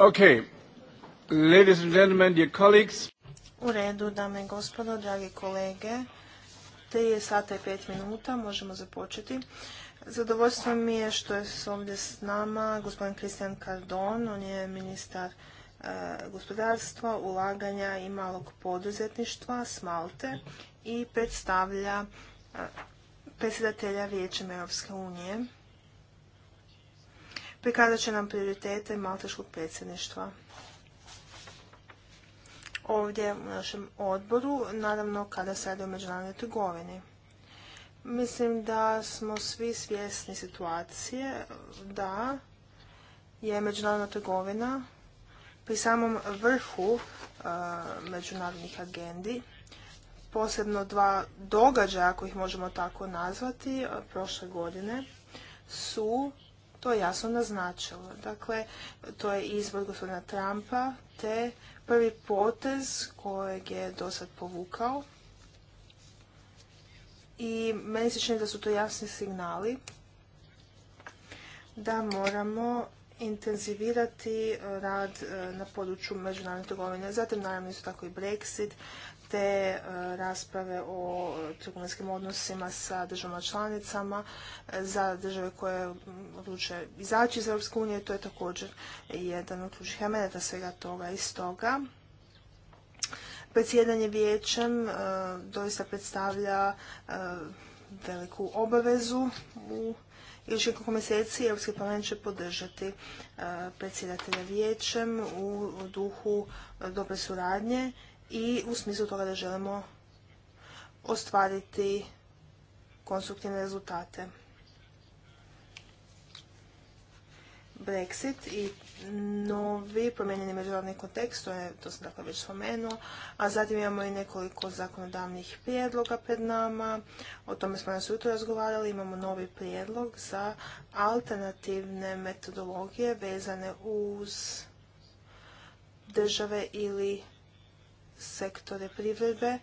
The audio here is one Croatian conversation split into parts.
Okay. Ladies and gentlemen, dear colleagues. U redu, dame i gospodo, dragi kolege. 3 sata i 5 minuta, možemo započeti. Zadovoljstvo mi je što je ovdje s nama gospodin Kristijan Kardon, on je ministar e, gospodarstva, ulaganja i malog poduzetništva s Malte i predstavlja e, predsjedatelja Vijećem Europske unije prikazat će nam prioritete malteškog predsjedništva ovdje u našem odboru, naravno kada se radi o međunarodnoj trgovini. Mislim da smo svi svjesni situacije da je međunarodna trgovina pri samom vrhu e, međunarodnih agendi, posebno dva događaja, ako ih možemo tako nazvati, e, prošle godine, su to jasno naznačilo. Dakle, to je izbor gospodina Trumpa te prvi potez kojeg je do sad povukao. I meni se čini da su to jasni signali da moramo intenzivirati rad eh, na području međunarodne trgovine. Zatim naravno isto tako i Brexit, te e, rasprave o trgovinskim odnosima sa državama članicama e, za države koje odluče izaći iz Europske unije. To je također jedan od ključnih elemenata svega toga i stoga. Predsjedanje vijećem e, doista predstavlja veliku obavezu u još nekoliko mjeseci Europski parlament će podržati predsjedatelja vijećem u duhu dobre suradnje i u smislu toga da želimo ostvariti konstruktivne rezultate. Brexit i novi promijenjeni međunarodni kontekst, to, je, to sam dakle već spomenuo, a zatim imamo i nekoliko zakonodavnih prijedloga pred nama, o tome smo nas jutro razgovarali, imamo novi prijedlog za alternativne metodologije vezane uz države ili sektore privrede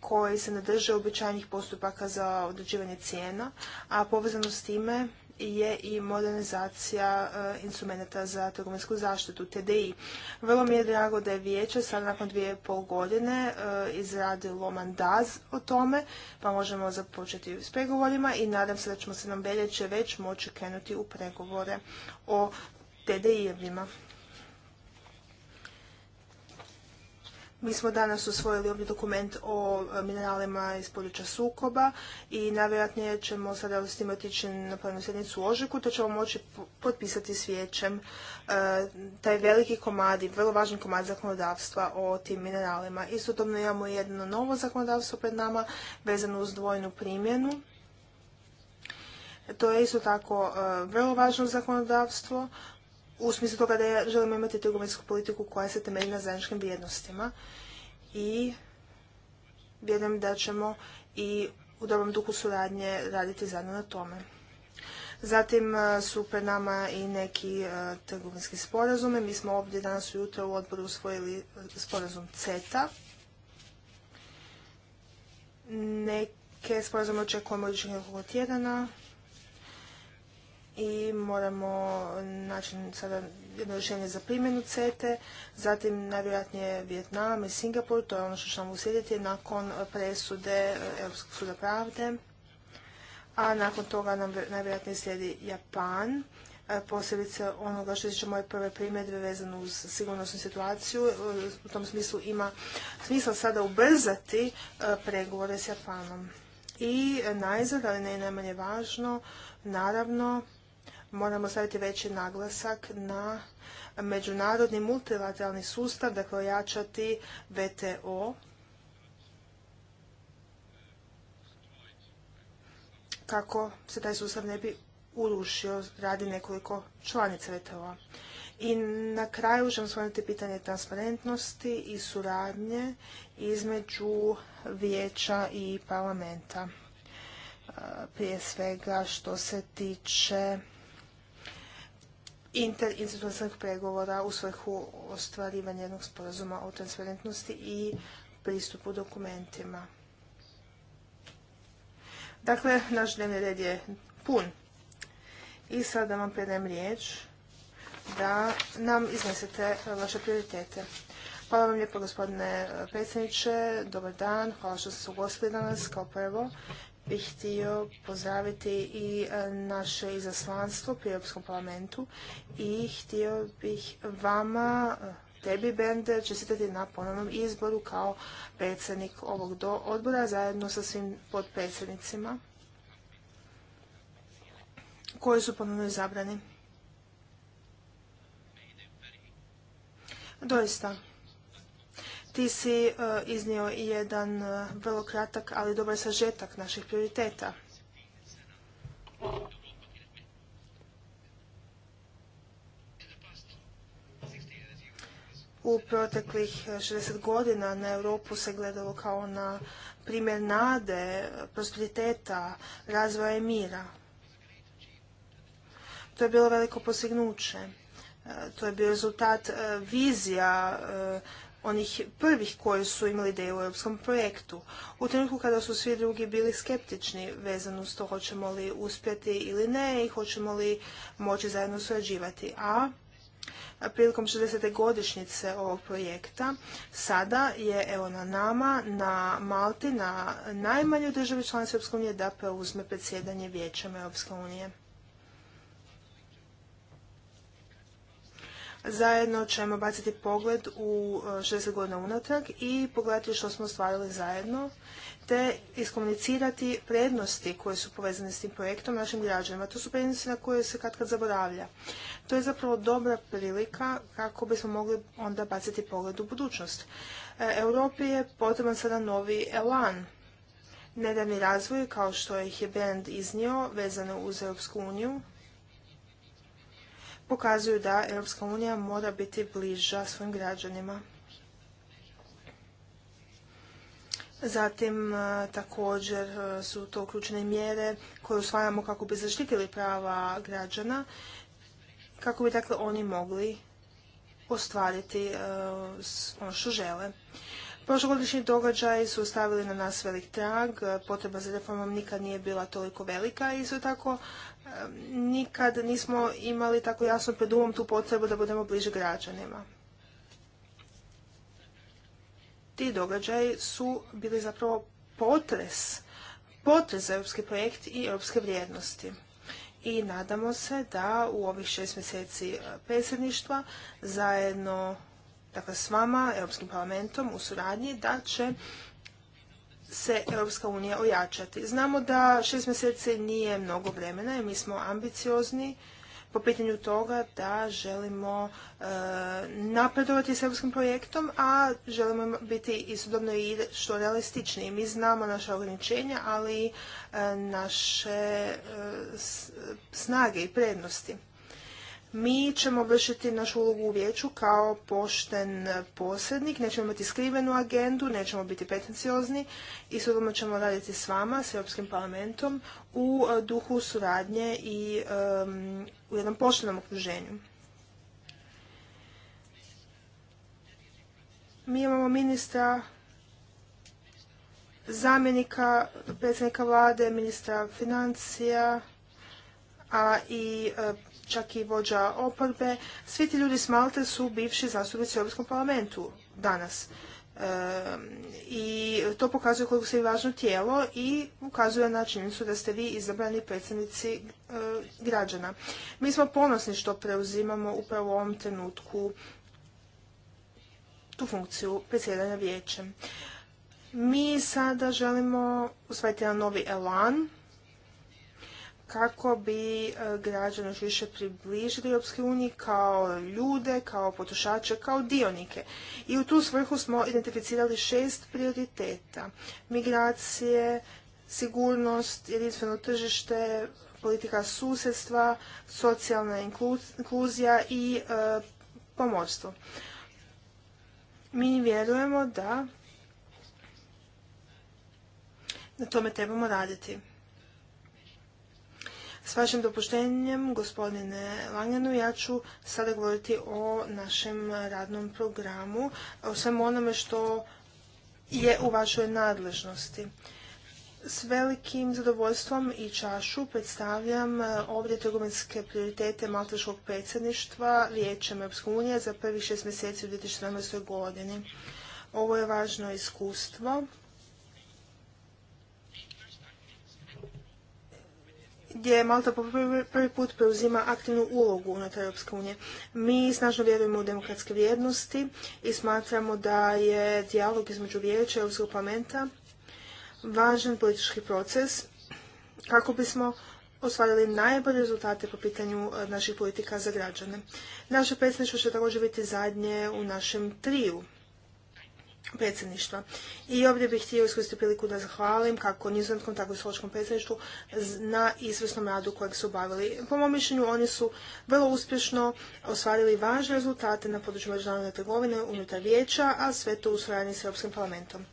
koji se ne drže običajnih postupaka za određivanje cijena, a povezano s time je i modernizacija e, instrumenta za trgovinsku zaštitu, TDI. Vrlo mi je drago da je vijeće sad nakon dvije i pol godine e, izradilo mandaz o tome, pa možemo započeti s pregovorima i nadam se da ćemo se nam veljeće već moći krenuti u pregovore o TDI-evima. Mi smo danas usvojili ovdje dokument o e, mineralima iz područja sukoba i najvjerojatnije ćemo sada s tim otići na planu sjednicu u Ožiku, to ćemo moći potpisati s e, taj veliki komad vrlo važan komad zakonodavstva o tim mineralima. Istodobno imamo jedno novo zakonodavstvo pred nama vezano uz dvojnu primjenu. To je isto tako e, vrlo važno zakonodavstvo u smislu toga da želimo imati trgovinsku politiku koja se temelji na zajedničkim vrijednostima i vjerujem da ćemo i u dobrom duhu suradnje raditi zajedno na tome. Zatim e, su pred nama i neki e, trgovinski sporazume. Mi smo ovdje danas ujutro u odboru usvojili e, sporazum CETA. Neke sporazume očekujemo od nekoliko tjedana i moramo naći sada jedno rješenje za primjenu CETE, zatim najvjerojatnije Vjetnam i Singapur, to je ono što će nam uslijediti nakon presude e, Europskog suda pravde, a nakon toga nam najvjerojatnije slijedi Japan, e, posebice onoga što tiče moje prve primjedbe vezano uz sigurnosnu situaciju. E, u tom smislu ima smisla sada ubrzati pregovore s Japanom. I najzad, ali ne najmanje važno, naravno, moramo staviti veći naglasak na međunarodni multilateralni sustav, dakle ojačati VTO, kako se taj sustav ne bi urušio radi nekoliko članica VTO-a. I na kraju želim spomenuti pitanje transparentnosti i suradnje između vijeća i parlamenta. E, prije svega što se tiče interinstitucionalnih pregovora u svrhu ostvarivanja jednog sporazuma o transparentnosti i pristupu dokumentima. Dakle, naš dnevni red je pun. I sada vam predajem riječ da nam iznesete vaše prioritete. Hvala vam lijepo gospodine predsjedniče, dobar dan, hvala što ste se ugostili danas kao prvo bih htio pozdraviti i e, naše izaslanstvo pri Europskom parlamentu i htio bih vama, e, tebi Bender, čestitati na ponovnom izboru kao predsjednik ovog odbora zajedno sa svim podpredsjednicima koji su ponovno izabrani. Doista, ti si e, iznio jedan e, vrlo kratak, ali dobar sažetak naših prioriteta. U proteklih 60 e, godina na Europu se gledalo kao na primjer nade, prosperiteta, razvoja i mira. To je bilo veliko postignuće. To je bio rezultat vizija onih prvih koji su imali ideju u europskom projektu. U trenutku kada su svi drugi bili skeptični vezano uz to hoćemo li uspjeti ili ne i hoćemo li moći zajedno surađivati. A prilikom 60. godišnjice ovog projekta. Sada je evo na nama, na Malti, na najmanju državi članice Europske unije da preuzme predsjedanje vijećem Europske unije. Zajedno ćemo baciti pogled u 60 e, godina unatrag i pogledati što smo ostvarili zajedno, te iskomunicirati prednosti koje su povezane s tim projektom našim građanima. To su prednosti na koje se katkad zaboravlja. To je zapravo dobra prilika kako bismo mogli onda baciti pogled u budućnost. E, Europi je potreban sada novi elan. Nedavni razvoj, kao što ih je Bernd iznio, vezano uz Europsku uniju, pokazuju da Europska unija mora biti bliža svojim građanima. Zatim e, također e, su to uključene mjere koje usvajamo kako bi zaštitili prava građana, kako bi dakle oni mogli ostvariti e, ono što žele. Prošlogodišnji događaj su ostavili na nas velik trag, potreba za reformom nikad nije bila toliko velika i isto tako e, nikad nismo imali tako jasno pred umom tu potrebu da budemo bliže građanima. Ti događaji su bili zapravo potres, potres za europski projekt i europske vrijednosti i nadamo se da u ovih šest mjeseci e, predsjedništva zajedno dakle s vama, Europskim parlamentom u suradnji da će se Europska unija ojačati. Znamo da šest mjeseci nije mnogo vremena i mi smo ambiciozni po pitanju toga da želimo e, napredovati s europskim projektom, a želimo biti istodobno i što realističniji. Mi znamo naše ograničenja, ali i e, naše e, snage i prednosti mi ćemo vršiti našu ulogu u vijeću kao pošten posrednik, nećemo imati skrivenu agendu, nećemo biti petenciozni i sigurno ćemo raditi s vama, s Europskim parlamentom, u e, duhu suradnje i u jednom poštenom okruženju. Mi imamo ministra zamjenika predsjednika vlade, ministra financija, a i e, čak i vođa oporbe, svi ti ljudi s Malte su bivši zastupnici u Europskom parlamentu danas. Ehm, I to pokazuje koliko se vi važno tijelo i ukazuje na činjenicu da ste vi izabrani predsjednici e, građana. Mi smo ponosni što preuzimamo upravo u ovom trenutku tu funkciju predsjedanja vijećem. Mi sada želimo usvajati jedan novi elan kako bi e, građani još više približili Europske unije kao ljude, kao potrošače, kao dionike. I u tu svrhu smo identificirali šest prioriteta. Migracije, sigurnost, jedinstveno tržište, politika susjedstva, socijalna inkluzija i e, pomorstvo. Mi vjerujemo da na tome trebamo raditi. S vašim dopuštenjem, gospodine Langenu, ja ću sada govoriti o našem radnom programu, o svemu onome što je u vašoj nadležnosti. S velikim zadovoljstvom i čašu predstavljam e, ovdje trgovinske prioritete Malteškog predsjedništva Vijećem Europske unije za prvi šest mjeseci u 2017. godini. Ovo je važno iskustvo gdje Malta po prvi put preuzima aktivnu ulogu unutar Europske unije. Mi snažno vjerujemo u demokratske vrijednosti i smatramo da je dijalog između vijeća i Europskog parlamenta važan politički proces kako bismo ostvarili najbolje rezultate po pitanju e, naših politika za građane. Naše predsjedništvo će također biti zadnje u našem triju predsjedništva. I ovdje bih htio iskoristiti priliku da zahvalim kako nizozemskom, tako i slovačkom predsjedništvu na izvrsnom radu kojeg su obavili. Po mom mišljenju oni su vrlo uspješno ostvarili važne rezultate na području međunarodne trgovine unutar vijeća, a sve to u suradnji s Europskim parlamentom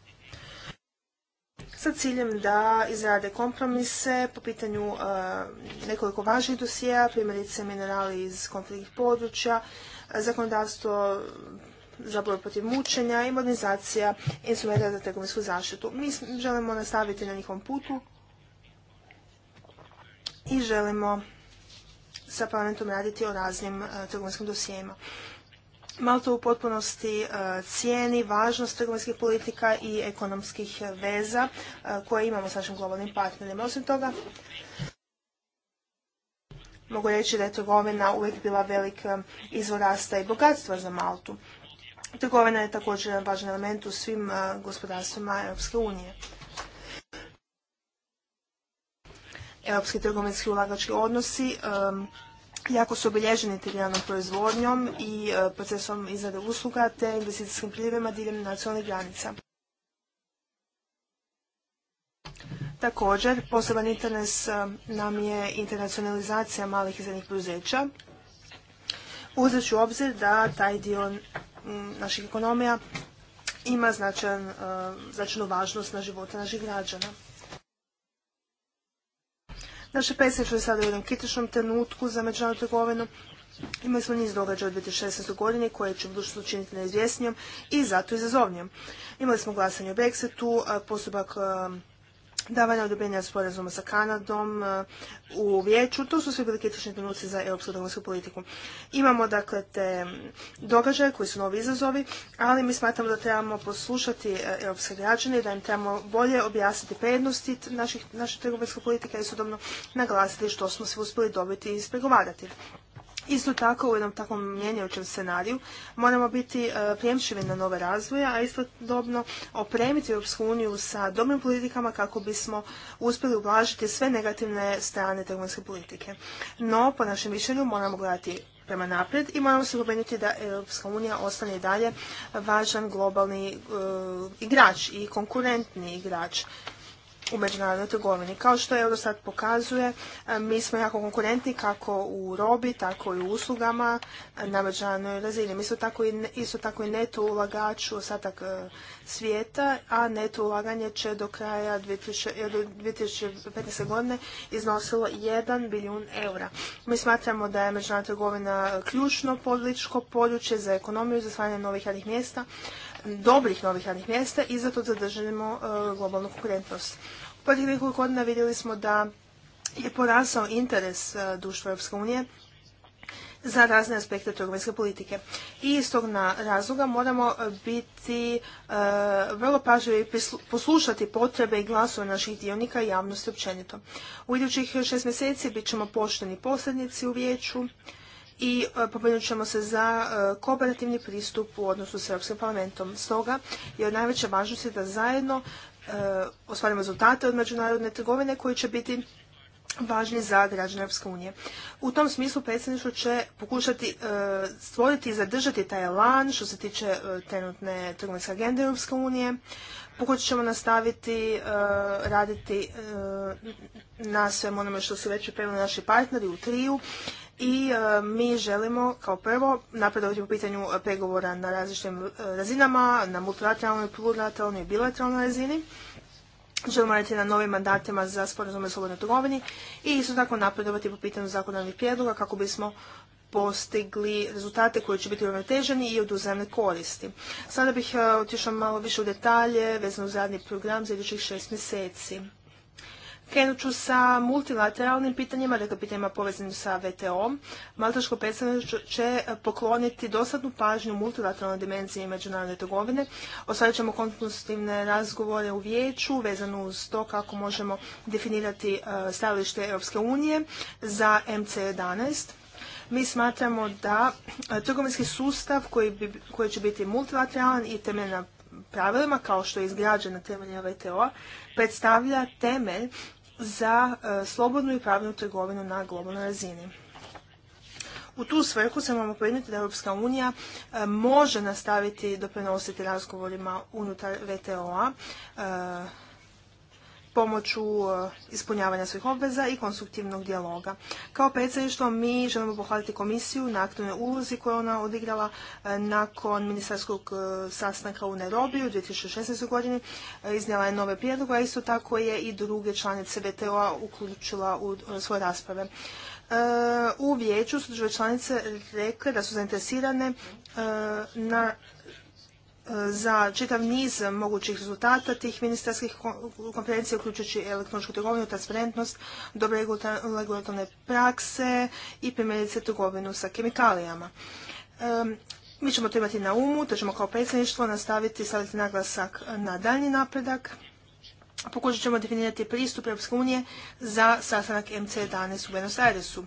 sa ciljem da izrade kompromise po pitanju e, nekoliko važnih dosija, primjerice minerali iz konfliktnih područja, e, zakonodavstvo za borbu protiv mučenja i modernizacija instrumenta za trgovinsku zaštitu. Mi želimo nastaviti na njihovom putu i želimo sa parlamentom raditi o raznim e, trgovinskim dosijema. Malta u potpunosti e, cijeni važnost trgovinskih politika i ekonomskih veza e, koje imamo s našim globalnim partnerima. Osim toga, mogu reći da je trgovina uvijek bila velik izvor rasta i bogatstva za Maltu. Trgovina je također jedan važan element u svim gospodarstvima Europske unije. Europski trgovinski ulagački odnosi jako su obilježeni integriranom proizvodnjom i e, procesom izrade usluga te investicijskim prilivima diljem nacionalnih granica. Također, poseban interes e, nam je internacionalizacija malih i srednjih poduzeća. Uzet u obzir da taj dio Mm, naših ekonomija ima e, značajnu važnost na živote naših građana. Naše predsjedništvo je sada u jednom kritičnom trenutku za međunarodnu trgovinu. Imali smo niz događaja u 2016. godine koje će budućnost učiniti neizvjesnijom i zato izazovnijom. Imali smo glasanje o Brexitu, e, postupak e, davanja odobrenja sporazuma sa Kanadom e, u vijeću. To su svi bili kritični trenuci za europsku trgovinsku politiku. Imamo dakle te događaje koji su novi izazovi, ali mi smatramo da trebamo poslušati e, europske građane i da im trebamo bolje objasniti prednosti naših, naše trgovinske politike i sudobno naglasiti što smo se uspjeli dobiti i ispregovarati. Isto tako u jednom takvom mijenjajućem scenariju moramo biti e, prijemčivi na nove razvoje, a istodobno opremiti Europsku uniju sa dobrim politikama kako bismo uspjeli ublažiti sve negativne strane trgovinske politike. No, po našem mišljenju moramo gledati prema naprijed i moramo se pobrinuti da Europska unija ostane i dalje važan globalni e, igrač i konkurentni igrač u međunarodnoj trgovini. Kao što Eurostat pokazuje, e, mi smo jako konkurentni kako u robi, tako i u uslugama na međunarodnoj razini. Mi smo tako i, isto tako i neto ulagaču u ostatak e, svijeta, a neto ulaganje će do kraja 2000, 2015. E, godine iznosilo 1 bilijun eura. Mi smatramo da je međunarodna trgovina ključno političko područje za ekonomiju, za stvaranje novih radnih mjesta, dobrih novih radnih mjesta i zato zadržimo globalnu konkurentnost. Prvih nekoliko godina vidjeli smo da je porasao interes e, društva Europske unije za razne aspekte trgovinske politike. I iz tog razloga moramo e, biti e, vrlo pažljivi i poslušati potrebe i glasove naših dionika i javnosti općenito. U idućih šest mjeseci bit ćemo pošteni posljednici u vijeću i pobrinut ćemo se za kooperativni pristup u odnosu s Europskim parlamentom. Stoga je od najveće važnosti da zajedno E, ostvarimo rezultate od međunarodne trgovine koji će biti važni za građane Europske unije. U tom smislu predsjedništvo će pokušati e, stvoriti i zadržati taj lan što se tiče e, trenutne trgovinske agende Europske unije. Pokušat ćemo nastaviti raditi na svem onome što su već pripremili naši partneri u triju i e, mi želimo kao prvo napredovati po pitanju pregovora na različitim e, razinama, na multilateralnoj, plurilateralnoj i bilateralnoj razini. Želimo raditi na novim mandatima za sporazume o slobodnoj trgovini i isto tako napredovati po pitanju zakonodavnih prijedloga kako bismo postigli rezultate koji će biti uravnoteženi i oduzemne koristi. Sada bih e, otišao malo više u detalje vezano uz radni program za idućih šest mjeseci. Krenut ću sa multilateralnim pitanjima, dakle pitanjima povezanim sa VTO-om. Maltaško predstavništvo će e, pokloniti dosadnu pažnju multilateralnoj dimenziji međunarodne trgovine. Osvarit ćemo konstruktivne razgovore u vijeću vezano uz to kako možemo definirati e, stajalište Europske unije za MC11. E Mi smatramo da trgovinski sustav koji, će biti multilateralan i temeljen na pravilima kao što je izgrađena na VTO-a predstavlja temelj za e, slobodnu i pravnu trgovinu na globalnoj razini. U tu svrhu se moramo pojedinuti da Europska unija e, može nastaviti doprinositi razgovorima unutar VTO-a e, pomoću e, ispunjavanja svih obveza i konstruktivnog dijaloga. Kao predsjedništvo mi želimo pohvaliti komisiju na aktivnoj ulozi koju ona odigrala e, nakon ministarskog e, sastanka u Nerobiju u 2016. godini. Iznijela je nove prijedloge, a isto tako je i druge članice VTO-a uključila u svoje rasprave. U vijeću su države članice rekle da su zainteresirane na za čitav niz mogućih rezultata tih ministarskih konferencija, uključujući elektroničku trgovinu, transparentnost, dobre regulatorne prakse i primjerice trgovinu sa kemikalijama. mi ćemo to imati na umu, te ćemo kao predsjedništvo nastaviti staviti naglasak na daljnji napredak. Pokušat ćemo definirati pristup Europske unije za sastanak MC11 u Buenos Airesu.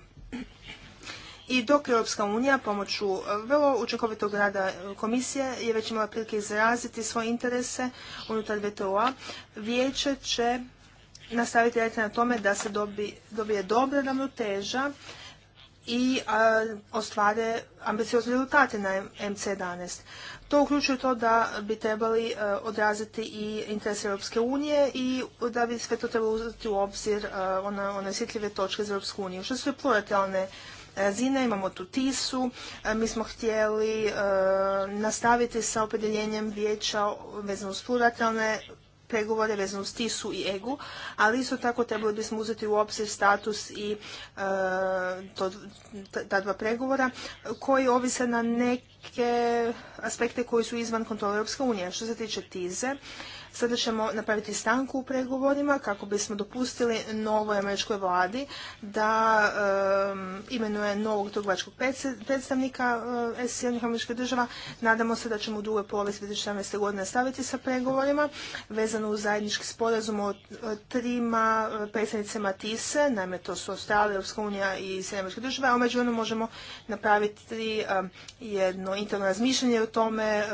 I dok Europska unija pomoću e, vrlo učinkovitog rada e, komisije je već imala prilike izraziti svoje interese unutar VTO-a, vijeće će nastaviti raditi na tome da se dobije dobra ravnoteža i ostvare ambiciozni rezultati na MC11. To uključuje to da bi trebali e, odraziti i interese Europske unije i da bi sve to trebalo uzeti u obzir one, osjetljive točke za Europsku uniju. Što su pluralne razine, imamo tu TISU, e, mi smo htjeli e, nastaviti sa opredjeljenjem vijeća vezano uz pregovore vezano uz TISU i EGU, ali isto tako trebali bismo uzeti u obzir status i e, ta dva pregovora koji ovise na neke aspekte koji su izvan kontrole Europske unije. Što se tiče TIZE, Sada ćemo napraviti stanku u pregovorima kako bismo dopustili novoj američkoj vladi da imenuje novog trgovačkog predstavnika um, američkih država. Nadamo se da ćemo u drugoj polovici 2017. godine nastaviti sa pregovorima vezano uz zajednički sporazum o trima eh, predstavnicima TISE, naime to su Australija, Europska unija i Sjedinjene države, a među možemo napraviti eh, jedno interno razmišljanje o tome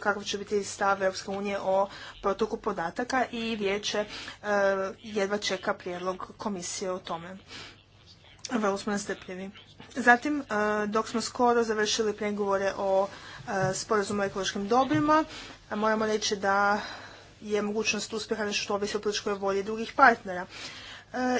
kakav će, biti stav Europske unije o protoku podataka i vijeće e, jedva čeka prijedlog komisije o tome. Vrlo smo nastrpljivi. Zatim, e, dok smo skoro završili pregovore o e, sporazumu o ekološkim dobrima, moramo reći da je mogućnost uspjeha nešto što ovisi o političkoj volji drugih partnera.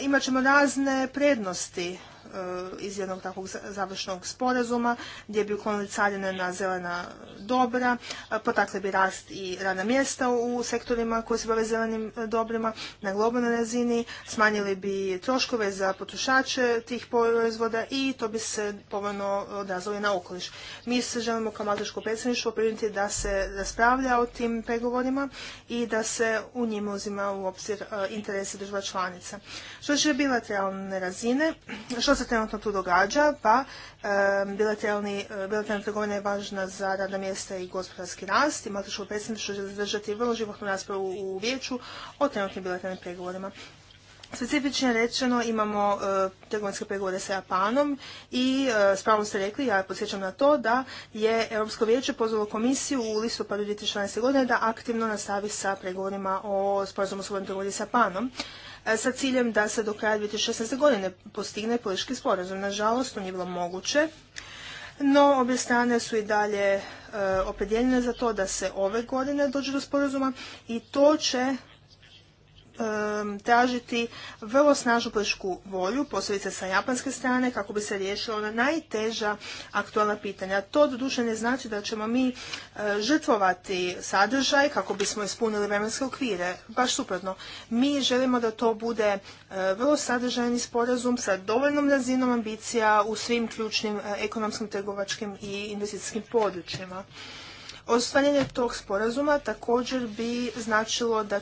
Imat ćemo razne prednosti Eh, iz jednog takvog završnog sporazuma gdje bi uklonili carine na zelena dobra, eh, potakle bi rast i rana mjesta u sektorima koji se bave zelenim eh, dobrima na globalnoj razini, smanjili bi troškove za potrošače tih proizvoda i to bi se povoljno odrazilo na okoliš. Mi se želimo kao malteško predsjedništvo primiti da se raspravlja o tim pregovorima i da se u njima uzima u obzir interese država članica. Što će bilateralne razine, što se trenutno tu događa, pa bilateralna trgovina je važna za radna mjesta i gospodarski rast i Malteško predsjedništvo će zadržati vrlo životnu raspravu u vijeću o trenutnim bilateralnim pregovorima. Specifično rečeno imamo e, trgovinske pregovore sa Japanom i e, s pravom ste rekli, ja podsjećam na to, da je Europsko vijeće pozvalo komisiju u listopadu 2016. godine da aktivno nastavi sa pregovorima o sporazumu o slobodnoj trgovini sa Japanom. E, sa ciljem da se do kraja 2016. godine postigne politički sporazum. Nažalost, to nije bilo moguće, no obje strane su i dalje e, opredjeljene za to da se ove godine dođe do sporazuma i to će tražiti vrlo snažnu političku volju, posebice sa japanske strane, kako bi se riješila ona najteža aktualna pitanja. To doduše ne znači da ćemo mi e, žrtvovati sadržaj kako bismo ispunili vremenske okvire. Baš suprotno. Mi želimo da to bude e, vrlo sadržajni sporazum sa dovoljnom razinom ambicija u svim ključnim e, ekonomskim, trgovačkim i investicijskim područjima. Ostvarenje tog sporazuma također bi značilo da,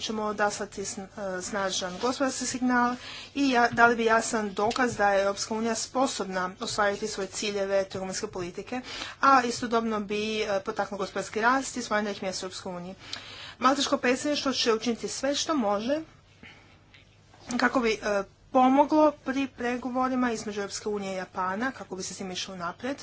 ćemo odaslati e, snažan gospodarski signal i ja, dali bi jasan dokaz da je Europska unija sposobna ostvariti svoje ciljeve trgovinske politike, a istodobno bi e, potaknuo gospodarski rast i stvaranje ih mjesta u Europskoj uniji. Malteško predsjedništvo će učiniti sve što može kako bi e, pomoglo pri pregovorima između Europske unije i Japana, kako bi se s tim išlo naprijed,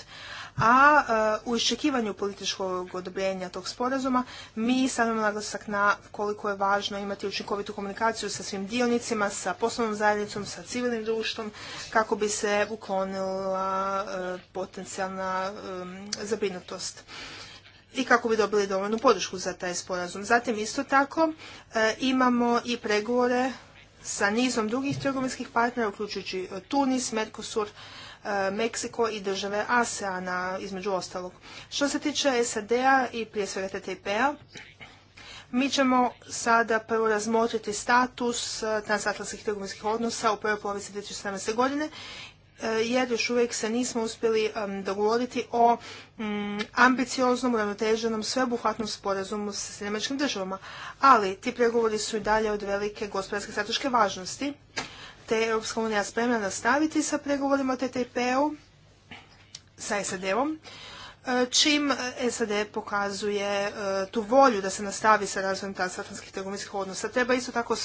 a e, u iščekivanju političkog odobrenja tog sporazuma mi stavljamo naglasak na koliko je važno imati učinkovitu komunikaciju sa svim dionicima, sa poslovnom zajednicom, sa civilnim društvom kako bi se uklonila e, potencijalna e, zabrinutost i kako bi dobili dovoljnu podršku za taj sporazum. Zatim isto tako imamo i pregovore sa nizom drugih trgovinskih partnera, uključujući Tunis, Mercosur, Eh, Meksiko i države ASEANA, između ostalog. Što se tiče SAD-a i prije svega TTIP-a, mi ćemo sada prvo razmotriti status eh, transatlantskih trgovinskih odnosa u prvoj polovici 2017. godine eh, jer još uvijek se nismo uspjeli dogovoriti o mm, ambicioznom, uravnoteženom, sveobuhvatnom sporazumu sa Njemačkim državama. Ali ti pregovori su i dalje od velike gospodarske strateške važnosti te je Europska unija spremna nastaviti sa pregovorima o TTIP-u sa SAD-om, e, čim SAD pokazuje e, tu volju da se nastavi sa razvojem transatlantskih trgovinskih odnosa. Treba isto tako e,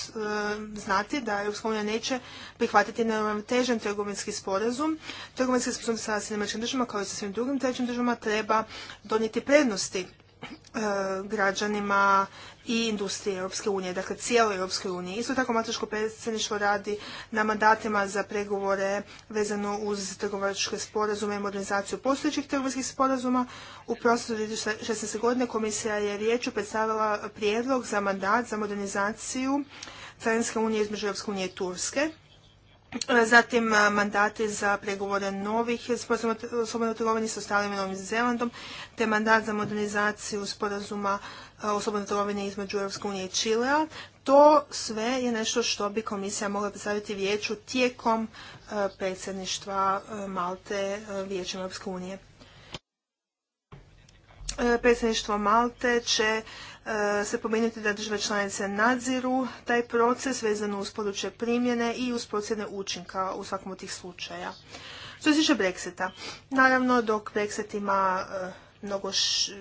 znati da Europska unija neće prihvatiti neuravnotežen trgovinski sporazum. Trgovinski sporazum sa Sjedinjenim državama kao i sa svim drugim trećim državama treba donijeti prednosti E, građanima i industrije Europske unije, dakle cijeloj Europske unije. Isto tako Matoško predsjedništvo radi na mandatima za pregovore vezano uz trgovačke sporazume i modernizaciju postojećih trgovačkih sporazuma. U prostoru 2016. godine komisija je riječu predstavila prijedlog za mandat za modernizaciju Carinske unije između Europske unije i Turske Zatim mandati za pregovore novih sporazuma o slobodnoj trgovini sa Australijom i Novim Zelandom, te mandat za modernizaciju sporazuma o slobodnoj trgovini između Europske unije i Čilea. To sve je nešto što bi komisija mogla predstaviti vijeću tijekom predsjedništva Malte vijećem Europske unije. E, predsjedništvo Malte će E, se pomenuti da države članice nadziru taj proces vezano uz područje primjene i uz procjene učinka u svakom od tih slučaja. Što se tiče Brexita, naravno dok Brexit ima e, mnogo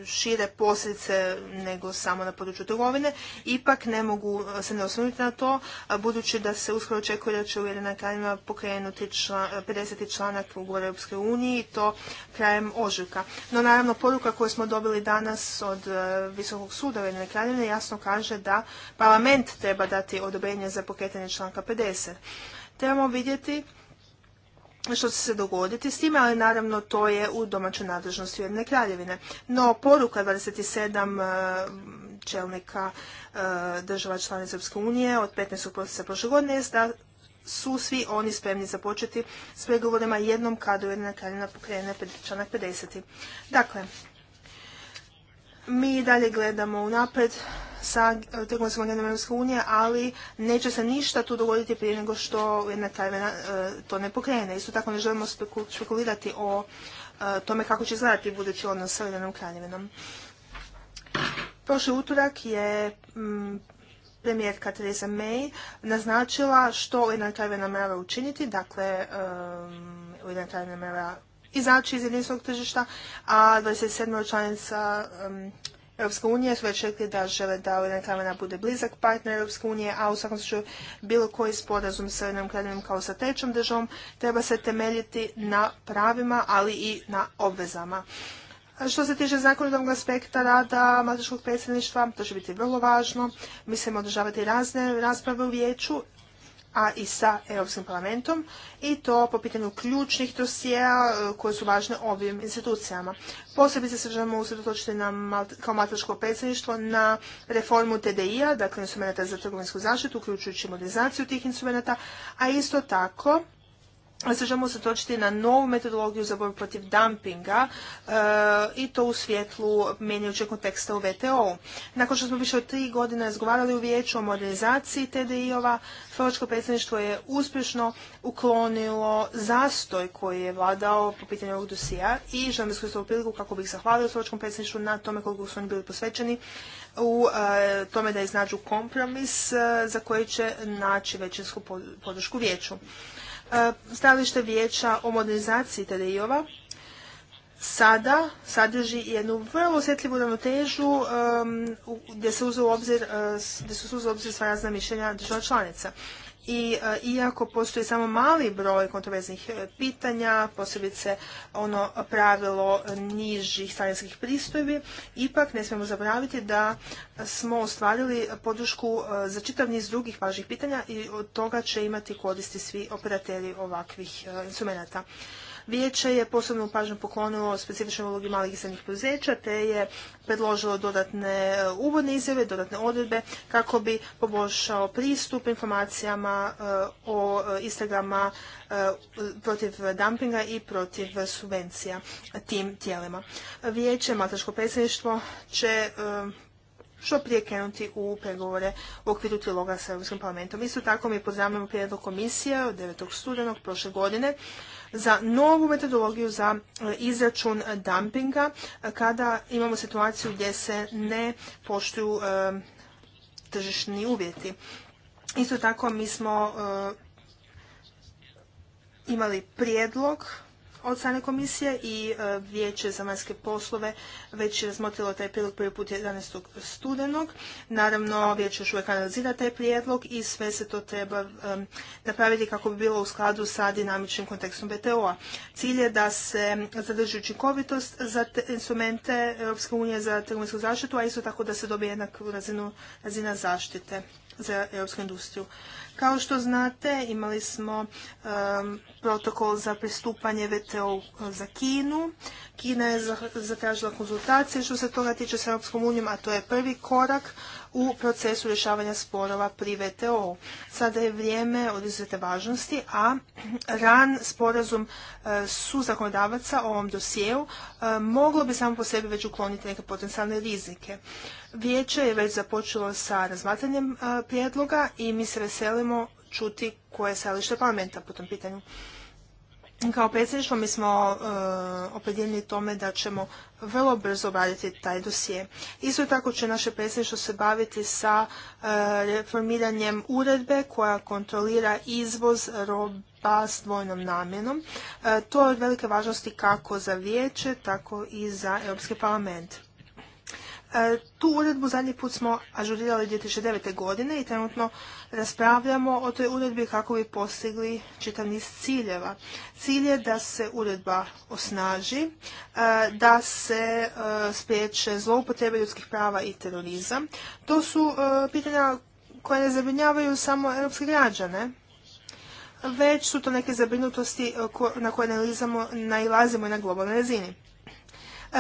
šire posljedice nego samo na području trgovine. Ipak ne mogu se ne osvrnuti na to, budući da se uskoro očekuje da će Ujedina krajima pokrenuti 50. članak gore Europske unije i to krajem ožujka. No naravno poruka koju smo dobili danas od Visokog suda u Ujedine kraljevine jasno kaže da parlament treba dati odobrenje za pokretanje članka 50. Trebamo vidjeti što će se dogoditi s time, ali naravno to je u domaćoj nadležnosti Ujedne kraljevine. No, poruka 27 e, čelnika e, država članica Srpske unije od 15. prosinca prošle godine je da su svi oni spremni započeti s pregovorima jednom kada ujedna kraljevina pokrene članak 50. Dakle, mi dalje gledamo unaprijed sa e, trgovinskom agendom Europske unije, ali neće se ništa tu dogoditi prije nego što jedna tajvena e, to ne pokrene. Isto tako ne želimo špekulirati o e, tome kako će izgledati budući odnos sa Ujedinom kraljevinom. Prošli utorak je mm, premijerka Theresa May naznačila što jedna tajvena namjerava učiniti, dakle Ujedinjena kraljevina namjerava izaći iz jedinstvenog tržišta, a 27. članica EU Europske unije su već rekli da žele da Ujedinjena Kraljevina bude blizak partner Europske unije, a u svakom slučaju bilo koji sporazum sa Ujedinjenom Kraljevinom kao sa trećom državom treba se temeljiti na pravima, ali i na obvezama. Što se tiče zakonodavnog aspekta rada matičkog predsjedništva, to će biti vrlo važno. Mi održavati razne rasprave u vijeću a i sa Europskim parlamentom i to po pitanju ključnih dosjea e, koje su važne ovim institucijama. Posebice se želimo usredotočiti na, kao matričko predsjedništvo na reformu TDI-a, dakle instrumenta za trgovinsku zaštitu, uključujući modernizaciju tih instrumenta, a isto tako se želimo se točiti na novu metodologiju za borbu protiv dumpinga e, i to u svjetlu mijenjajućeg konteksta u VTO. Nakon što smo više od tri godine razgovarali u vijeću o modernizaciji TDI-ova, Slovačko predsjedništvo je uspješno uklonilo zastoj koji je vladao po pitanju ovog dosija i želim iskoristiti ovu priliku kako bih zahvalio Slovačkom predsjedništvu na tome koliko su oni bili posvećeni u e, tome da iznađu kompromis e, za koji će naći većinsku podršku vijeću. E, stajalište vijeća o modernizaciji TDI-ova sada sadrži jednu vrlo osjetljivu ravnotežu gdje, se uzeo obzir, e, su se obzir sva razna mišljenja država članica i e, iako postoji samo mali broj kontroverznih e, pitanja, posebice ono pravilo nižih carinskih pristojbi, ipak ne smemo zaboraviti da smo ostvarili podršku e, za čitav niz drugih važnih pitanja i od toga će imati koristi svi operateri ovakvih e, Vijeće je posebnu pažnju poklonilo specifičnoj ulogi malih i srednjih poduzeća, te je predložilo dodatne e, uvodne izjave, dodatne odredbe kako bi poboljšao pristup informacijama e, o e, istragama protiv dumpinga i protiv subvencija tim tijelima. Vijeće, Maltaško predsjedništvo će što prije krenuti u pregovore u okviru triloga sa Europskim parlamentom. Isto tako mi pozdravljamo prijedlog komisije od 9. studenog prošle godine za novu metodologiju za e, izračun dumpinga e, kada imamo situaciju gdje se ne poštuju e, tržišni uvjeti. Isto tako mi smo imali prijedlog od strane komisije i e, vijeće za vanjske poslove već je razmotrilo taj prijedlog prvi put 11. studenog. Naravno, vijeće još uvijek analizira taj prijedlog i sve se to treba e, napraviti kako bi bilo u skladu sa dinamičnim kontekstom BTO-a. Cilj je da se zadrži učinkovitost za instrumente Europske unije za trgovinsku zaštitu, a isto tako da se dobije jednaku razinu, razina zaštite za europsku industriju. Kao što znate, imali smo protokol za pristupanje VTO eh, za Kinu. Kina je zatražila konzultacije što se toga tiče s Europskom unijom, a to je prvi korak u procesu rješavanja sporova pri VTO. Sada je vrijeme od izvete važnosti, a ran sporazum e, su zakonodavaca o ovom dosijeu e, moglo bi samo po sebi već ukloniti neke potencijalne rizike. Vijeće je već započelo sa razmatranjem e, prijedloga i mi se veselimo čuti koje je stajalište parlamenta po tom pitanju. Kao predsjedništvo mi smo e, tome da ćemo vrlo brzo obraditi taj dosije. Isto tako će naše predsjedništvo se baviti sa e, reformiranjem uredbe koja kontrolira izvoz roba s dvojnom namjenom. E, to je od velike važnosti kako za vijeće, tako i za Europski parlament. E, tu uredbu zadnji put smo ažurirali 2009. godine i trenutno raspravljamo o toj uredbi kako bi postigli čitav niz ciljeva. Cilj je da se uredba osnaži, e, da se e, spriječe zloupotrebe ljudskih prava i terorizam. To su pitanja koje ne zabrinjavaju samo europske građane, već su to neke zabrinutosti na koje nailazimo na globalnoj razini.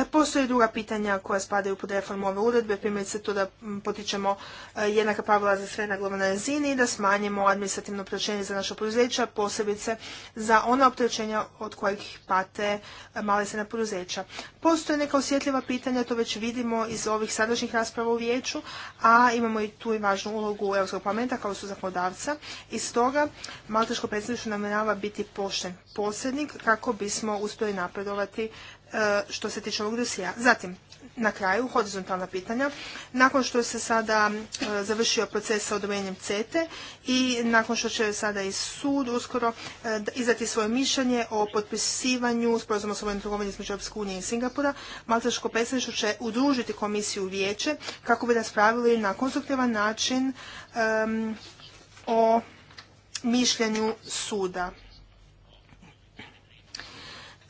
E, postoje druga pitanja koja spadaju pod reformu ove uredbe, primjerice to da potičemo e, jednaka pravila za sve na globalnoj razini i da smanjimo administrativno opterećenje za naša poduzeća, posebice za ona opterećenja od kojih pate e, male sredna poduzeća. Postoje neka osjetljiva pitanja, to već vidimo iz ovih sadašnjih rasprava u vijeću, a imamo i tu i važnu ulogu Europskog parlamenta kao su zakonodavca. I stoga Malteško predsjedništvo namjerava biti pošten posrednik kako bismo uspjeli napredovati E, što se tiče ovog dosija. Zatim, na kraju, horizontalna pitanja. Nakon što se sada e, završio proces sa odobrenjem CETE i nakon što će sada i sud uskoro e, izdati svoje mišljenje o potpisivanju sporazuma o slobodnoj trgovini između Europske unije i Singapura, Maltaško predsjedništvo će udružiti komisiju u vijeće kako bi raspravili na konstruktivan način o mišljenju suda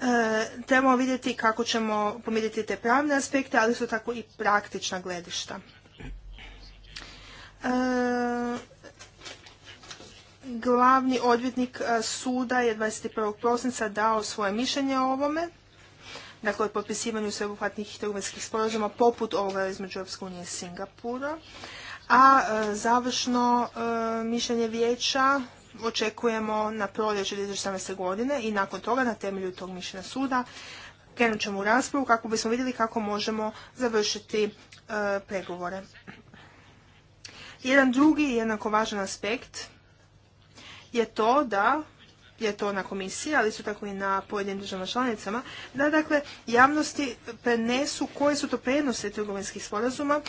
E, trebamo vidjeti kako ćemo pomiriti te pravne aspekte, ali su tako i praktična gledišta. E, glavni odvjetnik e, suda je 21. prosinca dao svoje mišljenje o ovome, dakle o potpisivanju sveobuhvatnih trgovinskih sporazuma poput ovoga između Europske unije i Singapura. A završno mišljenje vijeća očekujemo na proljeće 2017. godine i nakon toga na temelju tog mišljenja suda krenut ćemo u raspravu kako bismo vidjeli kako možemo završiti e, pregovore. Jedan drugi i jednako važan aspekt je to da je to na komisiji, ali su tako i na pojedinim državama članicama, da dakle javnosti prenesu koje su to prednosti trgovinskih sporazuma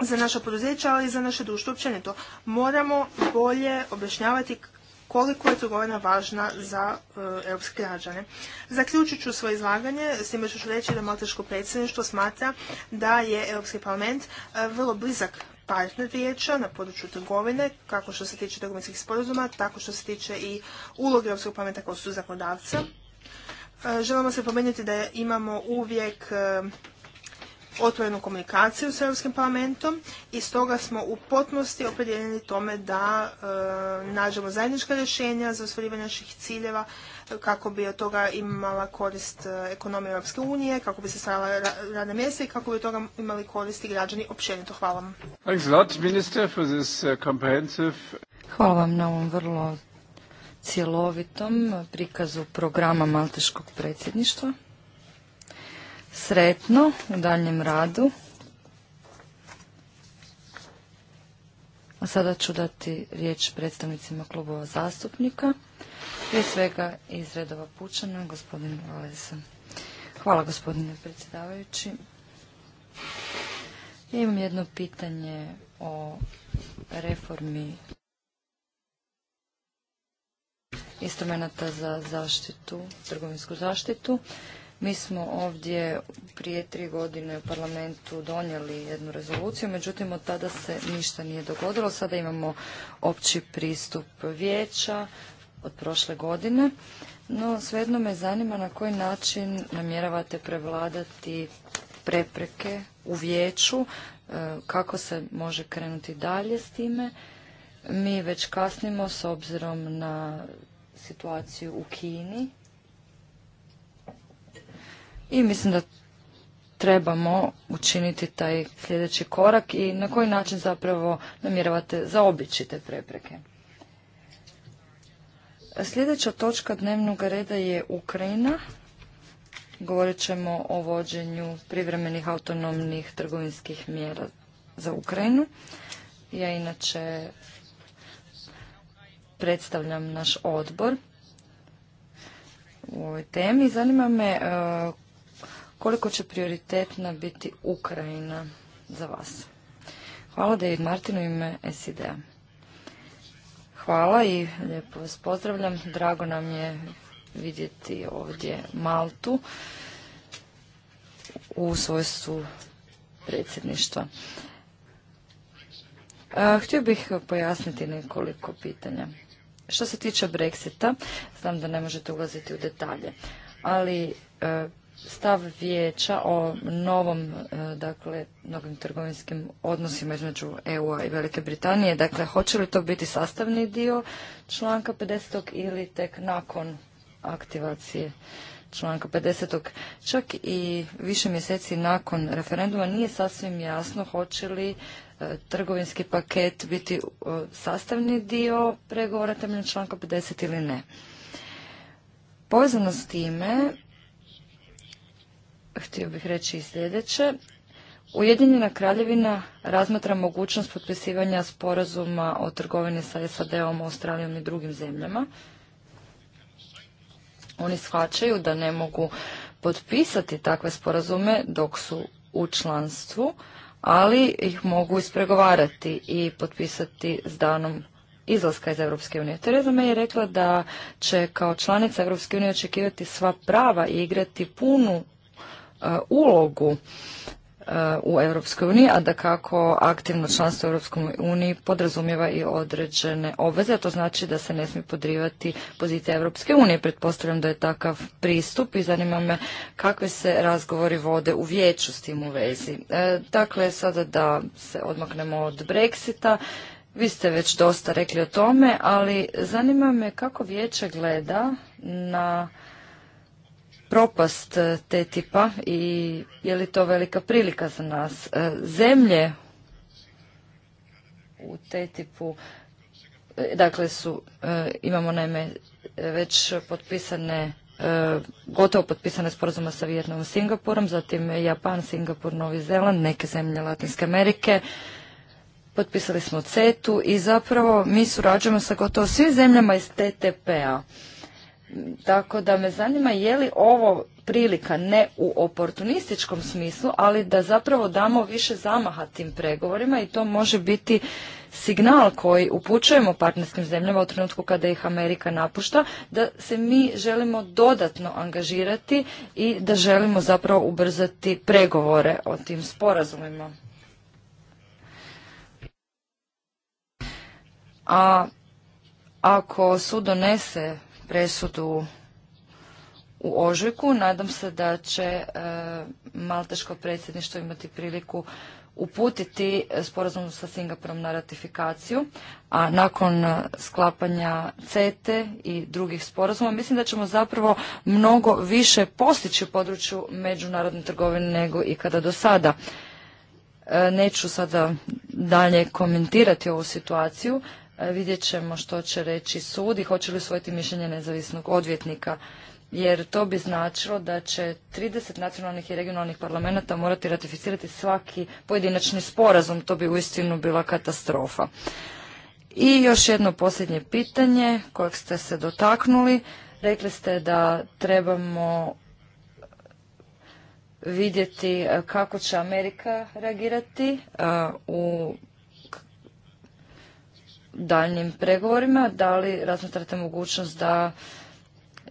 za naša poduzeća, ali i za naše društvo općenito. Moramo bolje objašnjavati koliko je trgovina važna za e, europske građane. Zaključit ću svoje izlaganje, s time ću reći da Malteško predsjedništvo smatra da je Europski parlament e, vrlo blizak partner vijeća na području trgovine, kako što se tiče trgovinskih sporazuma, tako što se tiče i uloge Europskog parlamenta kao su e, želimo se pomenuti da imamo uvijek otvorenu komunikaciju s Europskim parlamentom i stoga smo u potpunosti opredjeljeni tome da e, nađemo zajednička rješenja za ostvarivanje naših ciljeva e, kako bi od toga imala korist e, ekonomija Europske unije, kako bi se stavila radna mjesta i kako bi od toga imali koristi građani općenito. Hvala vam. Uh, Hvala vam na ovom vrlo cjelovitom prikazu programa Malteškog predsjedništva sretno u daljem radu. A sada ću dati riječ predstavnicima klubova zastupnika. Prije svega iz redova Pučana, gospodin Valesa. Hvala gospodine predsjedavajući. Ja imam jedno pitanje o reformi instrumenta za zaštitu, trgovinsku zaštitu. Mi smo ovdje prije tri godine u parlamentu donijeli jednu rezoluciju, međutim od tada se ništa nije dogodilo. Sada imamo opći pristup vijeća od prošle godine, no svejedno me zanima na koji način namjeravate prevladati prepreke u vijeću, e, kako se može krenuti dalje s time. Mi već kasnimo s obzirom na situaciju u Kini i mislim da trebamo učiniti taj sljedeći korak i na koji način zapravo namjeravate zaobići te prepreke. Sljedeća točka dnevnog reda je Ukrajina. Govorit ćemo o vođenju privremenih autonomnih trgovinskih mjera za Ukrajinu. Ja inače predstavljam naš odbor u ovoj temi. Zanima me e, koliko će prioritetna biti Ukrajina za vas? Hvala David Martinu ime sid Hvala i lijepo vas pozdravljam. Drago nam je vidjeti ovdje Maltu u svojstvu predsjedništva. Htio bih pojasniti nekoliko pitanja. Što se tiče Brexita, znam da ne možete ulaziti u detalje, ali e, stav vijeća o novom, e, dakle, novim trgovinskim odnosima između EU-a i Velike Britanije. Dakle, hoće li to biti sastavni dio članka 50. ili tek nakon aktivacije članka 50. Čak i više mjeseci nakon referenduma nije sasvim jasno hoće li e, trgovinski paket biti e, sastavni dio pregovora temeljem članka 50 ili ne. Povezano s time, htio bih reći i sljedeće. Ujedinjena kraljevina razmatra mogućnost potpisivanja sporazuma o trgovini sa SAD-om, Australijom i drugim zemljama. Oni shvaćaju da ne mogu potpisati takve sporazume dok su u članstvu, ali ih mogu ispregovarati i potpisati s danom izlaska iz Europske unije. Tereza me je rekla da će kao članica Europske unije očekivati sva prava i igrati punu E, ulogu e, u Europskoj uniji, a da kako aktivno članstvo u Europskoj uniji podrazumijeva i određene obveze, a to znači da se ne smije podrivati pozicija Europske unije. Pretpostavljam da je takav pristup i zanima me kakve se razgovori vode u vijeću s tim u vezi. E, dakle, sada da se odmaknemo od Brexita, vi ste već dosta rekli o tome, ali zanima me kako vijeće gleda na propast eh, te tipa i je li to velika prilika za nas. Eh, zemlje u te tipu, eh, dakle su, imamo naime već potpisane gotovo potpisane sporazuma sa Vijetnom Singapurom, zatim Japan, Singapur, Novi Zeland, neke zemlje Latinske Amerike. Potpisali smo CETU i zapravo mi surađujemo sa gotovo svim zemljama iz TTP-a. Tako da me zanima je li ovo prilika ne u oportunističkom smislu, ali da zapravo damo više zamaha tim pregovorima i to može biti signal koji upućujemo partnerskim zemljama u trenutku kada ih Amerika napušta, da se mi želimo dodatno angažirati i da želimo zapravo ubrzati pregovore o tim sporazumima. A ako su donese presudu u ožujku. Nadam se da će e, Malteško predsjedništvo imati priliku uputiti sporazum sa Singapurom na ratifikaciju, a nakon sklapanja CETE i drugih sporazuma mislim da ćemo zapravo mnogo više postići u području međunarodne trgovine nego ikada do sada. E, neću sada dalje komentirati ovu situaciju, E, vidjet ćemo što će reći sud i hoće li usvojiti mišljenje nezavisnog odvjetnika. Jer to bi značilo da će 30 nacionalnih i regionalnih parlamenta morati ratificirati svaki pojedinačni sporazum. To bi uistinu bila katastrofa. I još jedno posljednje pitanje kojeg ste se dotaknuli. Rekli ste da trebamo vidjeti e, kako će Amerika reagirati e, u daljnim pregovorima, da li razmatrate mogućnost da,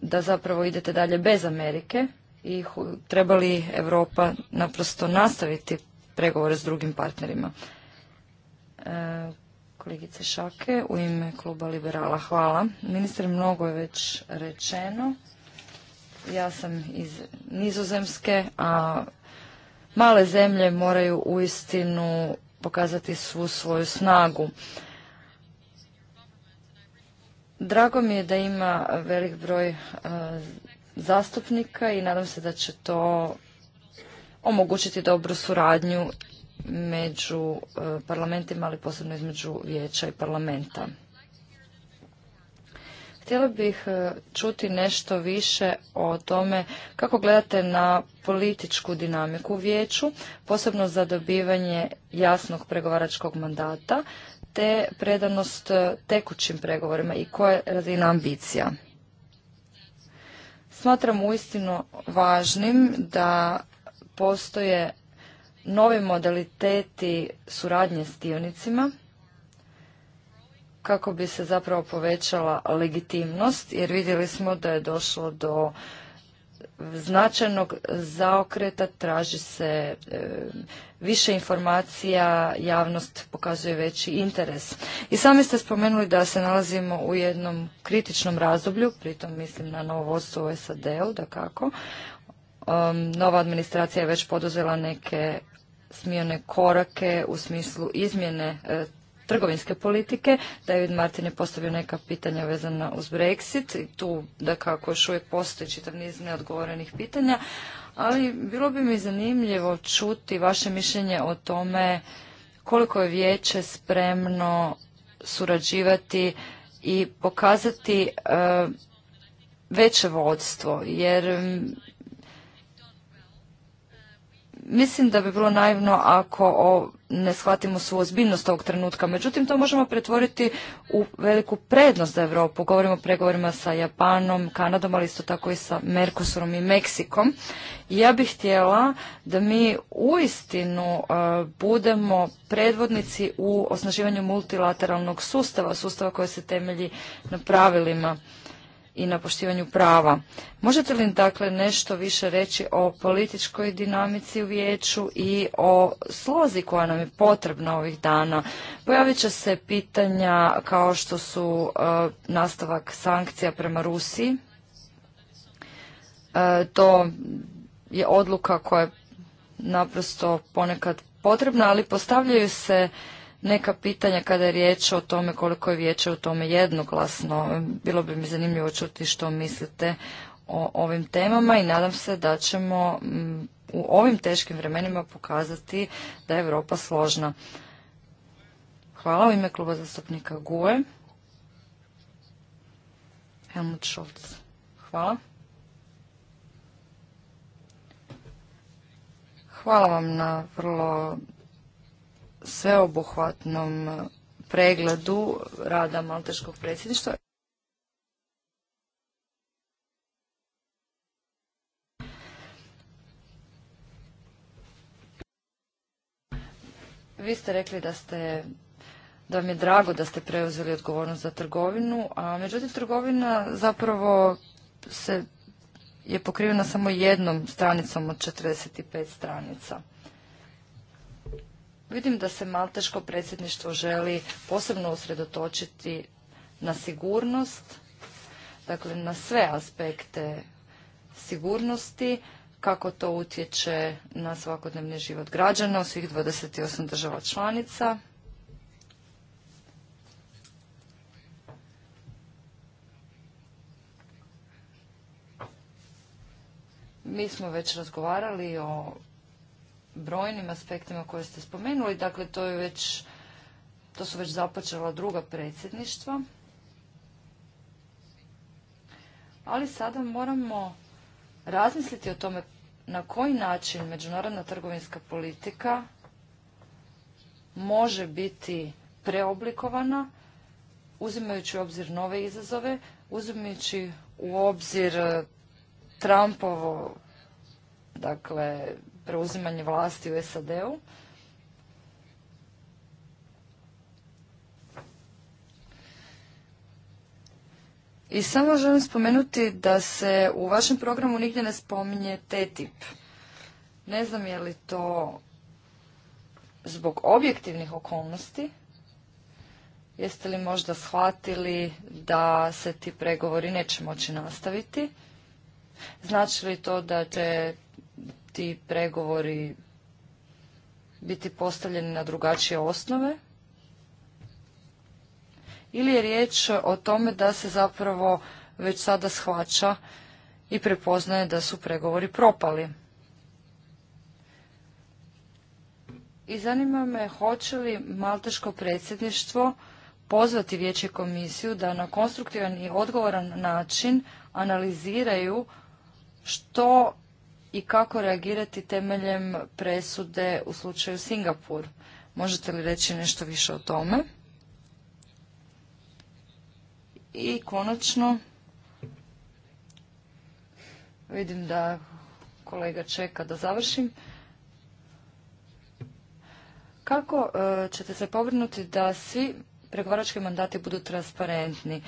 da zapravo idete dalje bez Amerike i treba li Europa naprosto nastaviti pregovore s drugim partnerima? E, kolegice Šake u ime kluba Liberala. Hvala. Ministre, mnogo je već rečeno. Ja sam iz Nizozemske, a male zemlje moraju uistinu pokazati svu svoju snagu. Drago mi je da ima velik broj e, zastupnika i nadam se da će to omogućiti dobru suradnju među e, parlamentima, ali posebno između vijeća i parlamenta. Htjela bih e, čuti nešto više o tome kako gledate na političku dinamiku u vijeću, posebno za dobivanje jasnog pregovaračkog mandata, te predanost e, tekućim pregovorima i koja je razina ambicija. Smatram uistinu važnim da postoje novi modaliteti suradnje s dionicima kako bi se zapravo povećala legitimnost jer vidjeli smo da je došlo do značajnog zaokreta, traži se e, više informacija, javnost pokazuje veći interes. I sami ste spomenuli da se nalazimo u jednom kritičnom razdoblju, pritom mislim na novovodstvo u SAD-u, da kako. Um, nova administracija je već poduzela neke smijene korake u smislu izmjene e, trgovinske politike. David Martin je postavio neka pitanja vezana uz Brexit. Tu da kako još uvijek postoji čitav niz neodgovorenih pitanja. Ali bilo bi mi zanimljivo čuti vaše mišljenje o tome koliko je vijeće spremno surađivati i pokazati e, veće vodstvo jer Mislim da bi bilo naivno ako ne shvatimo svu ozbiljnost ovog trenutka. Međutim, to možemo pretvoriti u veliku prednost za Europu. Govorimo o pregovorima sa Japanom, Kanadom, ali isto tako i sa Merkosurom i Meksikom. ja bih htjela da mi uistinu e, budemo predvodnici u osnaživanju multilateralnog sustava, sustava koji se temelji na pravilima i na poštivanju prava. Možete li dakle nešto više reći o političkoj dinamici u vijeću i o slozi koja nam je potrebna ovih dana? Pojavit će se pitanja kao što su e, nastavak sankcija prema Rusiji. E, to je odluka koja je naprosto ponekad potrebna, ali postavljaju se neka pitanja kada je riječ o tome koliko je vijeće u tome jednoglasno. Bilo bi mi zanimljivo čuti što mislite o ovim temama i nadam se da ćemo mm, u ovim teškim vremenima pokazati da je Europa složna. Hvala u ime kluba zastupnika GUE. Helmut Schultz. Hvala. Hvala vam na vrlo sveobuhvatnom pregledu rada Malteškog predsjedništva. Vi ste rekli da ste da vam je drago da ste preuzeli odgovornost za trgovinu, a međutim trgovina zapravo se je pokrivena samo jednom stranicom od 45 stranica. Vidim da se Malteško predsjedništvo želi posebno usredotočiti na sigurnost, dakle na sve aspekte sigurnosti, kako to utječe na svakodnevni život građana u svih 28 država članica. Mi smo već razgovarali o brojnim aspektima koje ste spomenuli. Dakle, to je već, to su već započela druga predsjedništva. Ali sada moramo razmisliti o tome na koji način međunarodna trgovinska politika može biti preoblikovana uzimajući u obzir nove izazove, uzimajući u obzir Trumpovo dakle preuzimanje vlasti u SAD-u. I samo želim spomenuti da se u vašem programu nigdje ne spominje TTIP. Ne znam je li to zbog objektivnih okolnosti. Jeste li možda shvatili da se ti pregovori neće moći nastaviti? Znači li to da će ti pregovori biti postavljeni na drugačije osnove? Ili je riječ o tome da se zapravo već sada shvaća i prepoznaje da su pregovori propali? I zanima me hoće li Malteško predsjedništvo pozvati Vijeće komisiju da na konstruktivan i odgovoran način analiziraju što i kako reagirati temeljem presude u slučaju Singapur. Možete li reći nešto više o tome? I konačno, vidim da kolega čeka da završim. Kako e, ćete se pobrinuti da svi pregovarački mandati budu transparentni,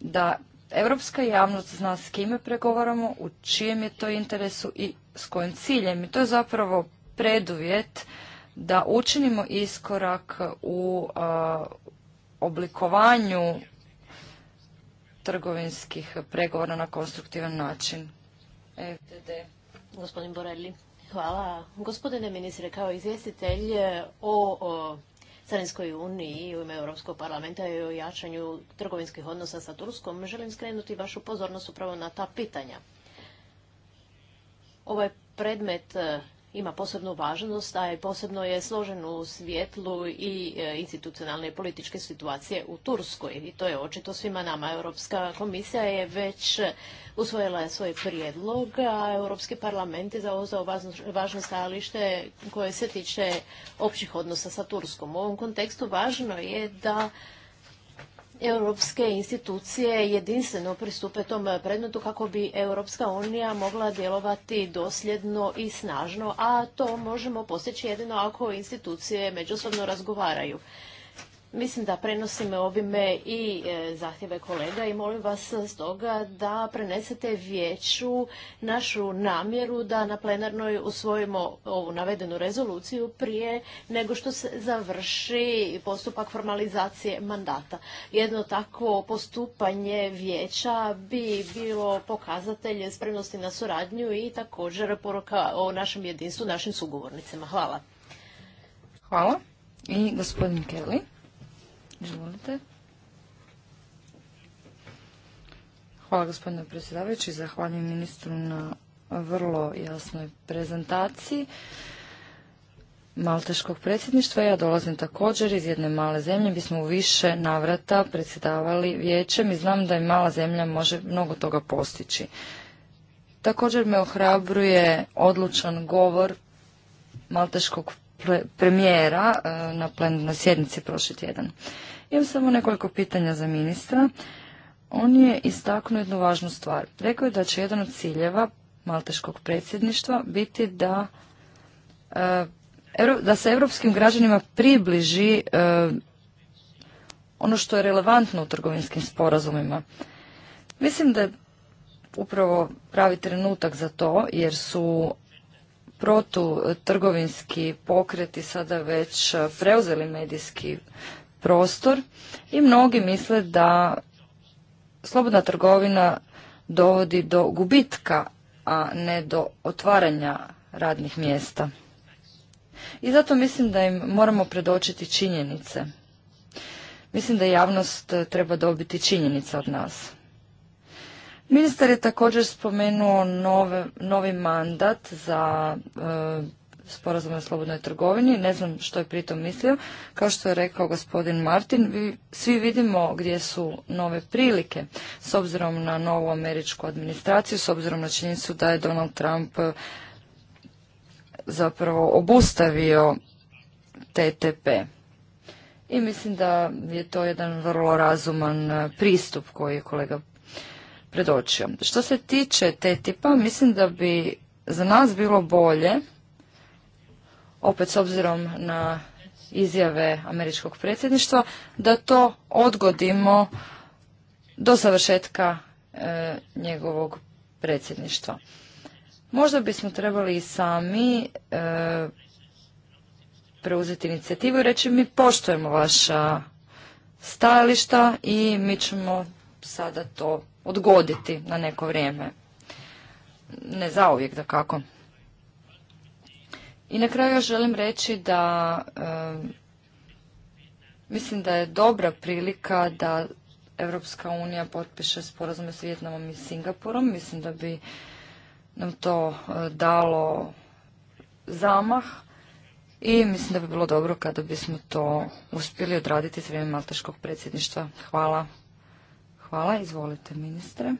da Europska javnost zna s kime pregovaramo, u čijem je to interesu i s kojim ciljem. I to je zapravo preduvjet da učinimo iskorak u oblikovanju trgovinskih pregovora na konstruktivan način. FDD. E, Gospodin Borelli, hvala. Gospodine ministre, kao izvjestitelj o, o Carinskoj uniji u ime Europskog parlamenta i o jačanju trgovinskih odnosa sa Turskom, želim skrenuti vašu pozornost upravo na ta pitanja. Ovaj predmet ima posebnu važnost, a i posebno je složen u svijetlu i e, institucionalne i političke situacije u Turskoj. I to je očito svima nama. Europska komisija je već usvojila svoj prijedlog, a Europski parlament je zauzao važno stajalište koje se tiče općih odnosa sa Turskom. U ovom kontekstu važno je da europske institucije jedinstveno pristupe tom predmetu kako bi Europska unija mogla djelovati dosljedno i snažno, a to možemo postići jedino ako institucije međusobno razgovaraju. Mislim da prenosim ovime i e, zahtjeve kolega i molim vas stoga da prenesete vijeću našu namjeru da na plenarnoj usvojimo ovu navedenu rezoluciju prije nego što se završi postupak formalizacije mandata. Jedno takvo postupanje vijeća bi bilo pokazatelj spremnosti na suradnju i također poruka o našem jedinstvu, našim sugovornicima. Hvala. Hvala. I gospodin Kelly. Izvolite. Hvala gospodine predsjedavajući. Zahvaljujem ministru na vrlo jasnoj prezentaciji malteškog predsjedništva. Ja dolazim također iz jedne male zemlje. Bismo u više navrata predsjedavali vijećem i znam da je mala zemlja može mnogo toga postići. Također me ohrabruje odlučan govor malteškog premijera e, na plenarnoj sjednici prošli tjedan. Imam samo nekoliko pitanja za ministra. On je istaknuo jednu važnu stvar. Rekao je da će jedan od ciljeva malteškog predsjedništva biti da e, da se europskim građanima približi e, ono što je relevantno u trgovinskim sporazumima. Mislim da je upravo pravi trenutak za to jer su protutrgovinski pokreti sada već preuzeli medijski prostor i mnogi misle da slobodna trgovina dovodi do gubitka, a ne do otvaranja radnih mjesta. I zato mislim da im moramo predočiti činjenice. Mislim da javnost treba dobiti činjenice od nas. Ministar je također spomenuo novi mandat za e, sporazum o slobodnoj trgovini. Ne znam što je pritom mislio. Kao što je rekao gospodin Martin, vi, svi vidimo gdje su nove prilike s obzirom na novu američku administraciju, s obzirom na činjenicu da je Donald Trump e, zapravo obustavio TTP. I mislim da je to jedan vrlo razuman e, pristup koji je kolega predočio. Što se tiče te tipa, mislim da bi za nas bilo bolje, opet s obzirom na izjave američkog predsjedništva, da to odgodimo do završetka e, njegovog predsjedništva. Možda bismo trebali i sami e, preuzeti inicijativu i reći mi poštujemo vaša stajališta i mi ćemo sada to odgoditi na neko vrijeme. Ne zauvijek, da kako. I na kraju još želim reći da mislim da je dobra prilika da Europska unija potpiše sporazume s Vjetnamom i Singapurom. Mislim da bi nam to e, dalo zamah i mislim da bi bilo dobro kada bismo to uspjeli odraditi s vrijeme malteškog predsjedništva. Hvala. Hvala, izvolite ministre.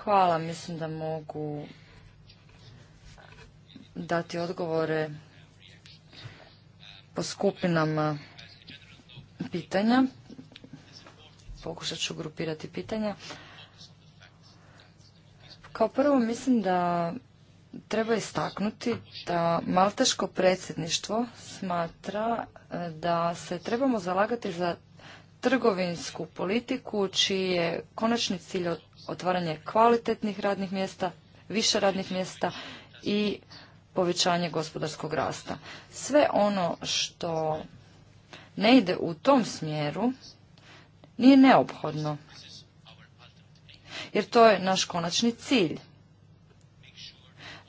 Hvala, mislim da mogu dati odgovore po skupinama pitanja. Pokušat ću grupirati pitanja. Kao prvo mislim da treba istaknuti da Malteško predsjedništvo smatra e, da se trebamo zalagati za trgovinsku politiku čiji je konačni cilj otvaranje kvalitetnih radnih mjesta, više radnih mjesta i povećanje gospodarskog rasta. Sve ono što ne ide u tom smjeru nije neophodno, jer to je naš konačni cilj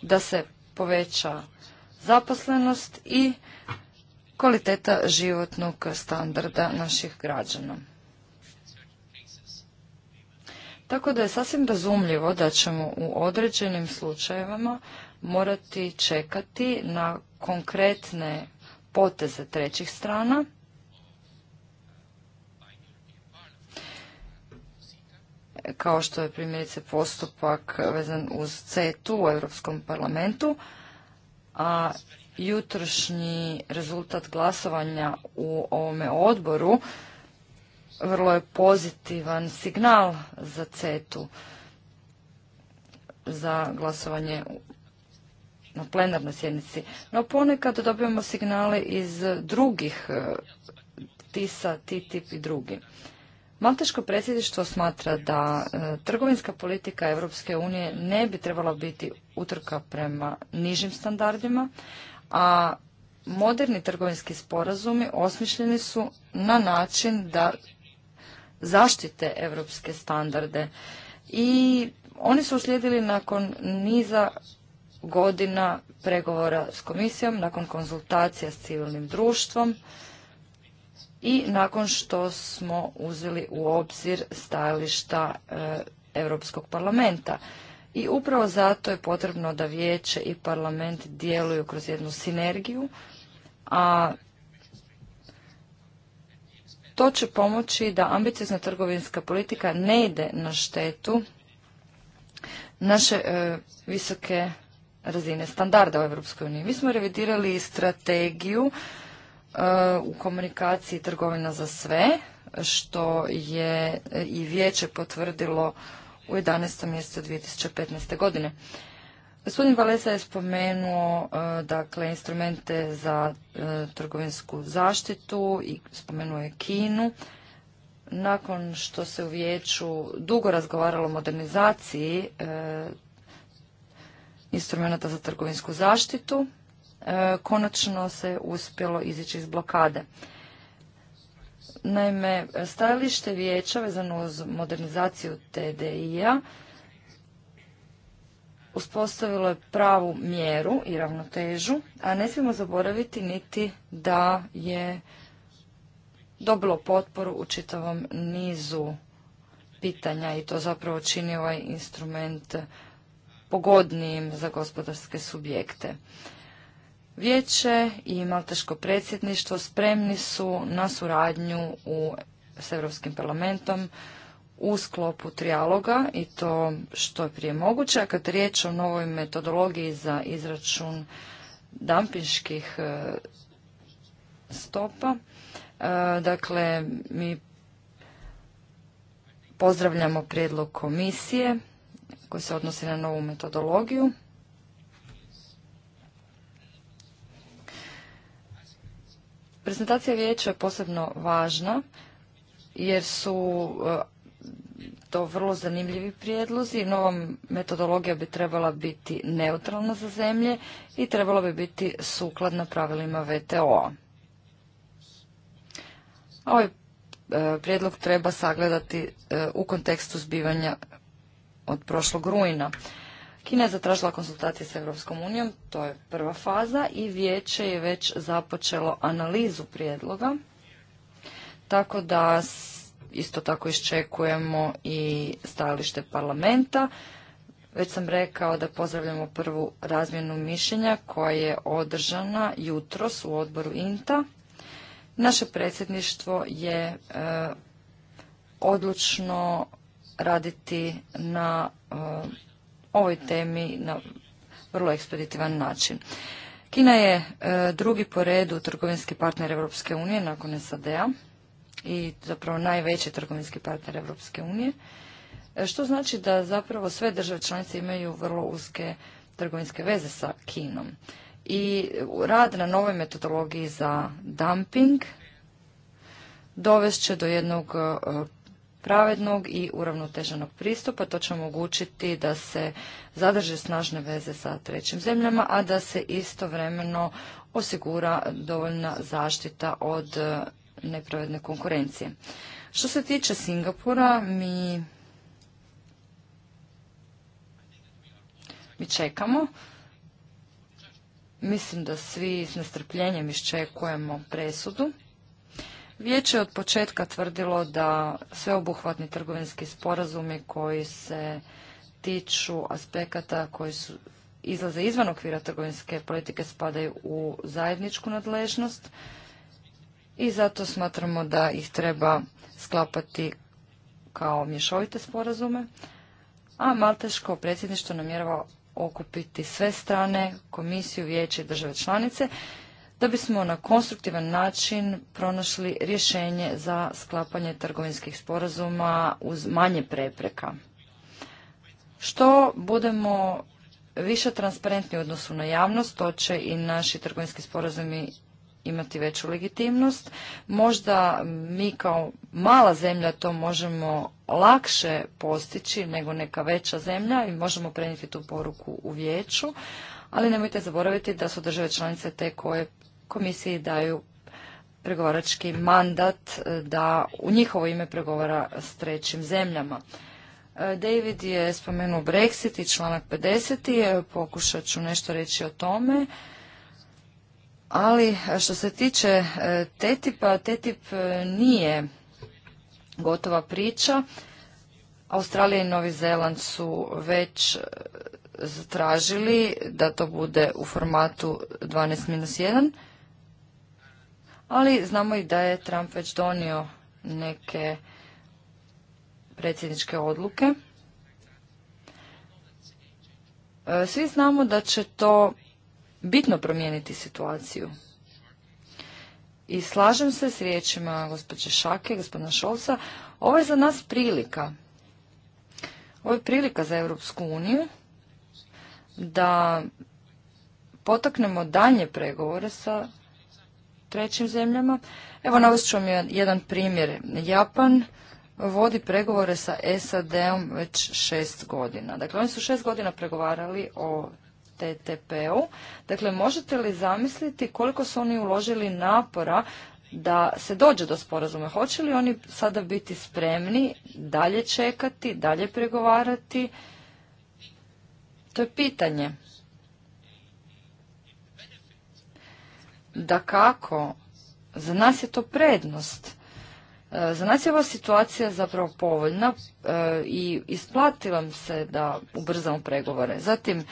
da se poveća zaposlenost i kvaliteta životnog standarda naših građana. Tako da je sasvim razumljivo da ćemo u određenim slučajevima morati čekati na konkretne poteze trećih strana kao što je primjerice postupak vezan uz CETU u Europskom parlamentu, a jutrošnji rezultat glasovanja u ovome odboru vrlo je pozitivan signal za CETU za glasovanje na plenarnoj sjednici. No ponekad dobijemo signale iz drugih eh, TISA, TTIP i drugi. Malteško predsjedništvo smatra da e, trgovinska politika Europske unije ne bi trebala biti utrka prema nižim standardima, a moderni trgovinski sporazumi osmišljeni su na način da zaštite europske standarde i oni su uslijedili nakon niza godina pregovora s komisijom, nakon konzultacija s civilnim društvom, i nakon što smo uzeli u obzir stajališta e, Europskog parlamenta. I upravo zato je potrebno da vijeće i parlament djeluju kroz jednu sinergiju, a to će pomoći da ambiciozna trgovinska politika ne ide na štetu naše e, visoke razine standarda u EU. Mi smo revidirali strategiju u komunikaciji trgovina za sve, što je i vijeće potvrdilo u 11. mjesecu 2015. godine. Gospodin Valesa je spomenuo e, dakle, instrumente za e, trgovinsku zaštitu i spomenuo je Kinu. Nakon što se u vijeću dugo razgovaralo o modernizaciji e, instrumenta za trgovinsku zaštitu, E, konačno se uspjelo izići iz blokade. Naime, stajalište vijeća vezano uz modernizaciju TDI-a uspostavilo je pravu mjeru i ravnotežu, a ne smijemo zaboraviti niti da je dobilo potporu u čitavom nizu pitanja i to zapravo čini ovaj instrument pogodnijim za gospodarske subjekte. Vijeće i Malteško predsjedništvo spremni su na suradnju u, s Europskim parlamentom u sklopu trijaloga i to što je prije moguće. A kad riječ o novoj metodologiji za izračun dampinških e, stopa, e, dakle mi pozdravljamo prijedlog komisije koji se odnosi na novu metodologiju Prezentacija vijeća je posebno važna jer su e, to vrlo zanimljivi prijedlozi. Nova metodologija bi trebala biti neutralna za zemlje i trebala bi biti sukladna pravilima VTO-a. Ovaj e, prijedlog treba sagledati e, u kontekstu zbivanja od prošlog rujna. Kina je zatražila konsultacije s Europskom unijom, to je prva faza i vijeće je već započelo analizu prijedloga, tako da isto tako iščekujemo i stajalište parlamenta. Već sam rekao da pozdravljamo prvu razmjenu mišljenja koja je održana jutros u odboru INTA. Naše predsjedništvo je e, odlučno raditi na e, ovoj temi na vrlo ekspeditivan način. Kina je e, drugi po redu trgovinski partner Europske unije nakon SAD-a i zapravo najveći trgovinski partner Europske unije, e, što znači da zapravo sve države članice imaju vrlo uske trgovinske veze sa Kinom. I rad na novoj metodologiji za dumping dovest će do jednog e, pravednog i uravnoteženog pristupa. To će omogućiti da se zadrže snažne veze sa trećim zemljama, a da se istovremeno osigura dovoljna zaštita od e, nepravedne konkurencije. Što se tiče Singapura, mi, mi čekamo. Mislim da svi s nestrpljenjem iščekujemo presudu. Vijeće je od početka tvrdilo da sveobuhvatni trgovinski sporazumi koji se tiču aspekata koji su izlaze izvan okvira trgovinske politike spadaju u zajedničku nadležnost i zato smatramo da ih treba sklapati kao mješovite sporazume, a Malteško predsjedništvo namjerava okupiti sve strane, komisiju, vijeće i države članice da bismo na konstruktivan način pronašli rješenje za sklapanje trgovinskih sporazuma uz manje prepreka. Što budemo više transparentni u odnosu na javnost, to će i naši trgovinski sporazumi imati veću legitimnost. Možda mi kao mala zemlja to možemo lakše postići nego neka veća zemlja i možemo prenijeti tu poruku u vijeću, ali nemojte zaboraviti da su države članice te koje komisiji daju pregovarački mandat e, da u njihovo ime pregovara s trećim zemljama. E, David je spomenuo Brexit i članak 50. E, pokušat ću nešto reći o tome. Ali što se tiče TTIP-a, TTIP nije gotova priča. Australija i Novi Zeland su već zatražili da to bude u formatu 12 minus 1 ali znamo i da je Trump već donio neke predsjedničke odluke. E, svi znamo da će to bitno promijeniti situaciju. I slažem se s riječima gospođe Šake, gospodina Šolsa. ovo je za nas prilika. Ovo je prilika za Europsku uniju da potaknemo dalje pregovore sa trećim zemljama. Evo navest ću vam jedan primjer. Japan vodi pregovore sa SAD-om već šest godina. Dakle, oni su šest godina pregovarali o TTP-u. Dakle, možete li zamisliti koliko su oni uložili napora da se dođe do sporazuma? Hoće li oni sada biti spremni dalje čekati, dalje pregovarati? To je pitanje. da kako, za nas je to prednost. E, za nas je ova situacija zapravo povoljna e, i isplatila se da ubrzamo pregovore. Zatim, e,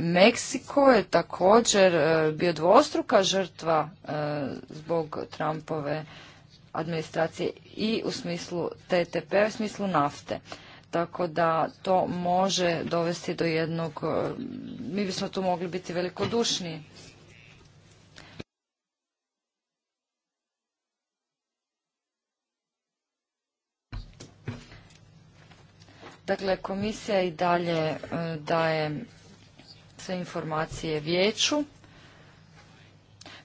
Meksiko je također bio dvostruka žrtva zbog Trumpove administracije i u smislu TTP, u smislu nafte. Tako da to može dovesti do jednog, mi bismo tu mogli biti velikodušni Dakle, komisija i dalje e, daje sve informacije vijeću.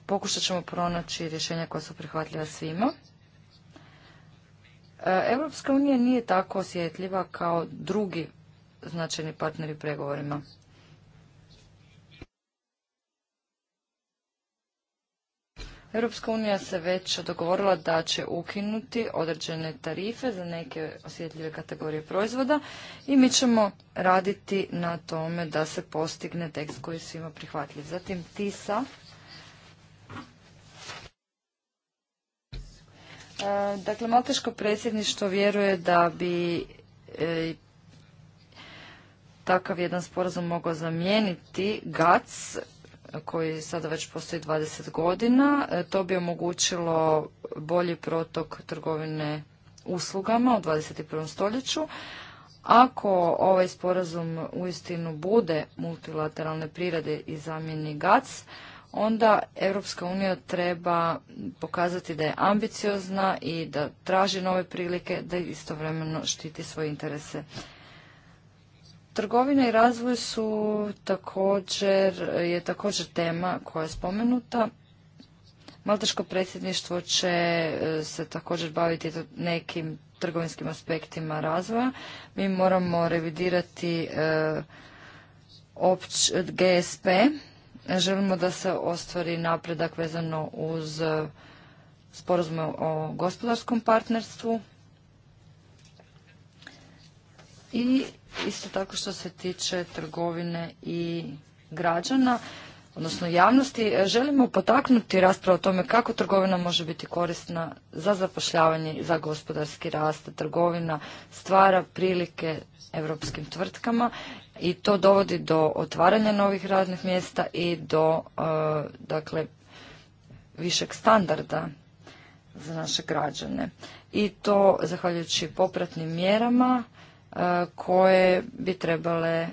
Pokušat ćemo pronaći rješenja koja su prihvatljiva svima. E, Europska unija nije tako osjetljiva kao drugi značajni partneri pregovorima. Europska unija se već dogovorila da će ukinuti određene tarife za neke osjetljive kategorije proizvoda i mi ćemo raditi na tome da se postigne tekst koji je svima prihvatljiv. Zatim TISA. E, dakle, Malteško predsjedništvo vjeruje da bi e, takav jedan sporazum mogao zamijeniti GATS koji sada već postoji 20 godina. E, to bi omogućilo bolji protok trgovine uslugama u 21. stoljeću. Ako ovaj sporazum uistinu bude multilateralne prirade i zamjeni GATS, onda Europska unija treba pokazati da je ambiciozna i da traži nove prilike da istovremeno štiti svoje interese Trgovina i razvoj su također, je također tema koja je spomenuta. Malteško predsjedništvo će e, se također baviti nekim trgovinskim aspektima razvoja. Mi moramo revidirati e, opć, GSP. Želimo da se ostvari napredak vezano uz e, sporazum o gospodarskom partnerstvu i isto tako što se tiče trgovine i građana, odnosno javnosti, e, želimo potaknuti raspravu o tome kako trgovina može biti korisna za zapošljavanje i za gospodarski rast. Trgovina stvara prilike europskim tvrtkama i to dovodi do otvaranja novih radnih mjesta i do e, dakle višeg standarda za naše građane. I to zahvaljujući popratnim mjerama E, koje bi trebale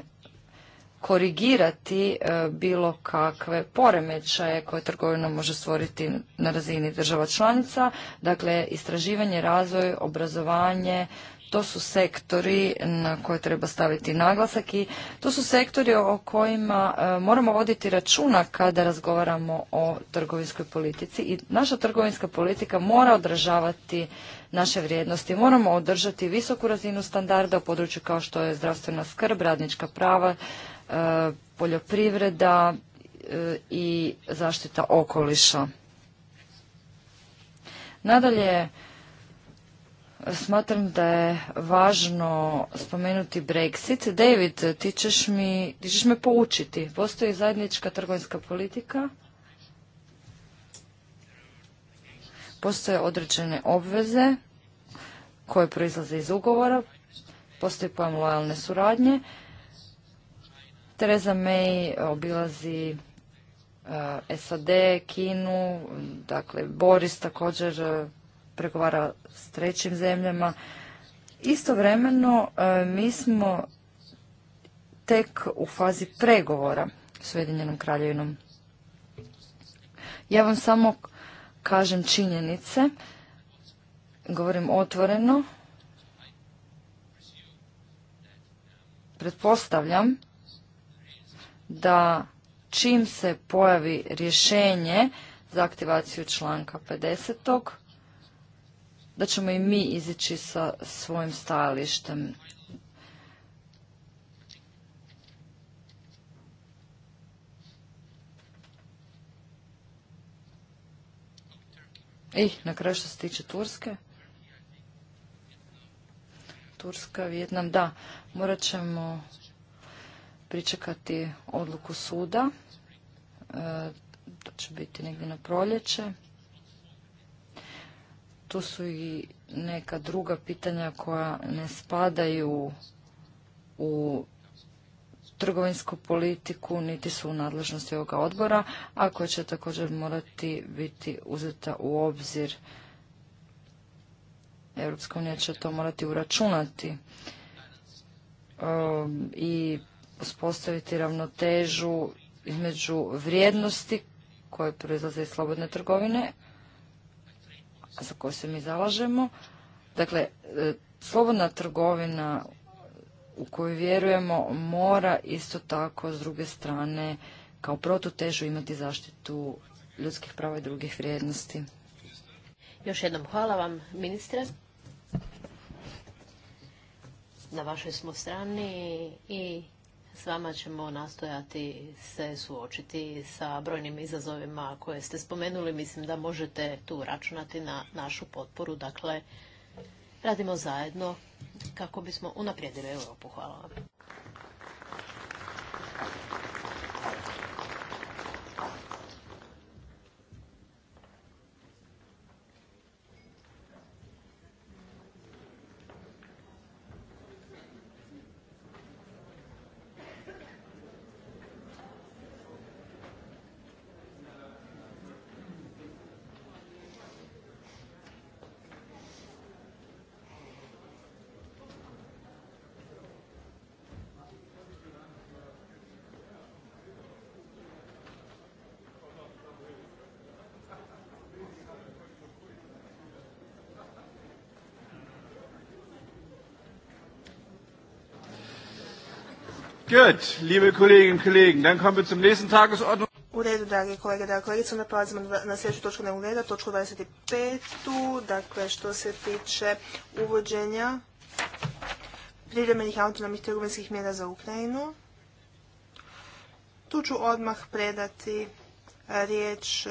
korigirati e, bilo kakve poremećaje koje trgovina može stvoriti na razini država članica. Dakle, istraživanje, razvoj, obrazovanje, to su sektori na koje treba staviti naglasak i to su sektori o kojima e, moramo voditi računa kada razgovaramo o trgovinskoj politici i naša trgovinska politika mora odražavati naše vrijednosti. Moramo održati visoku razinu standarda u području kao što je zdravstvena skrb, radnička prava, e, poljoprivreda e, i zaštita okoliša. Nadalje, smatram da je važno spomenuti Brexit. David, ti ćeš, mi, me poučiti. Postoji zajednička trgovinska politika Postoje određene obveze koje proizlaze iz ugovora, postoji pojam lojalne suradnje. Tereza May obilazi e, SAD, Kinu, dakle Boris također e, pregovara s trećim zemljama. Istovremeno e, mi smo tek u fazi pregovora s Ujedinjenom kraljevinom. Ja vam samo kažem činjenice, govorim otvoreno, pretpostavljam da čim se pojavi rješenje za aktivaciju članka 50. da ćemo i mi izići sa svojim stajalištem. I na kraju što se tiče Turske. Turska, Vjetnam, da. Morat ćemo pričekati odluku suda. E, to će biti negdje na proljeće. Tu su i neka druga pitanja koja ne spadaju u trgovinsku politiku niti su u nadležnosti ovoga odbora, a koja će također morati biti uzeta u obzir. Europska unija će to morati uračunati um, i uspostaviti ravnotežu između vrijednosti koje proizlaze iz slobodne trgovine, za koje se mi zalažemo. Dakle, e, slobodna trgovina u koju vjerujemo mora isto tako s druge strane kao protutežu imati zaštitu ljudskih prava i drugih vrijednosti. Još jednom hvala vam ministre. Na vašoj smo strani i s vama ćemo nastojati se suočiti sa brojnim izazovima koje ste spomenuli. Mislim da možete tu računati na našu potporu. Dakle, radimo zajedno kako bismo unaprijedili Europu. Hvala vam. Gut, liebe Kolleginnen und Kollegen, dann kommen wir zum nächsten Tagesordnung. U redu, dragi kolege, dragi kolegice, onda prelazimo na sljedeću točku dnevnog reda, točku 25. Dakle, što se tiče uvođenja privremenih autonomnih trgovinskih mjera za Ukrajinu. Tu ću odmah predati eh, riječ eh,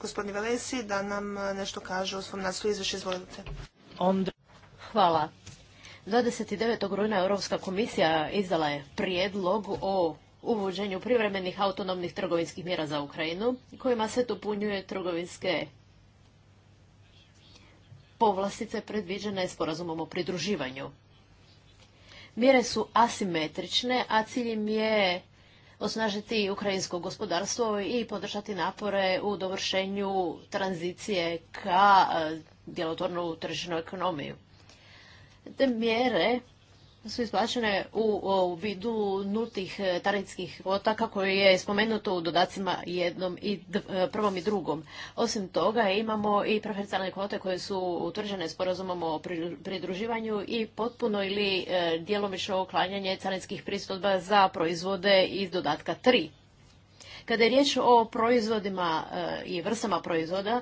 gospodini Velesi da nam eh, nešto kaže o svom nastoju izveši Izvolite. Hvala. 29. rujna Europska komisija izdala je prijedlog o uvođenju privremenih autonomnih trgovinskih mjera za Ukrajinu, kojima se dopunjuje trgovinske povlastice predviđene sporazumom o pridruživanju. Mjere su asimetrične, a cilj im je osnažiti ukrajinsko gospodarstvo i podržati napore u dovršenju tranzicije ka e, djelotvornu tržišnu ekonomiju. Te mjere su isplaćene u, vidu nutih e, tarinskih otaka koje je spomenuto u dodacima jednom i e, prvom i drugom. Osim toga imamo i preferencijalne kvote koje su utvrđene sporazumom o pridruživanju i potpuno ili e, djelomično uklanjanje carinskih pristojba za proizvode iz dodatka 3. Kada je riječ o proizvodima eh, i vrstama proizvoda,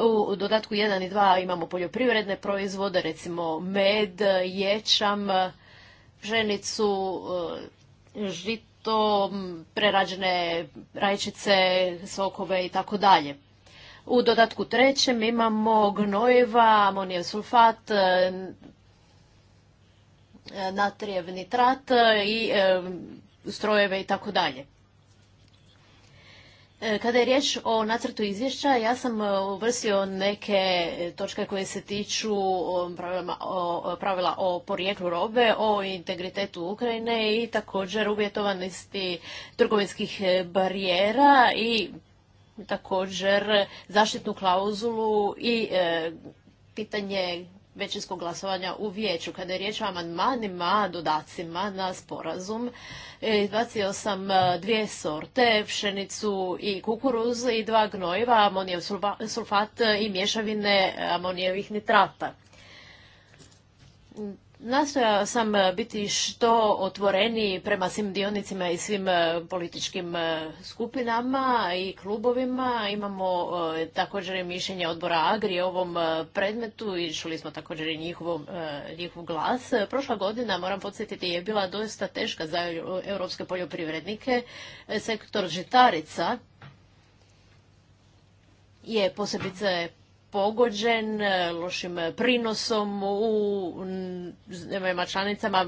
u dodatku 1 i 2 imamo poljoprivredne proizvode, recimo med, ječam, ženicu, eh, žito, prerađene rajčice, sokove i tako dalje. U dodatku trećem imamo gnojeva, amonijev sulfat, eh, natrijev nitrat i strojeve i tako dalje. E, kada je riječ o nacrtu izvješća, ja sam e, uvrstio neke e, točke koje se tiču pravila o, porijeklu robe, o integritetu Ukrajine i također uvjetovanosti trgovinskih barijera i također zaštitnu klauzulu i pitanje većinskog glasovanja u vijeću. Kada je riječ o amandmanima, dodacima na sporazum, e, izbacio sam e, dvije sorte, pšenicu i kukuruz i dva gnojiva, amonijev sulfat i mješavine amonijevih nitrata. Nastojao sam e, biti što otvoreniji prema svim dionicima i svim e, političkim e, skupinama i klubovima. Imamo također i mišljenje odbora Agri o ovom predmetu i čuli smo također i njihov, njihov glas. Prošla godina, moram podsjetiti, je bila dosta teška za europske poljoprivrednike. Sektor žitarica je posebice pogođen lošim prinosom u zemljama članicama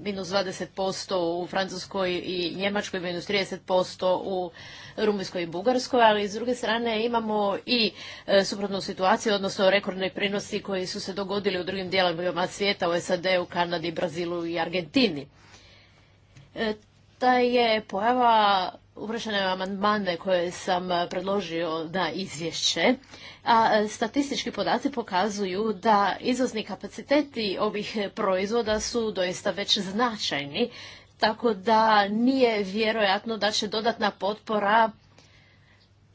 minus 20% u Francuskoj i Njemačkoj, minus 30% u Rumunjskoj i Bugarskoj, ali s druge strane imamo i e, suprotnu situaciju, odnosno rekordne prinosi koji su se dogodili u drugim dijelovima svijeta, u SAD-u, Kanadi, Brazilu i Argentini. E, ta je pojava uvršene amandmane koje sam e, predložio na izvješće, a e, statistički podaci pokazuju da izvozni kapaciteti ovih proizvoda su doista već značajni, tako da nije vjerojatno da će dodatna potpora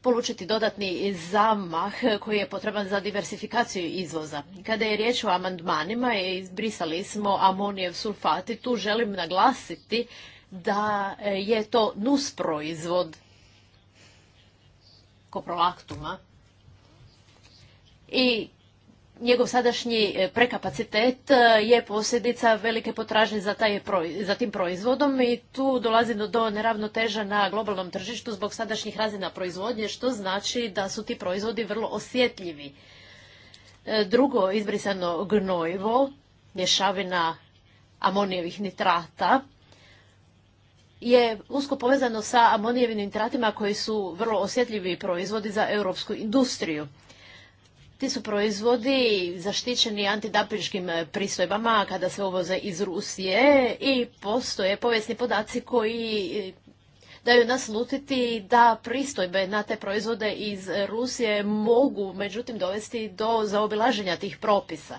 polučiti dodatni zamah koji je potreban za diversifikaciju izvoza. Kada je riječ o amandmanima, e, izbrisali smo amonijev sulfat i tu želim naglasiti da e, je to NUS proizvod, koprolaktuma i njegov sadašnji e, prekapacitet e, je posljedica velike potražnje za, za tim proizvodom i tu dolazi do neravnoteža na globalnom tržištu zbog sadašnjih razina proizvodnje, što znači da su ti proizvodi vrlo osjetljivi. Drugo izbrisano gnojivo, mješavina amonijevih nitrata, je usko povezano sa amonijevinim tratima koji su vrlo osjetljivi proizvodi za europsku industriju. Ti su proizvodi zaštićeni antidapiškim pristojbama kada se uvoze iz Rusije i postoje povijesni podaci koji e, daju nas lutiti da pristojbe na te proizvode iz Rusije mogu međutim dovesti do zaobilaženja tih propisa.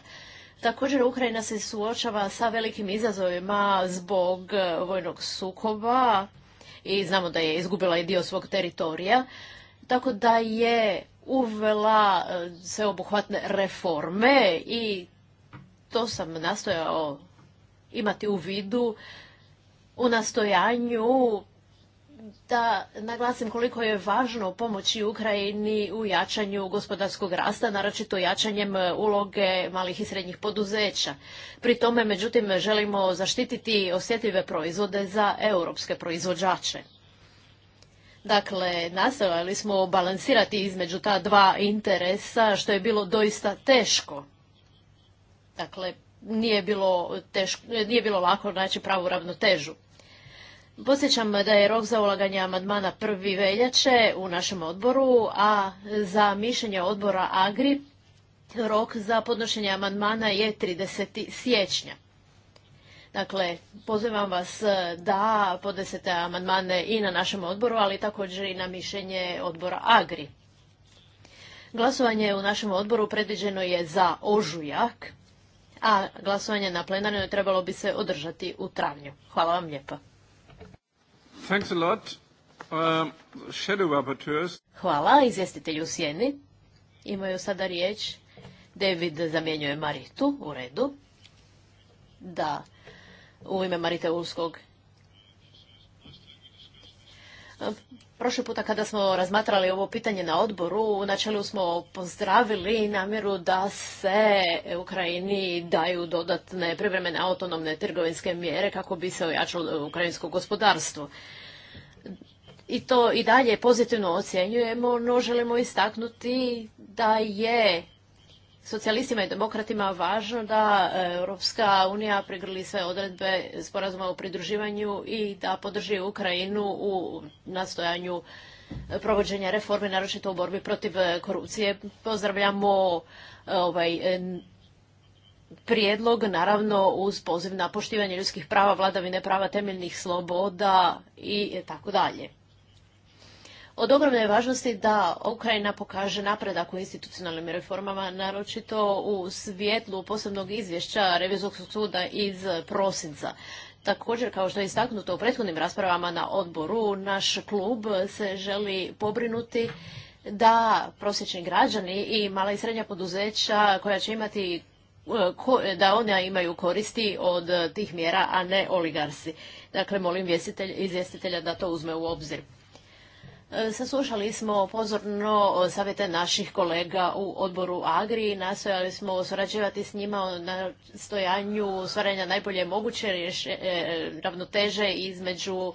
Također Ukrajina se suočava sa velikim izazovima zbog e, vojnog sukoba i znamo da je izgubila i dio svog teritorija, tako da je uvela e, sveobuhvatne reforme i to sam nastojao imati u vidu u nastojanju da naglasim koliko je važno pomoći Ukrajini u jačanju gospodarskog rasta, naročito jačanjem e, uloge malih i srednjih poduzeća. Pri tome, međutim, želimo zaštititi osjetljive proizvode za europske proizvođače. Dakle, nastavili smo balansirati između ta dva interesa, što je bilo doista teško. Dakle, nije bilo, nije bilo lako naći pravu ravnotežu. Posjećam da je rok za ulaganje amadmana prvi veljače u našem odboru, a za mišljenje odbora AGRI rok za podnošenje amandmana je 30. siječnja. Dakle, pozivam vas da podnesete amandmane i na našem odboru, ali također i na mišljenje odbora AGRI. Glasovanje u našem odboru predviđeno je za ožujak, a glasovanje na plenarnoj trebalo bi se održati u travnju. Hvala vam lijepa. Thanks a um, Hvala izvjestitelju Sjeni. Imaju sada riječ. David zamjenjuje Maritu u redu. Da, u ime Marite Ulskog Prošli puta kada smo razmatrali ovo pitanje na odboru, u načelu smo pozdravili namjeru da se Ukrajini daju dodatne privremene autonomne trgovinske mjere kako bi se ojačalo ukrajinsko gospodarstvo. I to i dalje pozitivno ocjenjujemo, no želimo istaknuti da je socijalistima i demokratima važno da e, Europska unija pregrli sve odredbe sporazuma o pridruživanju i da podrži Ukrajinu u nastojanju e, provođenja reforme, naročito u borbi protiv e, korupcije. Pozdravljamo ovaj prijedlog, naravno uz poziv na poštivanje ljudskih prava, vladavine prava, temeljnih sloboda i tako dalje od ogromne je važnosti da Ukrajina pokaže napredak u institucionalnim reformama, naročito u svijetlu posebnog izvješća Revizorskog suda iz prosinca. Također, kao što je istaknuto u prethodnim raspravama na odboru, naš klub se želi pobrinuti da prosječni građani i mala i srednja poduzeća koja će imati e, da ona imaju koristi od tih mjera, a ne oligarsi. Dakle, molim izvjestitelja da to uzme u obzir. E, saslušali smo pozorno savjete naših kolega u odboru Agri Nasojali nastojali smo surađivati s njima na stojanju stvaranja najbolje moguće e, ravnoteže između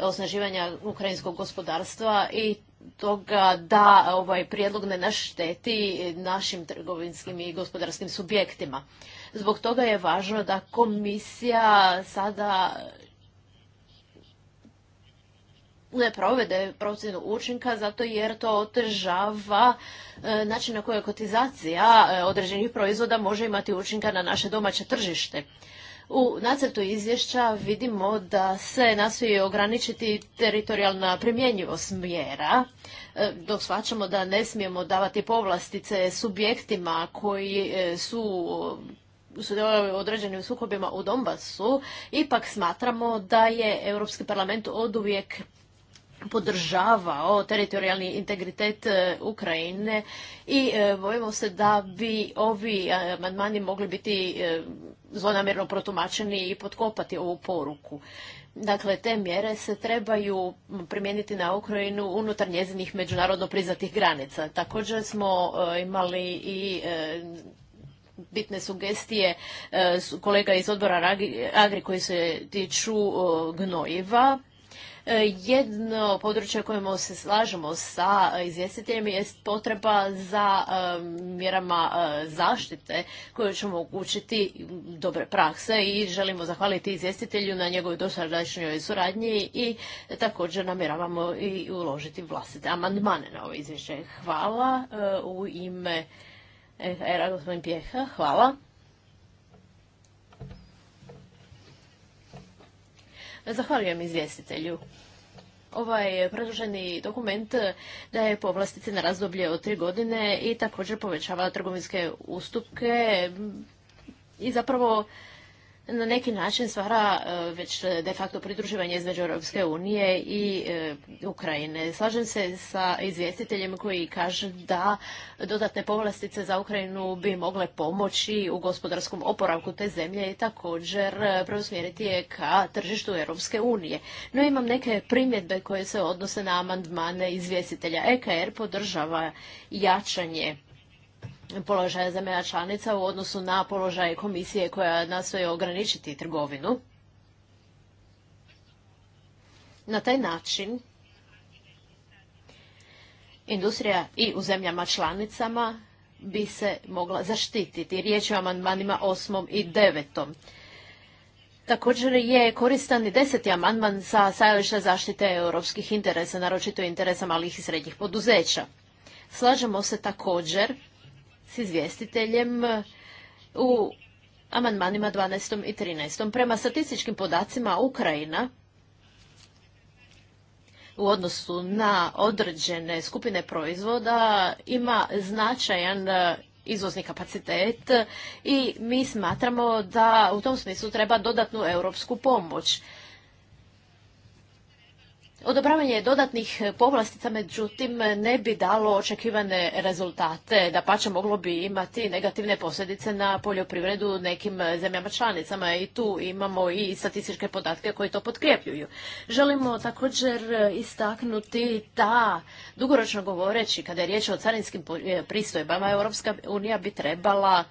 osnaživanja ukrajinskog gospodarstva i toga da ovaj prijedlog ne našteti našim trgovinskim i gospodarskim subjektima. Zbog toga je važno da komisija sada ne provede procjenu učinka zato jer to otežava e, način na koji kotizacija e, određenih proizvoda može imati učinka na naše domaće tržište. U nacrtu izvješća vidimo da se nastoji ograničiti teritorijalna primjenjivost mjera, e, dok shvaćamo da ne smijemo davati povlastice subjektima koji su sudjelovali u određenim sukobima u Donbasu, ipak smatramo da je Europski parlament oduvijek podržavao teritorijalni integritet e, Ukrajine i e, bojimo se da bi ovi e, amandmani mogli biti zlonamjerno protumačeni i potkopati ovu poruku. Dakle, te mjere se trebaju primijeniti na Ukrajinu unutar njezinih međunarodno priznatih granica. Također smo imali i bitne sugestije kolega iz odbora Agri koji se tiču gnojiva E, jedno područje kojemu se slažemo sa izvjestiteljem je potreba za e, mjerama e, zaštite koje će omogućiti dobre prakse i želimo zahvaliti izvjestitelju na njegovoj dosadašnjoj suradnji i također namjeravamo i uložiti vlastite amandmane na ovo izvješće. Hvala u ime Era gospodin Pjeha. Hvala. Zahvaljujem izvjestitelju. Ovaj predloženi dokument daje povlastice na razdoblje od tri godine i također povećava trgovinske ustupke i zapravo na neki način stvara e, već e, de facto pridruživanje između Europske unije i e, Ukrajine. Slažem se sa izvjestiteljem koji kaže da dodatne povlastice za Ukrajinu bi mogle pomoći u gospodarskom oporavku te zemlje i također preusmjeriti je ka tržištu Europske unije. No imam neke primjedbe koje se odnose na amandmane izvjestitelja. EKR er podržava jačanje položaja zemlja članica u odnosu na položaje komisije koja nastoje ograničiti trgovinu. Na taj način industrija i u zemljama članicama bi se mogla zaštititi. Riječ je o amandmanima 8. i 9. Također je koristan i deseti amandman sa sajališta zaštite europskih interesa, naročito interesa malih i srednjih poduzeća. Slažemo se također s izvjestiteljem u amandmanima 12. i 13. Prema statističkim podacima Ukrajina u odnosu na određene skupine proizvoda ima značajan e, izvozni kapacitet i mi smatramo da u tom smislu treba dodatnu europsku pomoć. Odobravanje dodatnih povlastica, međutim, ne bi dalo očekivane rezultate, da će moglo bi imati negativne posljedice na poljoprivredu nekim zemljama članicama i tu imamo i statističke podatke koji to potkrepljuju. Želimo također istaknuti da, dugoročno govoreći, kada je riječ o carinskim e, pristojbama, Europska unija bi trebala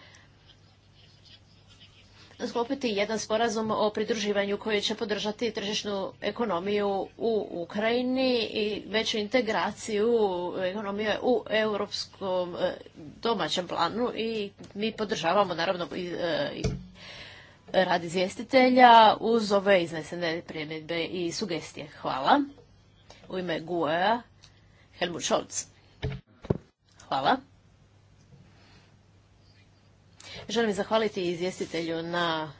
sklopiti jedan sporazum o pridruživanju koji će podržati tržišnu ekonomiju u Ukrajini i veću integraciju ekonomije u europskom e, domaćem planu i mi podržavamo naravno i, e, rad izvjestitelja uz ove iznesene primjedbe i sugestije. Hvala. U ime GUE-a Helmut Scholz. Hvala. Želim zahvaliti izvjestitelju na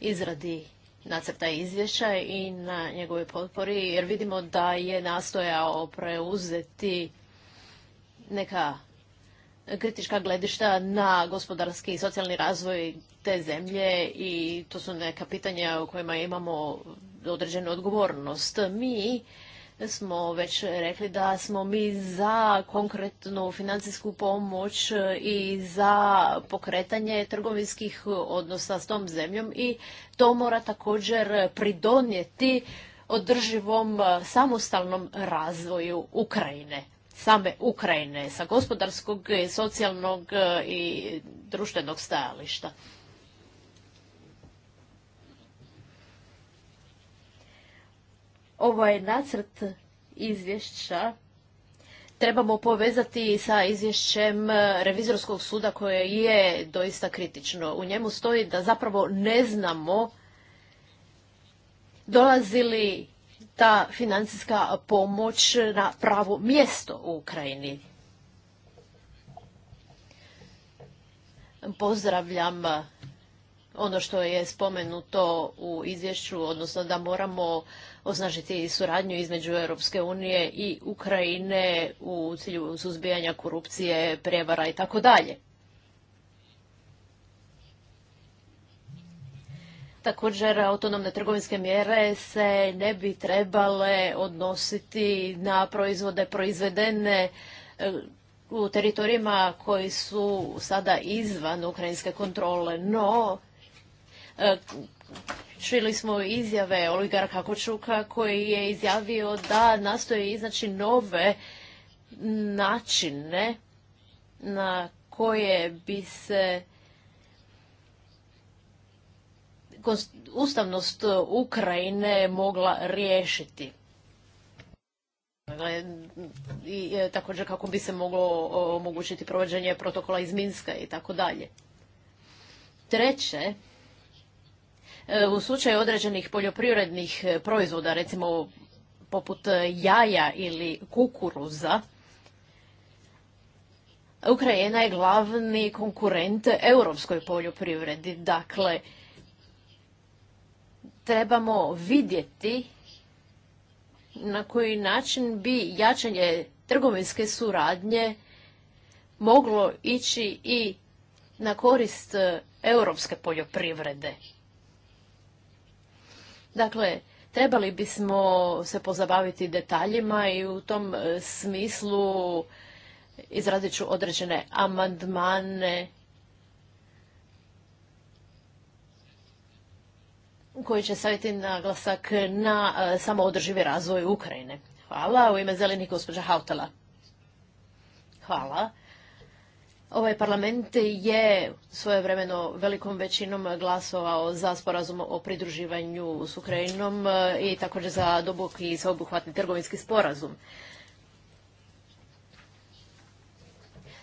izradi nacrta izvješća i na njegovoj potpori, jer vidimo da je nastojao preuzeti neka kritička gledišta na gospodarski i socijalni razvoj te zemlje i to su neka pitanja u kojima imamo određenu odgovornost. Mi smo već rekli da smo mi za konkretnu financijsku pomoć i za pokretanje trgovinskih odnosa s tom zemljom i to mora također pridonijeti održivom samostalnom razvoju Ukrajine same Ukrajine sa gospodarskog, socijalnog i društvenog stajališta. ovaj nacrt izvješća trebamo povezati sa izvješćem e, revizorskog suda koje je doista kritično. U njemu stoji da zapravo ne znamo dolazi li ta financijska pomoć na pravo mjesto u Ukrajini. Pozdravljam ono što je spomenuto u izvješću, odnosno da moramo osnažiti suradnju između Europske unije i Ukrajine u cilju suzbijanja korupcije, prijevara i tako dalje. Također, autonomne trgovinske mjere se ne bi trebale odnositi na proizvode proizvedene e, u teritorijima koji su sada izvan ukrajinske kontrole, no e, Čuli smo izjave Oligara Kočuka koji je izjavio da nastoje iznaći nove načine na koje bi se ustavnost Ukrajine mogla riješiti. E, I e, također kako bi se moglo omogućiti provođenje protokola iz Minska i tako dalje. Treće, E, u slučaju određenih poljoprivrednih e, proizvoda, recimo poput e, jaja ili kukuruza, Ukrajina je glavni konkurent europskoj poljoprivredi. Dakle, trebamo vidjeti na koji način bi jačanje trgovinske suradnje moglo ići i na korist europske poljoprivrede. Dakle, trebali bismo se pozabaviti detaljima i u tom e, smislu izradit ću određene amandmane koji će staviti naglasak na e, samoodrživi razvoj Ukrajine. Hvala. U ime zelenih gospođa Hautala. Hvala. Ovaj parlament je svojevremeno velikom većinom glasovao za sporazum o pridruživanju s Ukrajinom e, i također za duboki i sveobuhvatni trgovinski sporazum.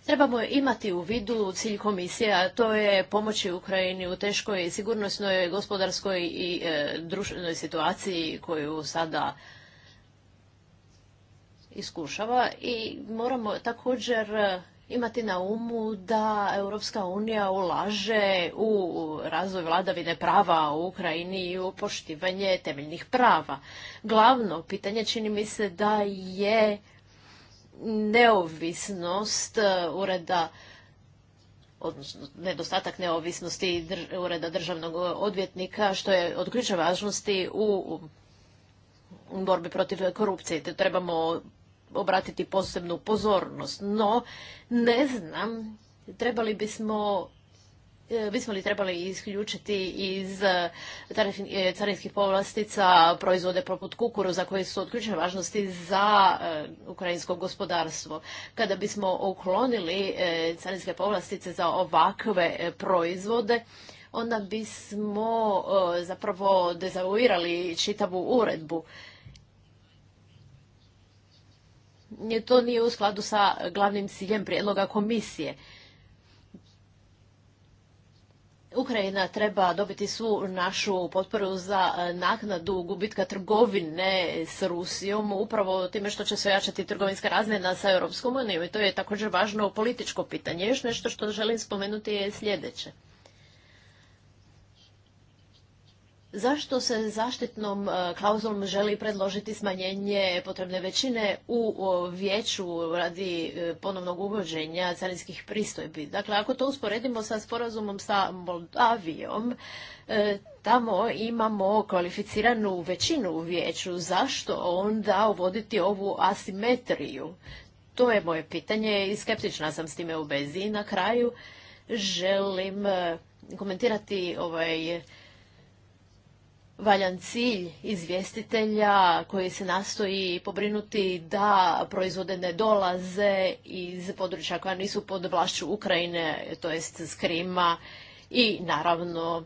Trebamo imati u vidu cilj komisije, a to je pomoći Ukrajini u teškoj sigurnosnoj, gospodarskoj i e, društvenoj situaciji koju sada iskušava i moramo također imati na umu da Europska unija ulaže u razvoj vladavine prava u Ukrajini i u poštivanje temeljnih prava. Glavno pitanje čini mi se da je neovisnost e, ureda odnosno nedostatak neovisnosti ureda državnog odvjetnika što je od ključne važnosti u borbi protiv korupcije. Te trebamo obratiti posebnu pozornost. No, ne znam, trebali bismo e, bismo li trebali isključiti iz e, e, carinskih povlastica proizvode poput kukuruza koje su od ključne važnosti za ukrajinsko gospodarstvo. Kada bismo uklonili carinske povlastice za ovakve proizvode, onda bismo zapravo dezavuirali čitavu uredbu to nije u skladu sa glavnim ciljem prijedloga komisije. Ukrajina treba dobiti svu našu potporu za e, naknadu gubitka trgovine s Rusijom, upravo time što će se ojačati trgovinska razmjena sa Europskom unijom i to je također važno političko pitanje. Još nešto što želim spomenuti je sljedeće. Zašto se zaštitnom e, klauzulom želi predložiti smanjenje potrebne većine u vijeću radi e, ponovnog uvođenja carinskih pristojbi? Dakle, ako to usporedimo sa sporazumom sa Moldavijom, e, tamo imamo kvalificiranu većinu u vijeću. Zašto onda uvoditi ovu asimetriju? To je moje pitanje i skeptična sam s time u vezi. na kraju želim komentirati ovaj valjan cilj izvjestitelja koji se nastoji pobrinuti da proizvode ne dolaze iz područja koja nisu pod vlašću Ukrajine, to jest s Krima i naravno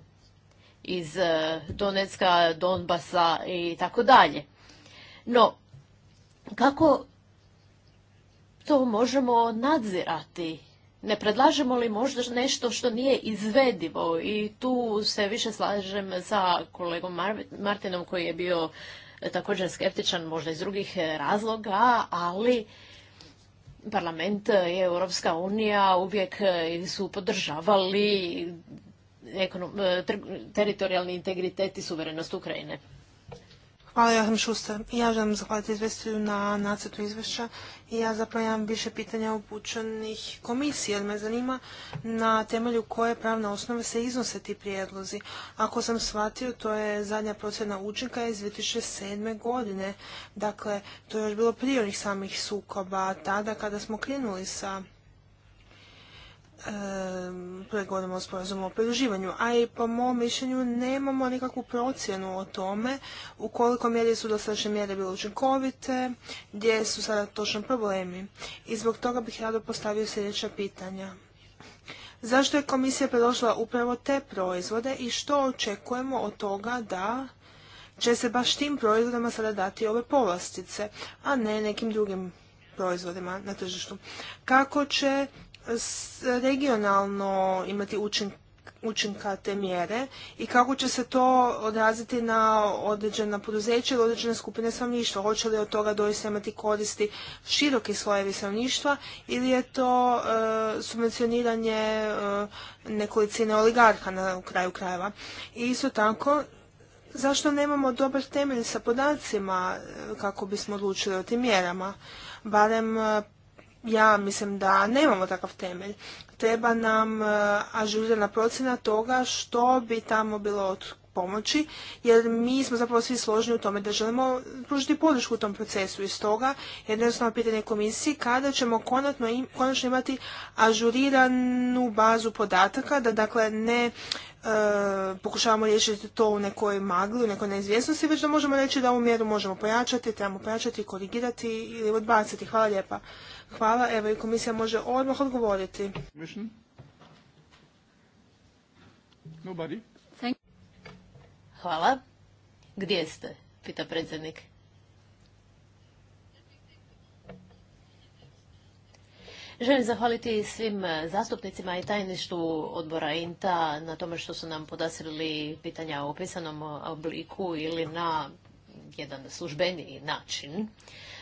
iz e, Donetska, Donbasa i tako dalje. No, kako to možemo nadzirati ne predlažemo li možda nešto što nije izvedivo i tu se više slažem sa kolegom Martinom koji je bio e, također skeptičan možda iz drugih e, razloga, ali parlament i Europska unija uvijek e, su podržavali teritorijalni integritet i suverenost Ukrajine. Hvala Ja želim zahvaliti izvestitelju na nacetu izvješća i ja zapravo imam više pitanja upućenih komisije, jer me zanima na temelju koje pravne osnove se iznose ti prijedlozi. Ako sam shvatio, to je zadnja procjena učinka iz 2007. godine. Dakle, to je još bilo prije onih samih sukoba, tada kada smo krenuli sa pregovorima o sporazumu o pridruživanju, a i po mom mišljenju nemamo nikakvu procjenu o tome u koliko mjeri su dosadašnje mjere bile učinkovite, gdje su sada točno problemi. I zbog toga bih rado postavio sljedeća pitanja. Zašto je komisija predložila upravo te proizvode i što očekujemo od toga da će se baš tim proizvodima sada dati ove povlastice, a ne nekim drugim proizvodima na tržištu. Kako će regionalno imati učinka te mjere i kako će se to odraziti na određena poduzeća ili određene skupine stanovništva. Hoće li od toga doista imati koristi široki slojevi stanovništva ili je to e, subvencioniranje e, nekolicine oligarha na kraju krajeva. I isto tako, zašto nemamo dobar temelj sa podacima e, kako bismo odlučili o tim mjerama? Barem ja mislim da nemamo takav temelj. Treba nam e, ažurirana procjena toga što bi tamo bilo od pomoći, jer mi smo zapravo svi složni u tome da želimo pružiti podršku u tom procesu. I stoga jednostavno pitanje komisiji kada ćemo konačno imati ažuriranu bazu podataka, da dakle ne e, pokušavamo riješiti to u nekoj magli, u nekoj neizvjesnosti, već da možemo reći da ovu mjeru možemo pojačati, trebamo pojačati, korigirati ili odbaciti. Hvala lijepa. Hvala. Evo i komisija može odmah odgovoriti. Hvala. Gdje ste? Pita predsjednik. Želim zahvaliti svim zastupnicima i tajništu odbora INTA na tome što su nam podasrili pitanja u pisanom obliku ili na jedan službeni način.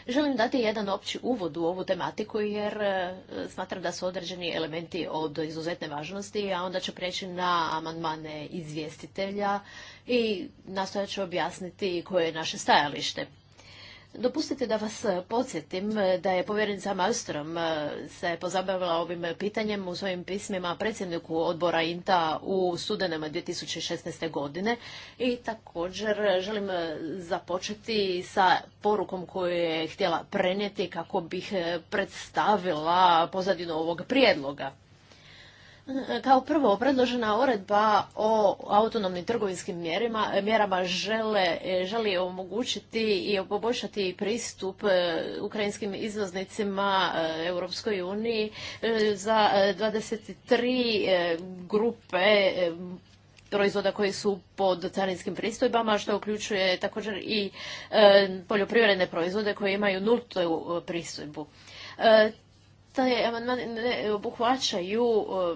Želim dati jedan opći uvod u ovu tematiku jer e, smatram da su određeni elementi od izuzetne važnosti, a onda ću preći na amandmane izvjestitelja i nastojat ću objasniti koje je naše stajalište. Dopustite da vas eh, podsjetim eh, da je povjerenica Malstrom eh, se pozabavila ovim pitanjem u svojim pismima predsjedniku odbora INTA u studenama 2016. godine i također želim započeti sa porukom koju je htjela prenijeti kako bih predstavila pozadinu ovog prijedloga. Kao prvo, predložena uredba o autonomnim trgovinskim mjerama želi omogućiti i poboljšati pristup e, ukrajinskim izvoznicima e, Europskoj uniji e, za 23 grupe proizvoda koji su pod carinskim pristojbama, što uključuje također i poljoprivredne proizvode koji imaju nultu pristojbu taj amandman ne obuhvaćaju e,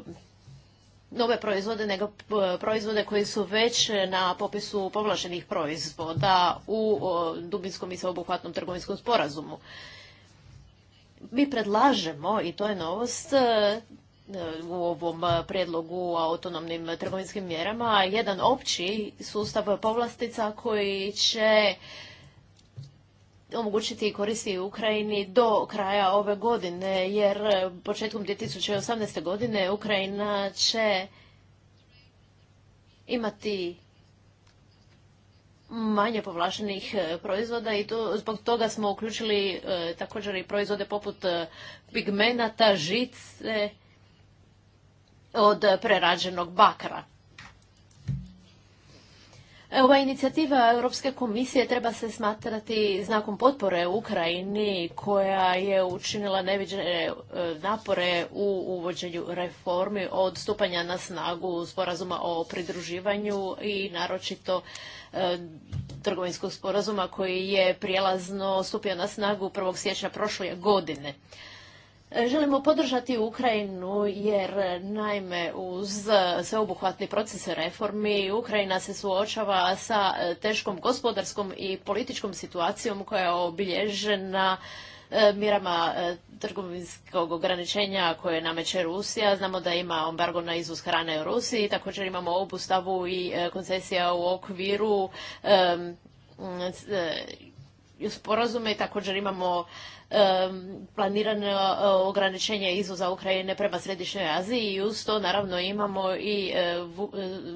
nove proizvode, nego e, proizvode koji su već na popisu povlašenih proizvoda u dubinskom i sveobuhvatnom trgovinskom sporazumu. Mi predlažemo, i to je novost, e, u ovom prijedlogu o autonomnim trgovinskim mjerama, jedan opći sustav povlastica koji će omogućiti koristi Ukrajini do kraja ove godine, jer e, početkom 2018. godine Ukrajina će imati manje povlašenih e, proizvoda i to, zbog toga smo uključili e, također i proizvode poput pigmenata, žice od prerađenog bakra. Ova inicijativa Europske komisije treba se smatrati znakom potpore Ukrajini koja je učinila neviđene e, napore u uvođenju reformi od stupanja na snagu sporazuma o pridruživanju i naročito e, trgovinskog sporazuma koji je prijelazno stupio na snagu 1. siječnja prošle godine. E, želimo podržati Ukrajinu jer naime uz sveobuhvatni proces reformi Ukrajina se suočava sa e, teškom gospodarskom i političkom situacijom koja je obilježena e, mirama trgovinskog ograničenja koje nameće Rusija. Znamo da ima embargo na izvoz hrane u Rusiji, također imamo obustavu i koncesija u okviru um, Također imamo planirano e, ograničenje izvoza Ukrajine prema Središnjoj Aziji i uz to naravno imamo i e, e,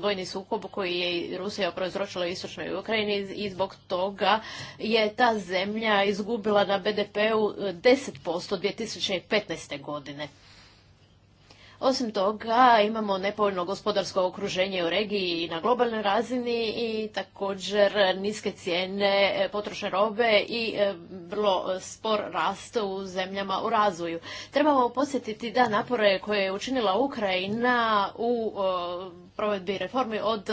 vojni sukob koji je Rusija proizročila u Istočnoj Ukrajini i zbog toga je ta zemlja izgubila na BDP-u 10% 2015. godine. Osim toga, imamo nepovoljno gospodarsko okruženje u regiji i na globalnoj razini i također niske cijene potrošne robe i e, vrlo spor rast u zemljama u razvoju. Trebamo posjetiti da napore koje je učinila Ukrajina u provedbi reformi od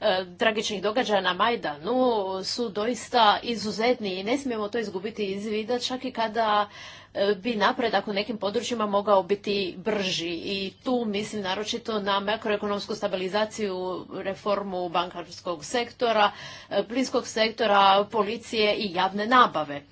E, tragičnih događaja na Majdanu su doista izuzetni i ne smijemo to izgubiti iz vida čak i kada e, bi napredak u nekim područjima mogao biti brži i tu mislim naročito na makroekonomsku stabilizaciju, reformu bankarskog sektora, e, plinskog sektora, policije i javne nabave.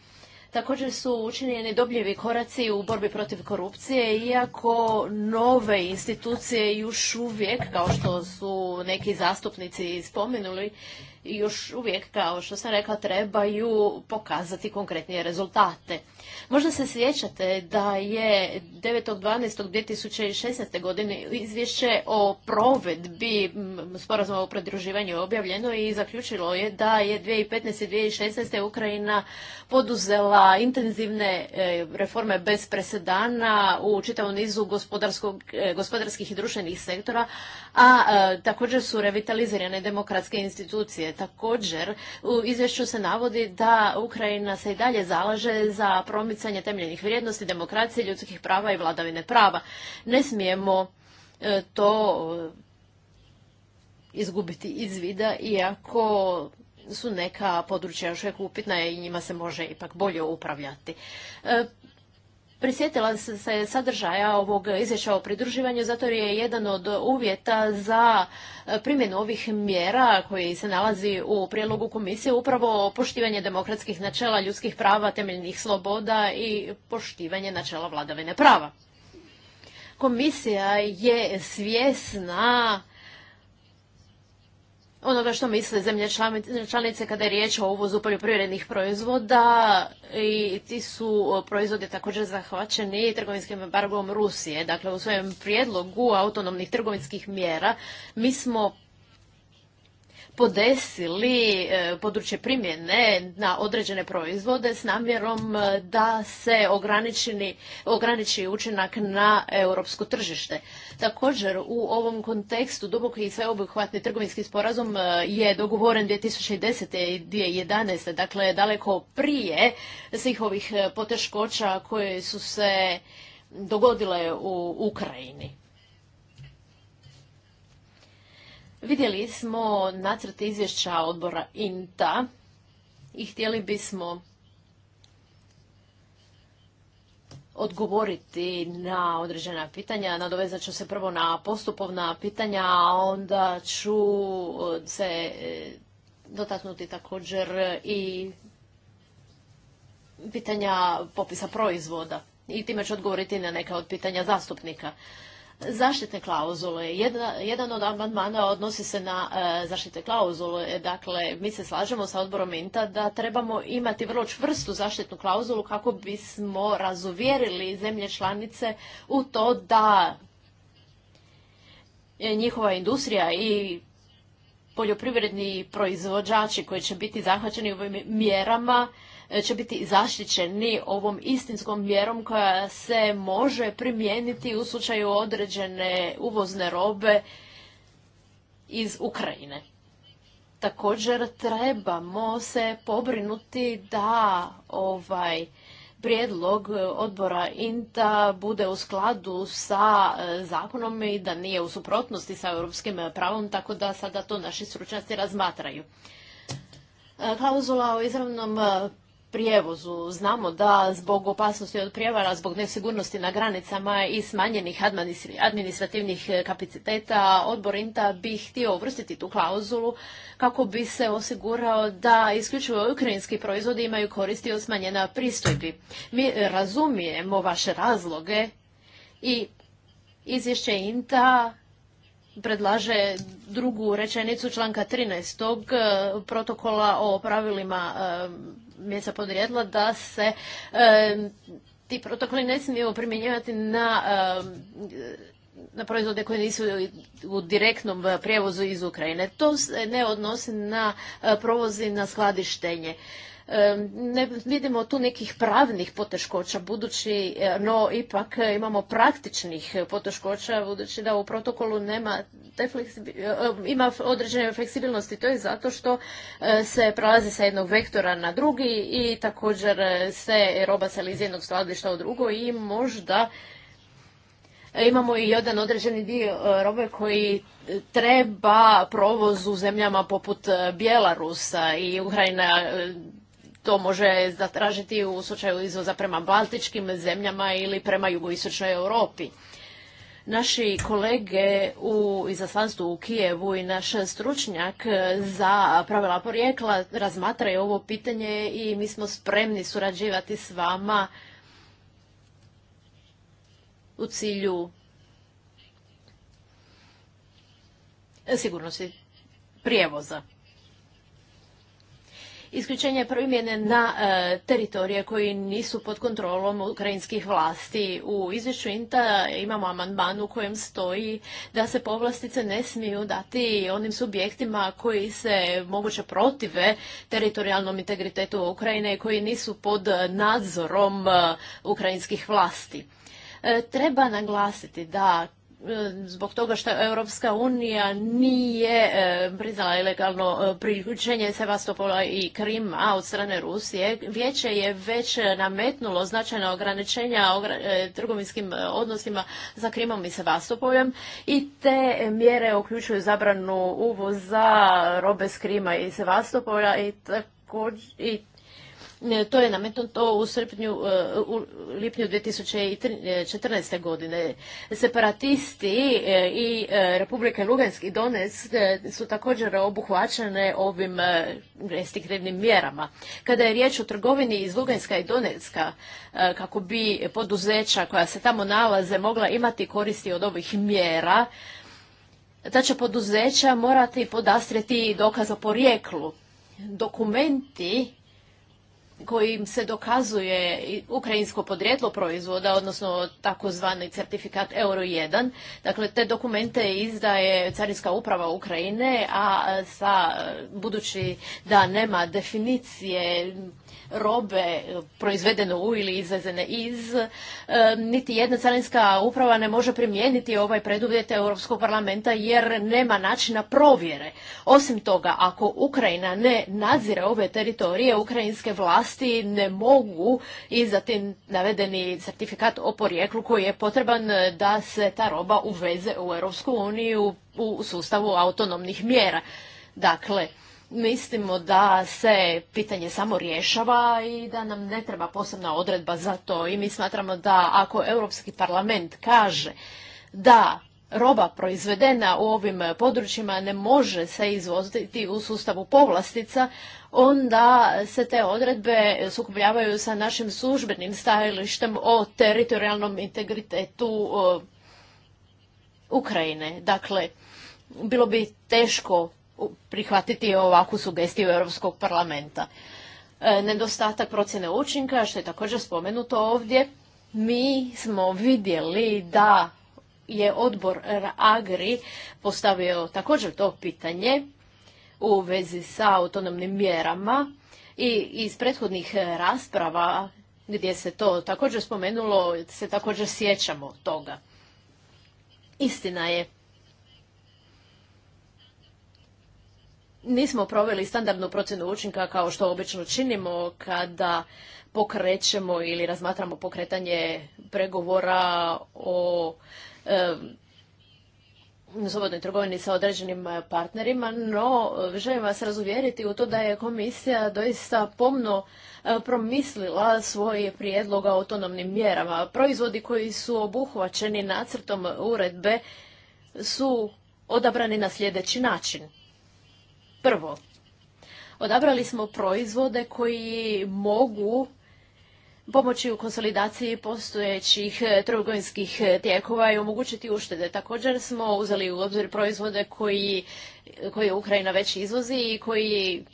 Također su učinjeni dobljivi koraci u borbi protiv korupcije, iako nove institucije još uvijek, kao što su neki zastupnici spomenuli, još uvijek, kao što sam rekla, trebaju pokazati konkretnije rezultate. Možda se sjećate da je 9.12.2016. godine izvješće o provedbi sporazuma o pridruživanju objavljeno i zaključilo je da je 2015. i 2016. Ukrajina poduzela intenzivne e, reforme bez presedana u čitavom nizu e, gospodarskih i društvenih sektora, a e, također su revitalizirane demokratske institucije. Također, u izvješću se navodi da Ukrajina se i dalje zalaže za promicanje temeljnih vrijednosti, demokracije, ljudskih prava i vladavine prava. Ne smijemo e, to e, izgubiti iz vida, iako su neka područja još uvijek upitna i njima se može ipak bolje upravljati. E, prisjetila se sadržaja ovog izvješća o pridruživanju zato je jedan od uvjeta za e, primjenu ovih mjera koji se nalazi u prijedlogu komisije upravo poštivanje demokratskih načela ljudskih prava, temeljnih sloboda i poštivanje načela vladavine prava. Komisija je svjesna onoga što misle zemlje članice kada je riječ o uvozu poljoprivrednih proizvoda i ti su proizvodi također zahvaćeni trgovinskim embargom Rusije. Dakle, u svojem prijedlogu autonomnih trgovinskih mjera mi smo podesili e, područje primjene na određene proizvode s namjerom e, da se ograničeni, ograniči učinak na europsko tržište. Također u ovom kontekstu duboki i sveobuhvatni trgovinski sporazum e, je dogovoren 2010. i 2011. Dakle, daleko prije svih ovih poteškoća koje su se dogodile u Ukrajini. Vidjeli smo nacrt izvješća odbora INTA i htjeli bismo odgovoriti na određena pitanja. Nadovezat ću se prvo na postupovna pitanja, a onda ću eh, se eh, dotaknuti također i pitanja popisa proizvoda i time ću odgovoriti na neka od pitanja zastupnika zaštitne klauzule. jedan od amandmana odnosi se na e, zaštitne zaštite klauzule. Dakle, mi se slažemo sa odborom INTA da trebamo imati vrlo čvrstu zaštitnu klauzulu kako bismo razuvjerili zemlje članice u to da njihova industrija i poljoprivredni proizvođači koji će biti zahvaćeni ovim mjerama E, će biti zaštićeni ovom istinskom mjerom koja se može primijeniti u slučaju određene uvozne robe iz Ukrajine. Također trebamo se pobrinuti da ovaj prijedlog odbora INTA bude u skladu sa e, zakonom i da nije u suprotnosti sa europskim pravom, tako da sada to naši stručnjaci razmatraju. E, klauzula o izravnom prijevozu. Znamo da zbog opasnosti od prijevara, zbog nesigurnosti na granicama i smanjenih administrativnih e, kapaciteta, odbor INTA bi htio uvrstiti tu klauzulu kako bi se osigurao da isključivo ukrajinski proizvodi imaju koristi od smanjena pristojbi. Mi razumijemo vaše razloge i izvješće INTA predlaže drugu rečenicu članka 13. E, protokola o pravilima e, mjesta podrijetla da se e, ti protokoli ne smiju primjenjivati na e, na proizvode koji nisu u direktnom prijevozu iz Ukrajine. To se ne odnosi na e, provozi na skladištenje ne vidimo tu nekih pravnih poteškoća budući, e, no ipak imamo praktičnih poteškoća budući da u protokolu nema te e, ima određene fleksibilnosti. To je zato što e, se prelazi sa jednog vektora na drugi i također se roba seli iz jednog skladišta u drugo i možda imamo i jedan određeni dio robe koji treba provoz u zemljama poput Bjelarusa i Ukrajina to može zatražiti u slučaju izvoza prema baltičkim zemljama ili prema jugoistočnoj Europi. Naši kolege u izaslanstvu u Kijevu i naš stručnjak za pravila porijekla razmatraju ovo pitanje i mi smo spremni surađivati s vama u cilju sigurnosti prijevoza isključenje primjene na e, teritorije koji nisu pod kontrolom ukrajinskih vlasti. U izvješću INTA imamo amandman u kojem stoji da se povlastice ne smiju dati onim subjektima koji se moguće protive teritorijalnom integritetu Ukrajine i koji nisu pod nadzorom e, ukrajinskih vlasti. E, treba naglasiti da zbog toga što Europska unija nije e, priznala ilegalno e, priključenje Sevastopola i Krima od strane Rusije, vijeće je već nametnulo značajna ograničenja e, trgovinskim odnosima za Krimom i Sevastopoljem i te mjere uključuju zabranu uvoza robe s Krima i Sevastopolja i također i E, to je nametnuto u, srpnju, e, u lipnju 2014. godine. Separatisti e, i Republike Lugansk i Donetsk su također obuhvaćene ovim restriktivnim mjerama. Kada je riječ o trgovini iz Luganska i Donetska, kako bi poduzeća koja se tamo nalaze mogla imati koristi od ovih mjera, ta će poduzeća morati podastrijeti dokaz o porijeklu. Dokumenti kojim se dokazuje ukrajinsko podrijetlo proizvoda, odnosno takozvani certifikat Euro 1. Dakle, te dokumente izdaje Carinska uprava Ukrajine, a sa, budući da nema definicije robe proizvedene u ili izvezene iz, e, niti jedna carinska uprava ne može primijeniti ovaj preduvjet Europskog parlamenta jer nema načina provjere. Osim toga, ako Ukrajina ne nadzire ove teritorije, ukrajinske vlasti ne mogu izdati navedeni certifikat o porijeklu koji je potreban da se ta roba uveze u Europsku uniju u sustavu autonomnih mjera. Dakle, mislimo da se pitanje samo rješava i da nam ne treba posebna odredba za to. I mi smatramo da ako Europski parlament kaže da roba proizvedena u ovim područjima ne može se izvoziti u sustavu povlastica, onda se te odredbe sukobljavaju sa našim službenim stajalištem o teritorijalnom integritetu Ukrajine. Dakle, bilo bi teško prihvatiti ovakvu sugestiju Europskog parlamenta. E, nedostatak procjene učinka, što je također spomenuto ovdje, mi smo vidjeli da je odbor Agri postavio također to pitanje u vezi sa autonomnim mjerama i iz prethodnih rasprava gdje se to također spomenulo, se također sjećamo toga. Istina je nismo proveli standardnu procjenu učinka kao što obično činimo kada pokrećemo ili razmatramo pokretanje pregovora o e, slobodnoj trgovini sa određenim partnerima, no želim vas razuvjeriti u to da je komisija doista pomno e, promislila svoje prijedloga o autonomnim mjerama. Proizvodi koji su obuhvaćeni nacrtom uredbe su odabrani na sljedeći način. Prvo, odabrali smo proizvode koji mogu pomoći u konsolidaciji postojećih trgovinskih tijekova i omogućiti uštede. Također smo uzeli u obzir proizvode koji, koje Ukrajina već izvozi i koji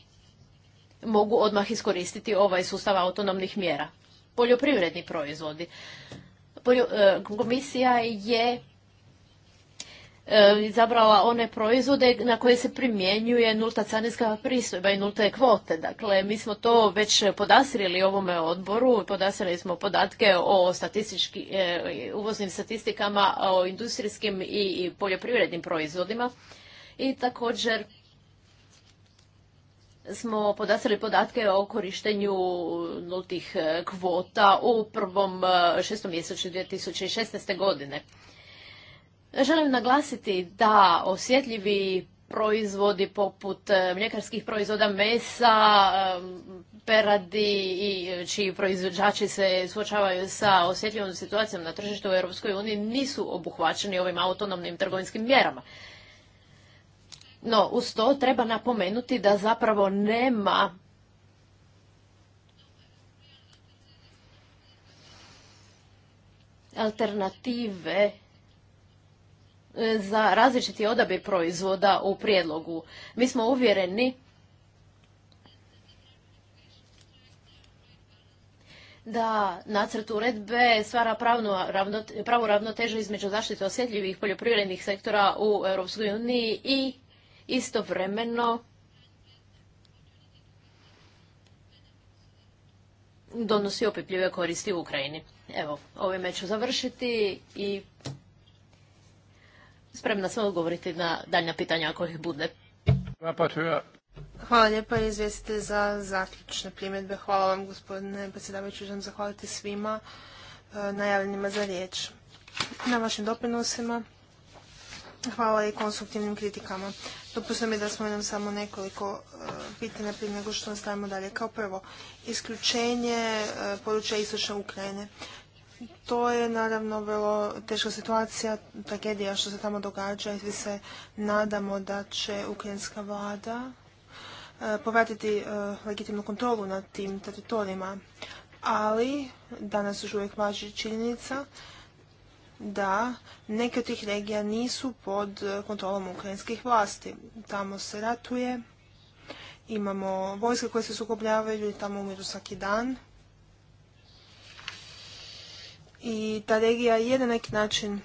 mogu odmah iskoristiti ovaj sustav autonomnih mjera. Poljoprivredni proizvodi. E, komisija je E, izabrala one proizvode na koje se primjenjuje nulta carinska pristojba i nulte kvote. Dakle, mi smo to već podasrili ovome odboru, podasirili smo podatke o e, uvoznim statistikama, o industrijskim i poljoprivrednim proizvodima i također smo podasili podatke o korištenju nultih kvota u prvom e, mjesecu 2016. godine. Želim naglasiti da osjetljivi proizvodi poput e, mljekarskih proizvoda, mesa, e, peradi i e, čiji proizvođači se suočavaju sa osjetljivom situacijom na tržištu u EU nisu obuhvaćeni ovim autonomnim trgovinskim mjerama. No, uz to treba napomenuti da zapravo nema alternative E, za različiti odabir proizvoda u prijedlogu. Mi smo uvjereni da nacrt uredbe stvara pravu ravnotežu između zaštite osjetljivih poljoprivrednih sektora u Europskoj uniji i istovremeno donosi opipljive koristi u Ukrajini. Evo, ovime ću završiti i Spremna sam odgovoriti na daljna pitanja ako ih bude. Pa hvala lijepa izvijestite za zaključne primjedbe. Hvala vam gospodine predsjedavajući. Želim zahvaliti svima e, najavljenima za riječ na vašim doprinosima. Hvala i konstruktivnim kritikama. Dopustite mi da smo nam samo nekoliko e, pitanja prije nego što nastavimo dalje. Kao prvo, isključenje e, područja Istočne Ukrajine. To je naravno vrlo teška situacija, tragedija što se tamo događa i svi se nadamo da će ukrajinska vlada e, povratiti e, legitimnu kontrolu nad tim teritorijima. Ali danas još uvijek važi činjenica da neke od tih regija nisu pod kontrolom ukrajinskih vlasti. Tamo se ratuje, imamo vojske koje se sukobljavaju i tamo umiru svaki dan i ta regija je na neki način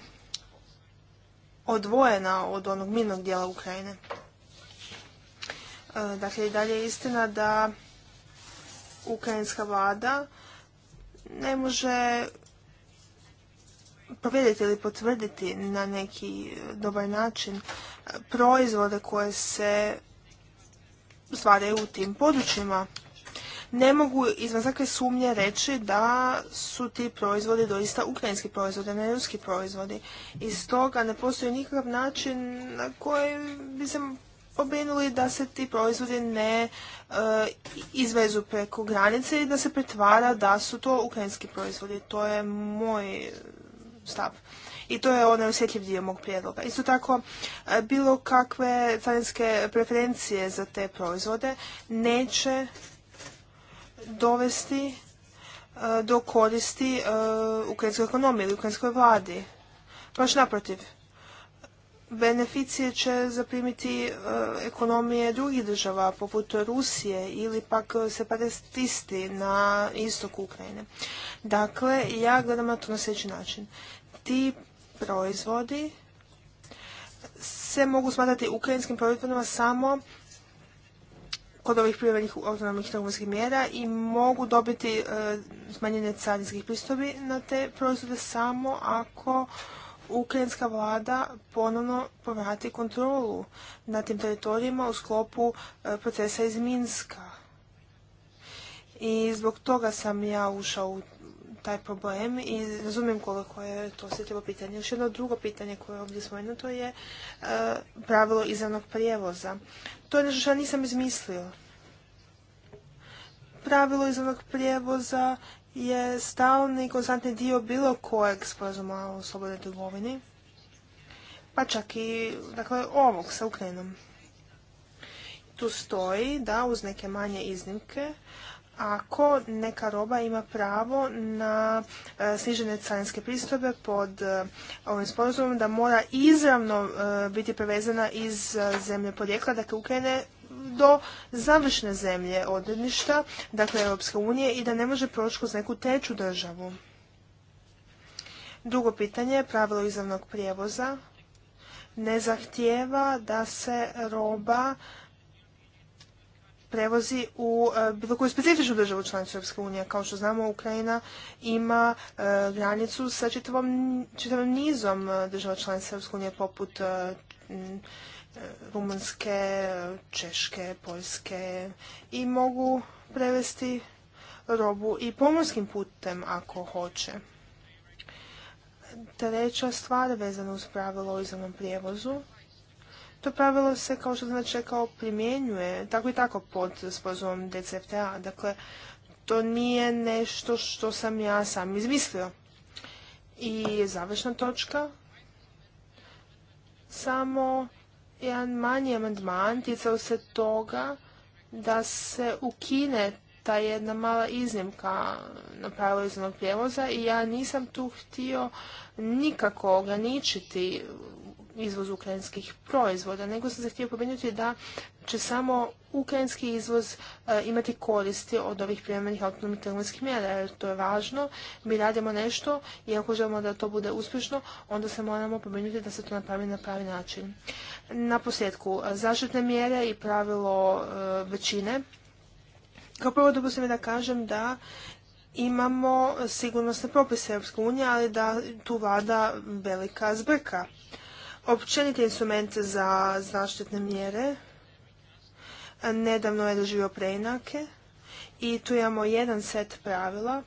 odvojena od onog minog dijela Ukrajine. E, dakle, i dalje je istina da ukrajinska vlada ne može povjeriti ili potvrditi na neki dobar način proizvode koje se stvaraju u tim područjima ne mogu izvan svake sumnje reći da su ti proizvodi doista ukrajinski proizvodi, ne ruski proizvodi. I stoga ne postoji nikakav način na koji bi se da se ti proizvodi ne e, izvezu preko granice i da se pretvara da su to ukrajinski proizvodi. To je moj stav. I to je onaj osjetljiv dio mog prijedloga. Isto tako, e, bilo kakve carinske preferencije za te proizvode neće dovesti e, do koristi e, ukrajinskoj ekonomiji ili ukrajinskoj vladi. Baš naprotiv, beneficije će zaprimiti e, ekonomije drugih država poput Rusije ili pak separatisti na istoku Ukrajine. Dakle, ja gledam na to na sljedeći način. Ti proizvodi se mogu smatrati ukrajinskim proizvodima samo kod ovih privrednih autonomnih trgovinskih mjera i mogu dobiti e, smanjenje carinskih pristobi na te proizvode samo ako ukrajinska vlada ponovno povrati kontrolu na tim teritorijima u sklopu e, procesa iz Minska. I zbog toga sam ja ušao u taj problem i razumijem koliko je to osjetljivo pitanje. Još jedno drugo pitanje koje je ovdje svojeno, to je e, pravilo izravnog prijevoza. To je nešto što ja nisam izmislio. Pravilo izravnog prijevoza je stalni i konstantni dio bilo kojeg sporazuma o slobodnoj trgovini, pa čak i dakle, ovog sa Ukrajinom. Tu stoji da uz neke manje iznimke ako neka roba ima pravo na e, snižene carinske pristojbe pod e, ovim sporazumom da mora izravno e, biti prevezana iz zemlje podjekla dakle ukrene do završne zemlje odredništa, dakle Europske unije i da ne može proći kroz neku treću državu. Drugo pitanje, pravilo izravnog prijevoza ne zahtijeva da se roba prevozi u e, bilo koju specifičnu državu članicu Europske unije. Kao što znamo, Ukrajina ima e, granicu sa čitavom, nizom e, država članica Europske unije poput Rumunske, Češke, Poljske i mogu prevesti robu i pomorskim putem ako hoće. Treća stvar vezana uz pravilo o izravnom prijevozu to pravilo se, kao što znači, rekao, primjenjuje tako i tako pod spozom DCFTA. Dakle, to nije nešto što sam ja sam izmislio. I završna točka, samo jedan manji amandman ticao se toga da se ukine ta jedna mala iznimka na pravilo iznog prijevoza i ja nisam tu htio nikako ograničiti izvoz ukrajinskih proizvoda, nego sam se htio pomenuti da će samo ukrajinski izvoz e, imati koristi od ovih privremenih autonomnih trgovinskih mjera, jer to je važno. Mi radimo nešto i ako želimo da to bude uspješno, onda se moramo pomenuti da se to napravi na pravi način. Na posljedku, e, zaštitne mjere i pravilo e, većine. Kao prvo mi da kažem da imamo sigurnosne propise Europske unije, ali da tu vlada velika zbrka općeniti instrumente za zaštitne mjere nedavno je doživio preinake i tu imamo jedan set pravila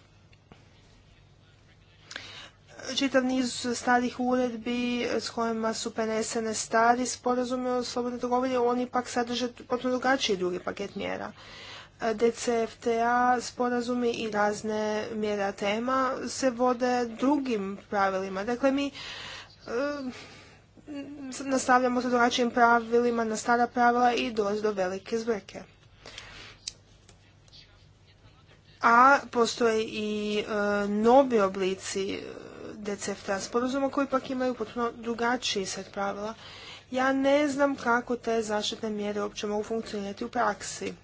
čitav niz starih uredbi s kojima su prenesene stari sporazumi o slobodnoj trgovini, oni pak sadrže potpuno drugačiji drugi paket mjera. DCFTA sporazumi i razne mjera tema se vode drugim pravilima. Dakle, mi nastavljamo sa drugačijim pravilima na stara pravila i dolazi do velike zbrke. A postoje i e, novi oblici e, DCFTA sporazuma koji pak imaju potpuno drugačiji set pravila. Ja ne znam kako te zaštitne mjere uopće mogu funkcionirati u praksi.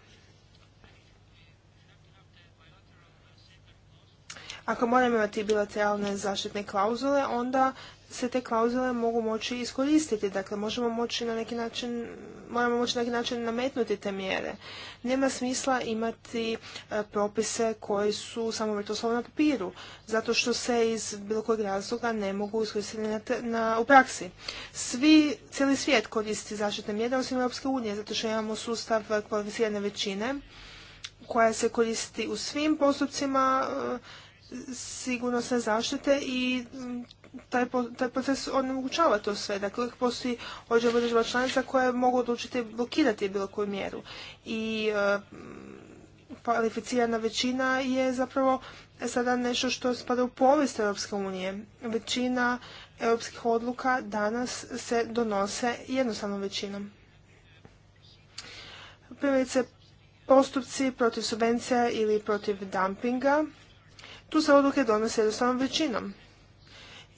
Ako moramo imati bilateralne zaštitne klauzule, onda se te klauzule mogu moći iskoristiti. Dakle, možemo moći na neki način, moramo moći na neki način nametnuti te mjere. Nema smisla imati e, propise koji su samo vrtoslovno na papiru, zato što se iz bilo kojeg razloga ne mogu iskoristiti na, u praksi. Svi, cijeli svijet koristi zaštitne mjere osim Europske unije, zato što imamo sustav kvalificirane većine koja se koristi u svim postupcima e, sigurnosne zaštite i taj, proces onemogućava to sve. Dakle, postoji određena država članica koje mogu odlučiti blokirati bilo koju mjeru. I e, kvalificirana većina je zapravo sada nešto što spada u povijest Europske unije. Većina europskih odluka danas se donose jednostavnom većinom. Primjerice, postupci protiv subvencija ili protiv dumpinga, tu se odluke donose jednostavnom većinom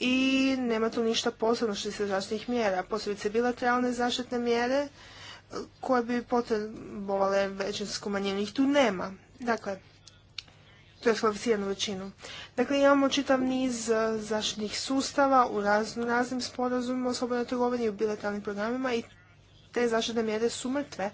i nema tu ništa posebno što se zaštitnih mjera, posebice bilateralne zaštitne mjere koje bi potrebovale većinsku manjinu. Ih tu nema. Dakle, to je kvalificiranu većinu. Dakle, imamo čitav niz e, zaštitnih sustava u raznim sporazumima o slobodnoj trgovini i u bilateralnim programima i te zaštitne mjere su mrtve.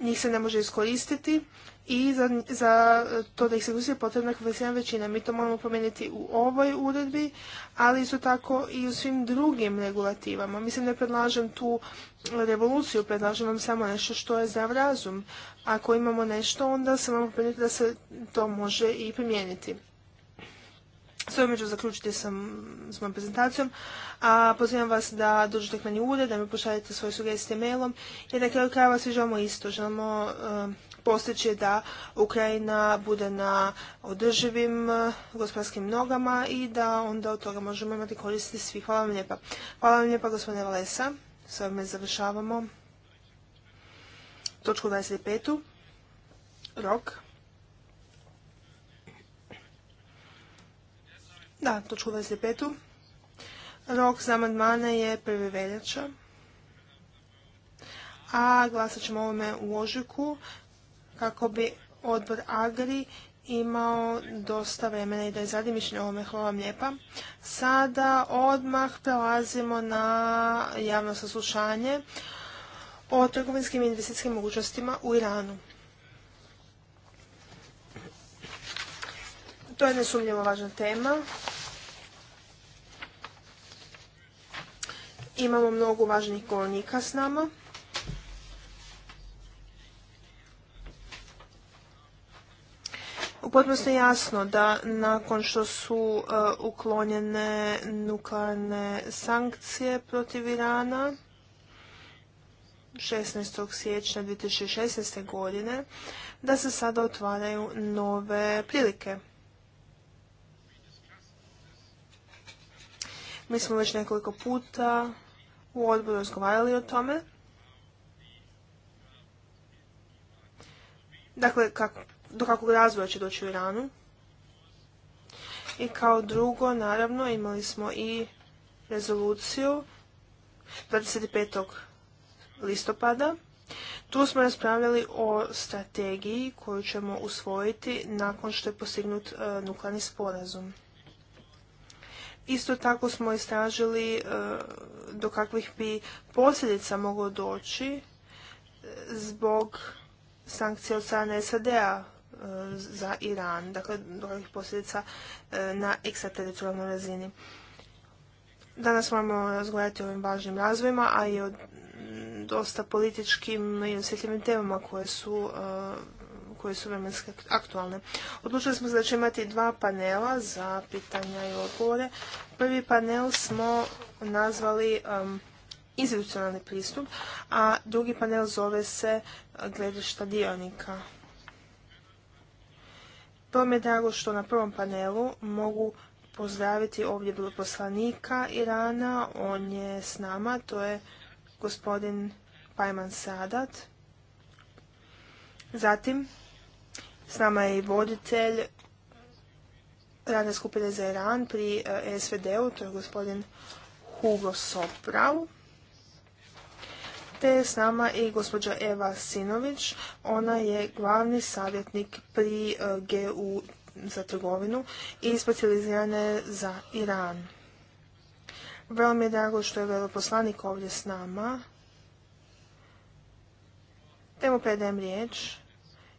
Njih se ne može iskoristiti i za, to da ih se uzije potrebna kvalificirana većina. Mi to moramo promijeniti u ovoj uredbi, ali isto tako i u svim drugim regulativama. Mislim, ne predlažem tu revoluciju, predlažem vam samo nešto što je za razum. Ako imamo nešto, onda se moramo promijeniti da se to može i primijeniti. S ovim ću zaključiti sam s mojom prezentacijom, a pozivam vas da dođete k meni ured, da mi pošaljete svoje sugestije mailom, jer na kraju krajeva svi želimo isto, želimo eh, postići da Ukrajina bude na održivim eh, gospodarskim nogama i da onda od toga možemo imati koristi svi. Hvala vam lijepa. Hvala vam lijepa gospodine Valesa. S ovime završavamo točku 25. Rok. Da, točku 25. Rok za amandmane je 1. veljača. A glasat ćemo ovome u ožujku kako bi odbor Agri imao dosta vremena i da je mišljenje ovome. Hvala vam lijepa. Sada odmah prelazimo na javno saslušanje o trgovinskim i investicijskim mogućnostima u Iranu. To je nesumnjivo važna tema. Imamo mnogo važnih govornika s nama. U potpunosti je jasno da nakon što su e, uklonjene nuklearne sankcije protiv Irana 16. siječnja 2016. godine, da se sada otvaraju nove prilike. Mi smo već nekoliko puta u odboru razgovarali o tome. Dakle, kako do kakvog razvoja će doći u Iranu. I kao drugo, naravno, imali smo i rezoluciju 25. listopada. Tu smo raspravljali o strategiji koju ćemo usvojiti nakon što je postignut e, nuklearni sporazum. Isto tako smo istražili e, do kakvih bi posljedica moglo doći e, zbog sankcija od strane SAD-a E, za Iran, dakle do posljedica e, na ekstrateritorijalnoj razini. Danas moramo razgovarati o ovim važnim razvojima, a i o dosta političkim i osjetljivim temama koje su e, koje su vremenski aktualne. Odlučili smo da će imati dva panela za pitanja i odgovore. Prvi panel smo nazvali um, institucionalni pristup, a drugi panel zove se gledišta dionika. To mi je drago što na prvom panelu mogu pozdraviti ovdje poslanika Irana. On je s nama, to je gospodin Pajman Sadat. Zatim, s nama je i voditelj radne skupine za Iran pri eh, SVD-u, to je gospodin Hugo Sopravu te je s nama i gospođa Eva Sinović. Ona je glavni savjetnik pri e, GU za trgovinu i je za Iran. Vrlo mi je drago što je veleposlanik ovdje s nama. Te mu predajem riječ.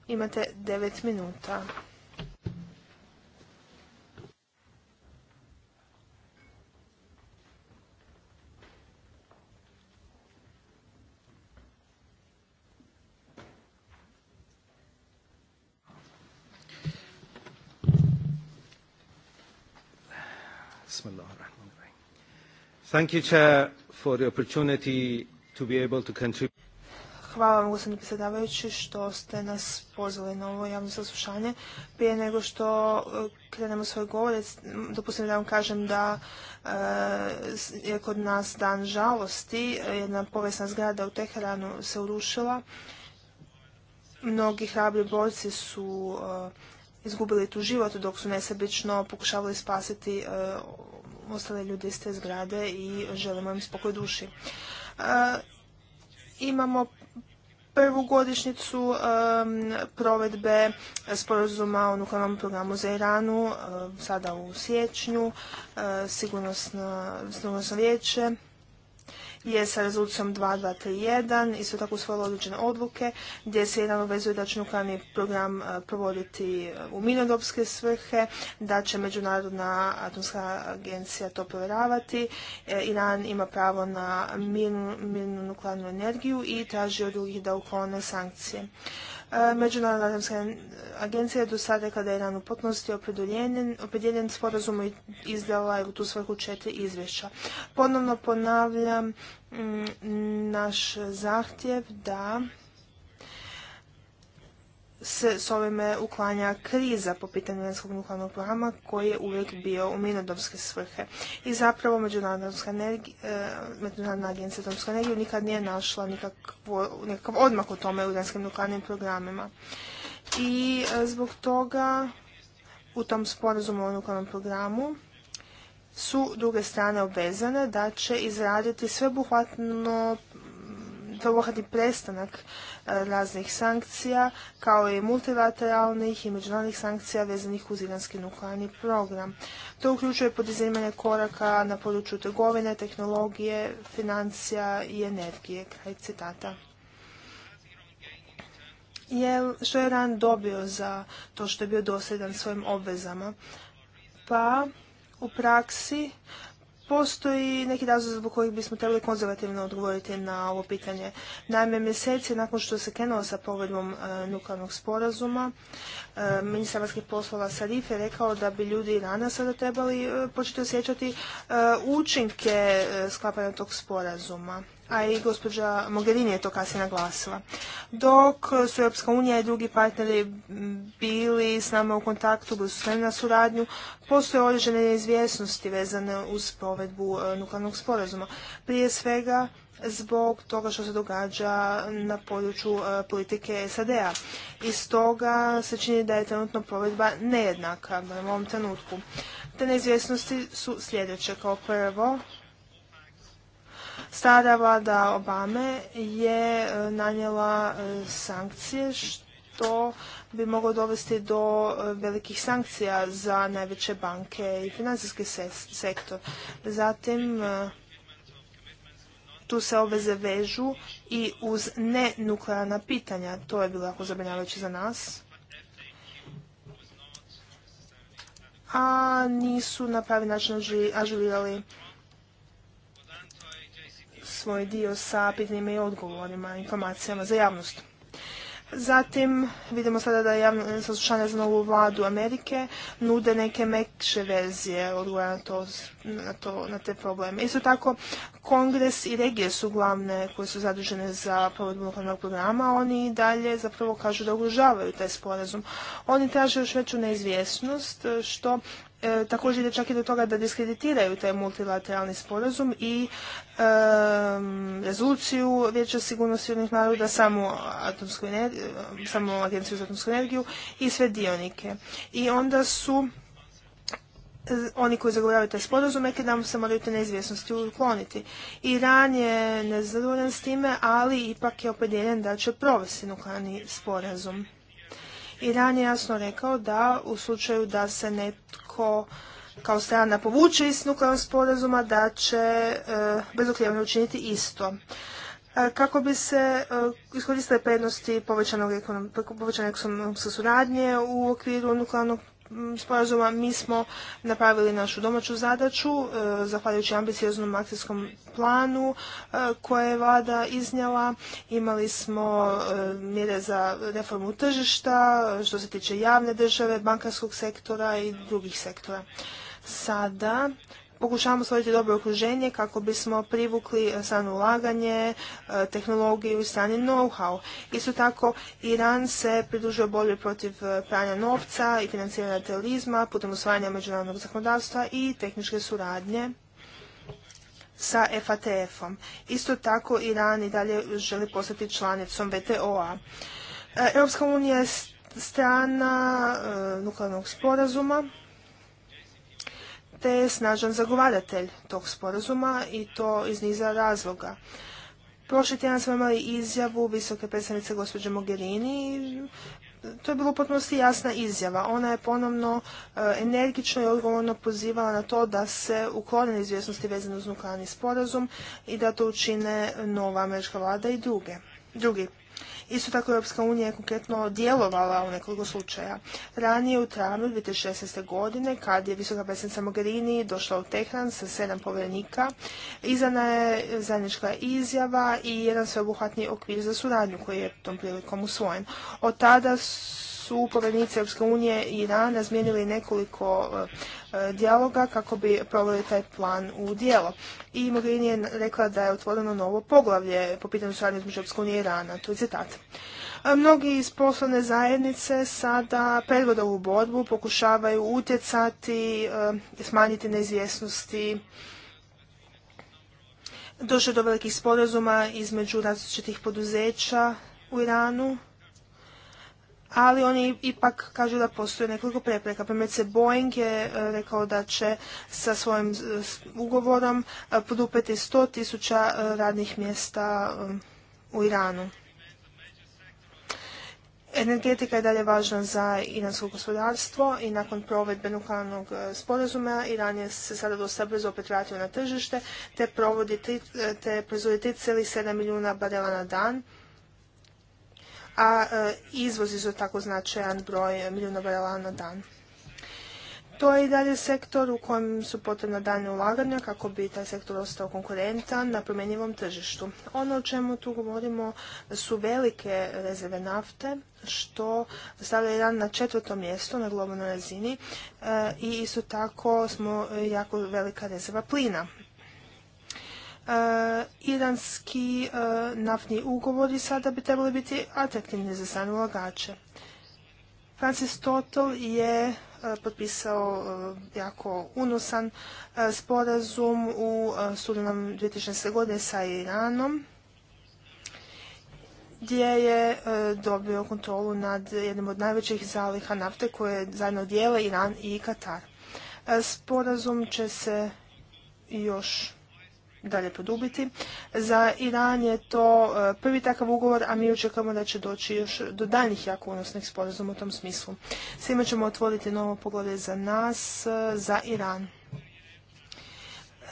Imate devet minuta. Hvala vam, gospodine predsjedavajući, što ste nas pozvali na ovo javno saslušanje. Prije nego što eh, krenemo svoj govor, dopustim da vam kažem da eh, je kod nas dan žalosti. Eh, jedna povijesna zgrada u Teheranu se urušila. Mnogi hrabri borci su izgubili tu život dok su nesebično pokušavali spasiti e, ostale ljude iz te zgrade i želimo im spokoj duši. E, imamo prvu godišnicu e, provedbe sporazuma o nuklearnom programu za Iranu, sada u siječnju, sigurnosno, sigurnosno vijeće je sa rezolucijom 2231 isto tako usvojila određene odluke gdje se jedan obvezuje da će nuklearni program e, provoditi e, u minodopske svrhe, da će Međunarodna atomska agencija to provjeravati. E, Iran ima pravo na mirnu, nuklearnu energiju i traži od drugih da uklone sankcije. Međunarodna atomska agencija je do sada rekla da je Iran u potpunosti opredjeljen sporazum i izdala je u tu svrhu četiri izvješća. Ponovno ponavljam Mm, naš zahtjev da se s ovime uklanja kriza po pitanju iranskog nuklearnog programa koji je uvijek bio u minodomske svrhe. I zapravo Međunarodna, e, agencija za atomsku nikad nije našla nikakav odmak u tome u iranskim nuklearnim programima. I e, zbog toga u tom sporazumu o nuklearnom programu su druge strane obvezane da će izraditi sveobuhvatno sveobuhvatni prestanak e, raznih sankcija kao i multilateralnih i međunarodnih sankcija vezanih uz iranski nuklearni program. To uključuje podizimanje koraka na području trgovine, tehnologije, financija i energije. Kraj citata. Je, što je Iran dobio za to što je bio dosljedan svojim obvezama? Pa u praksi postoji neki razlog zbog kojih bismo trebali konzervativno odgovoriti na ovo pitanje. Naime, mjeseci nakon što se krenulo sa povedbom e, nuklearnog sporazuma, e, ministar vanjskih poslova Sarif je rekao da bi ljudi rana sada trebali e, početi osjećati učinke sklapanja tog sporazuma a i gospođa Mogherini je to kasnije naglasila. Dok su Europska unija i drugi partneri bili s nama u kontaktu, bili su na suradnju, postoje određene neizvjesnosti vezane uz provedbu e, nuklearnog sporazuma. Prije svega zbog toga što se događa na području e, politike SAD-a. I toga se čini da je trenutno provedba nejednaka u ovom trenutku. Te neizvjesnosti su sljedeće. Kao prvo, Stara vlada Obame je e, nanijela e, sankcije što bi moglo dovesti do e, velikih sankcija za najveće banke i financijski sektor. Zatim, tu se obveze vežu i uz nenuklearna pitanja. To je bilo jako zabrinjavajuće za nas. A nisu na pravi način ažurirali svoj dio sa pitanjima i odgovorima, informacijama za javnost. Zatim vidimo sada da javno saslušanje za novu vladu Amerike nude neke mekše verzije odgovora na, na, na te probleme. Isto tako, kongres i regije su glavne koje su zadužene za provedbu nuklearnog programa. Oni i dalje zapravo kažu da ugrožavaju taj sporazum. Oni traže još veću neizvjesnost što e, također ide čak i do toga da diskreditiraju taj multilateralni sporazum i rezoluciju Vijeća sigurnosti jednih naroda, samo, samo agenciju za atomsku energiju i sve dionike. I onda su e, oni koji zagovaraju taj sporazum, neki nam se moraju te neizvjesnosti ukloniti. Iran je nezadovoljan s time, ali ipak je opredjeljen da će provesti nuklearni sporazum. Iran je jasno rekao da u slučaju da se netko ako kao strana povuče iz nuklearnog sporazuma da će e, učiniti isto. E, kako bi se e, iskoristile prednosti povećanog ekonomske suradnje u okviru nuklearnog sporazuma mi smo napravili našu domaću zadaću e, zahvaljujući ambicioznom akcijskom planu e, koje je vlada iznjela. Imali smo e, mjere za reformu tržišta što se tiče javne države, bankarskog sektora i drugih sektora. Sada pokušavamo stvoriti dobro okruženje kako bismo privukli e, strano ulaganje, e, tehnologiju i strani know-how. Isto tako, Iran se pridružio bolje protiv e, pranja novca i financiranja terorizma putem usvajanja međunarodnog zakonodavstva i tehničke suradnje sa FATF-om. Isto tako, Iran i dalje želi postati članicom VTO-a. Europska unija je strana nuklearnog sporazuma te je snažan zagovaratelj tog sporazuma i to iz niza razloga. Prošli tjedan smo imali izjavu visoke predstavnice gospođe Mogherini to je bilo potpunosti jasna izjava. Ona je ponovno e, energično i odgovorno pozivala na to da se uklone izvjesnosti vezane uz nuklearni sporazum i da to učine nova američka vlada i drugi. Isto tako Europska unija je konkretno djelovala u nekoliko slučaja. Ranije u travnju 2016. godine, kad je visoka predsjednica Mogherini došla u Tehran sa sedam povjerenika, izdana je zajednička izjava i jedan sveobuhvatni okvir za suradnju koji je tom prilikom usvojen. Od tada su povrednici Europske unije i Iran razmijenili nekoliko e, e, dijaloga kako bi proveli taj plan u dijelo. I Mogherini je rekla da je otvoreno novo poglavlje po pitanju suradnje između Europske unije i Irana. To je citat. E, mnogi iz poslovne zajednice sada predvode ovu borbu, pokušavaju utjecati, smanjiti neizvjesnosti, došlo do velikih sporazuma između različitih poduzeća u Iranu ali oni ipak kažu da postoje nekoliko prepreka. se Boeing je e, rekao da će sa svojim e, ugovorom e, podupeti 100 tisuća radnih mjesta u Iranu. Energetika je dalje važna za iransko gospodarstvo i nakon provedbe nuklearnog sporazuma Iran je se sada dosta brzo opet vratio na tržište te, provodi, te proizvodi 3,7 milijuna barela na dan a e, izvozi isto tako značajan broj milijuna barela na dan. To je i dalje sektor u kojem su potrebna daljnja ulaganja kako bi taj sektor ostao konkurentan na promjenjivom tržištu. Ono o čemu tu govorimo su velike rezerve nafte što stavlja Iran na četvrto mjesto na globalnoj razini e, i isto tako smo jako velika rezerva plina. E, iranski e, naftni ugovori sada bi trebali biti atraktivni za strane ulagače. Francis Total je e, potpisao jako unosan sporazum u studenom 2016. godine sa Iranom gdje je dobio kontrolu nad jednim od najvećih zaliha nafte koje zajedno dijele Iran i Katar. Sporazum će se još dalje produbiti. Za Iran je to e, prvi takav ugovor, a mi očekujemo da će doći još do daljnjih jako unosnih sporazuma u tom smislu. Svima ćemo otvoriti novo poglavlje za nas, e, za Iran.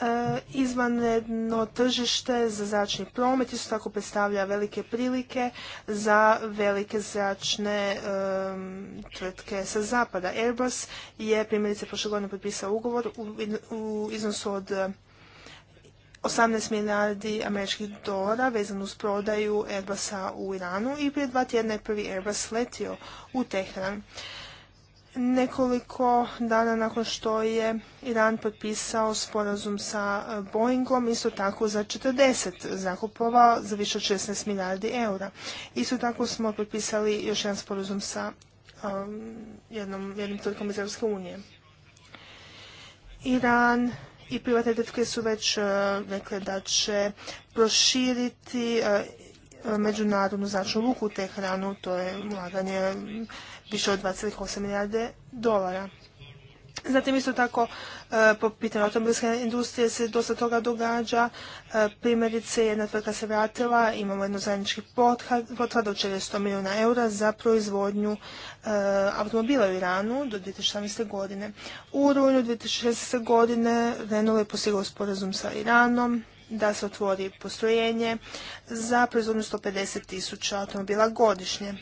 E, izvanredno tržište za zračni promet isto tako predstavlja velike prilike za velike zračne tvrtke sa zapada. Airbus je primjerice prošle godine potpisao ugovor u iznosu od 18 milijardi američkih dolara vezano uz prodaju Airbusa u Iranu i prije dva tjedna je prvi Airbus letio u Tehran. Nekoliko dana nakon što je Iran potpisao sporazum sa e, Boeingom, isto tako za 40 zakupova za više od 16 milijardi eura. Isto tako smo potpisali još jedan sporazum sa e, jednom, jednim tvrtkom iz Europske unije. Iran i privatne tvrtke su već e, rekle da će proširiti e, međunarodnu značnu luku te hranu, to je ulaganje više od 28 milijarde dolara. Zatim isto tako e, po pitanju automobilske industrije se dosta toga događa. E, primjerice jedna tvrtka se vratila, imamo jedno zajednički pothvat od 400 milijuna eura za proizvodnju e, automobila u Iranu do 2017. godine. U rujnu 2016. godine Renault je postigao sporazum sa Iranom da se otvori postrojenje za proizvodnju 150 tisuća automobila godišnje.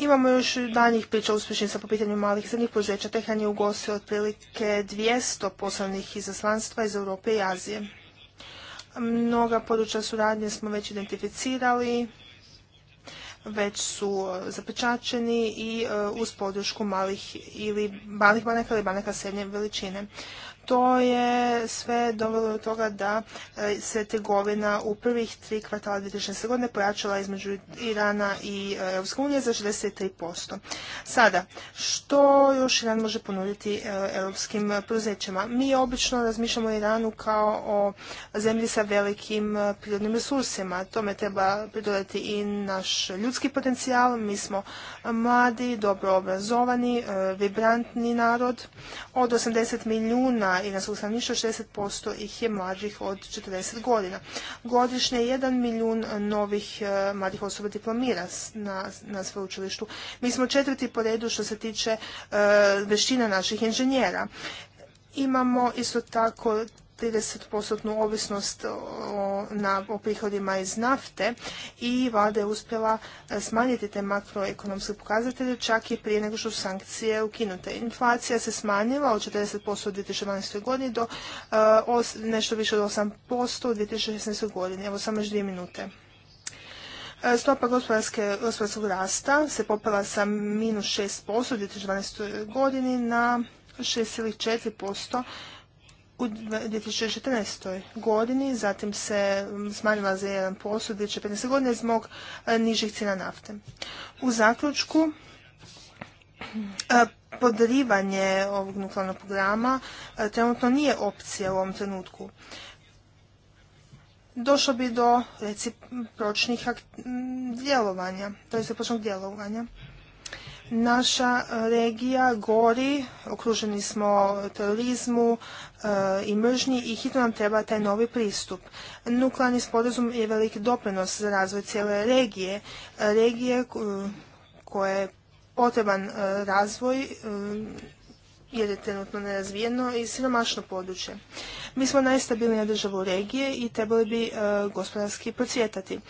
Imamo još danjih priča uspješnica po pitanju malih i srednjih poduzeća. Tehan je ugostio otprilike 200 poslovnih izaslanstva iz Europe i Azije. Mnoga područja suradnje smo već identificirali, već su e, zapečačeni i e, uz podršku malih ili malih banaka ili banaka srednje veličine to je sve dovelo do toga da e, se trgovina u prvih tri kvartala 2016. godine pojačala između Irana i e, Europske unije za 63%. Sada, što još Iran može ponuditi e, europskim poduzećima? Mi obično razmišljamo o Iranu kao o zemlji sa velikim prirodnim resursima. Tome treba pridodati i naš ljudski potencijal. Mi smo mladi, dobro obrazovani, vibrantni narod. Od 80 milijuna i na iranskog stanovništva 60% ih je mlađih od 40 godina. Godišnje 1 milijun novih e, mladih osoba diplomira na, na učilištu. Mi smo četvrti po redu što se tiče e, veština naših inženjera. Imamo isto tako 30% ovisnost o, prihodima iz nafte i vlada je uspjela e, smanjiti te makroekonomske pokazatelje čak i prije nego što su sankcije ukinute. Inflacija se smanjila od 40% u 2012. godini do e, nešto više od 8% u 2016. godini. Evo samo još dvije minute. E, stopa gospodarskog rasta se popela sa minus 6% u 2012. godini na 6,4% u 2014. godini, zatim se smanjila za 1% u 2015. godine zbog e, nižih cijena nafte. U zaključku, e, podrivanje ovog nuklearnog programa e, trenutno nije opcija u ovom trenutku. Došlo bi do recipročnih djelovanja, to je djelovanja. Naša e, regija gori, okruženi smo terorizmu e, i mržnji i hitno nam treba taj novi pristup. Nuklearni sporazum je veliki doprinos za razvoj cijele regije. E, regije koje je potreban razvoj jer je trenutno nerazvijeno i siromašno područje. Mi smo najstabilnija država u regije i trebali bi gospodarski procvjetati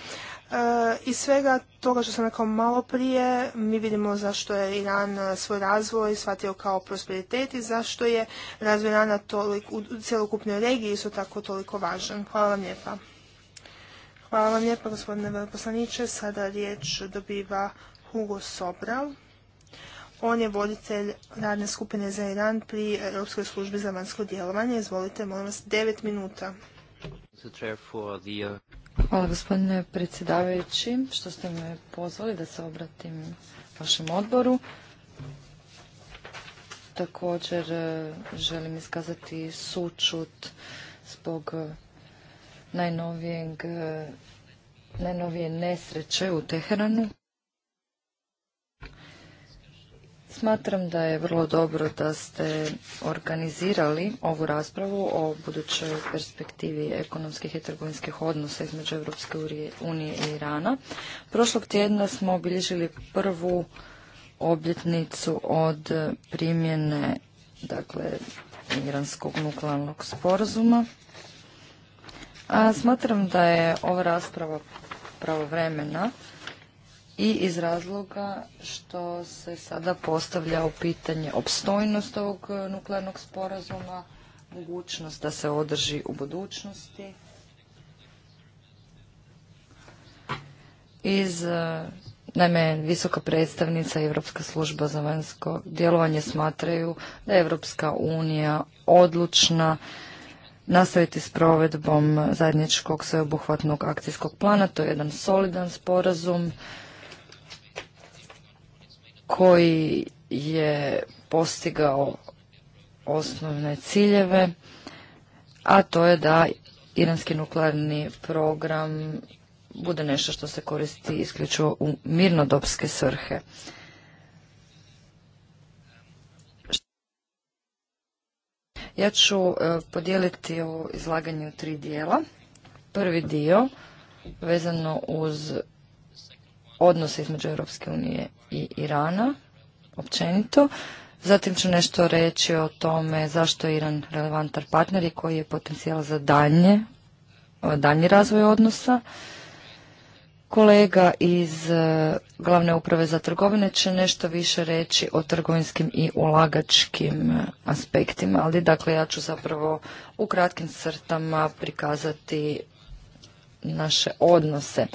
iz svega toga što sam rekao malo prije, mi vidimo zašto je Iran e, svoj razvoj shvatio kao prosperitet i zašto je razvoj Irana u cjelokupnoj regiji isto tako toliko važan. Hvala vam lijepa. Hvala vam lijepa gospodine veleposlaniče. Sada riječ dobiva Hugo Sobral. On je voditelj radne skupine za Iran pri Europskoj službi za vanjsko djelovanje. Izvolite, molim vas, devet minuta. Hvala gospodine predsjedavajući što ste me pozvali da se obratim vašem odboru. Također e, želim iskazati sučut zbog e, najnovijeg e, najnovije nesreće u Teheranu. Smatram da je vrlo dobro da ste organizirali ovu raspravu o budućoj perspektivi ekonomskih i trgovinskih odnosa između Europske unije i Irana. Prošlog tjedna smo obilježili prvu obljetnicu od primjene dakle, iranskog nuklearnog sporazuma. A smatram da je ova rasprava pravovremena i iz razloga što se sada postavlja u pitanje opstojnost ovog nuklearnog sporazuma, mogućnost da se održi u budućnosti. Iz Naime, visoka predstavnica Evropska Europska služba za vanjsko djelovanje smatraju da je Europska unija odlučna nastaviti s provedbom zajedničkog sveobuhvatnog akcijskog plana. To je jedan solidan sporazum koji je postigao osnovne ciljeve, a to je da iranski nuklearni program bude nešto što se koristi isključivo u mirnodopske svrhe. Ja ću e, podijeliti ovo izlaganje u tri dijela. Prvi dio vezano uz odnose između Europske unije i Irana, općenito. Zatim ću nešto reći o tome zašto je Iran relevantan partner i koji je potencijal za daljnje, e, daljnji razvoj odnosa. Kolega iz e, glavne uprave za trgovine će nešto više reći o trgovinskim i ulagačkim e, aspektima, ali dakle ja ću zapravo u kratkim crtama prikazati naše odnose.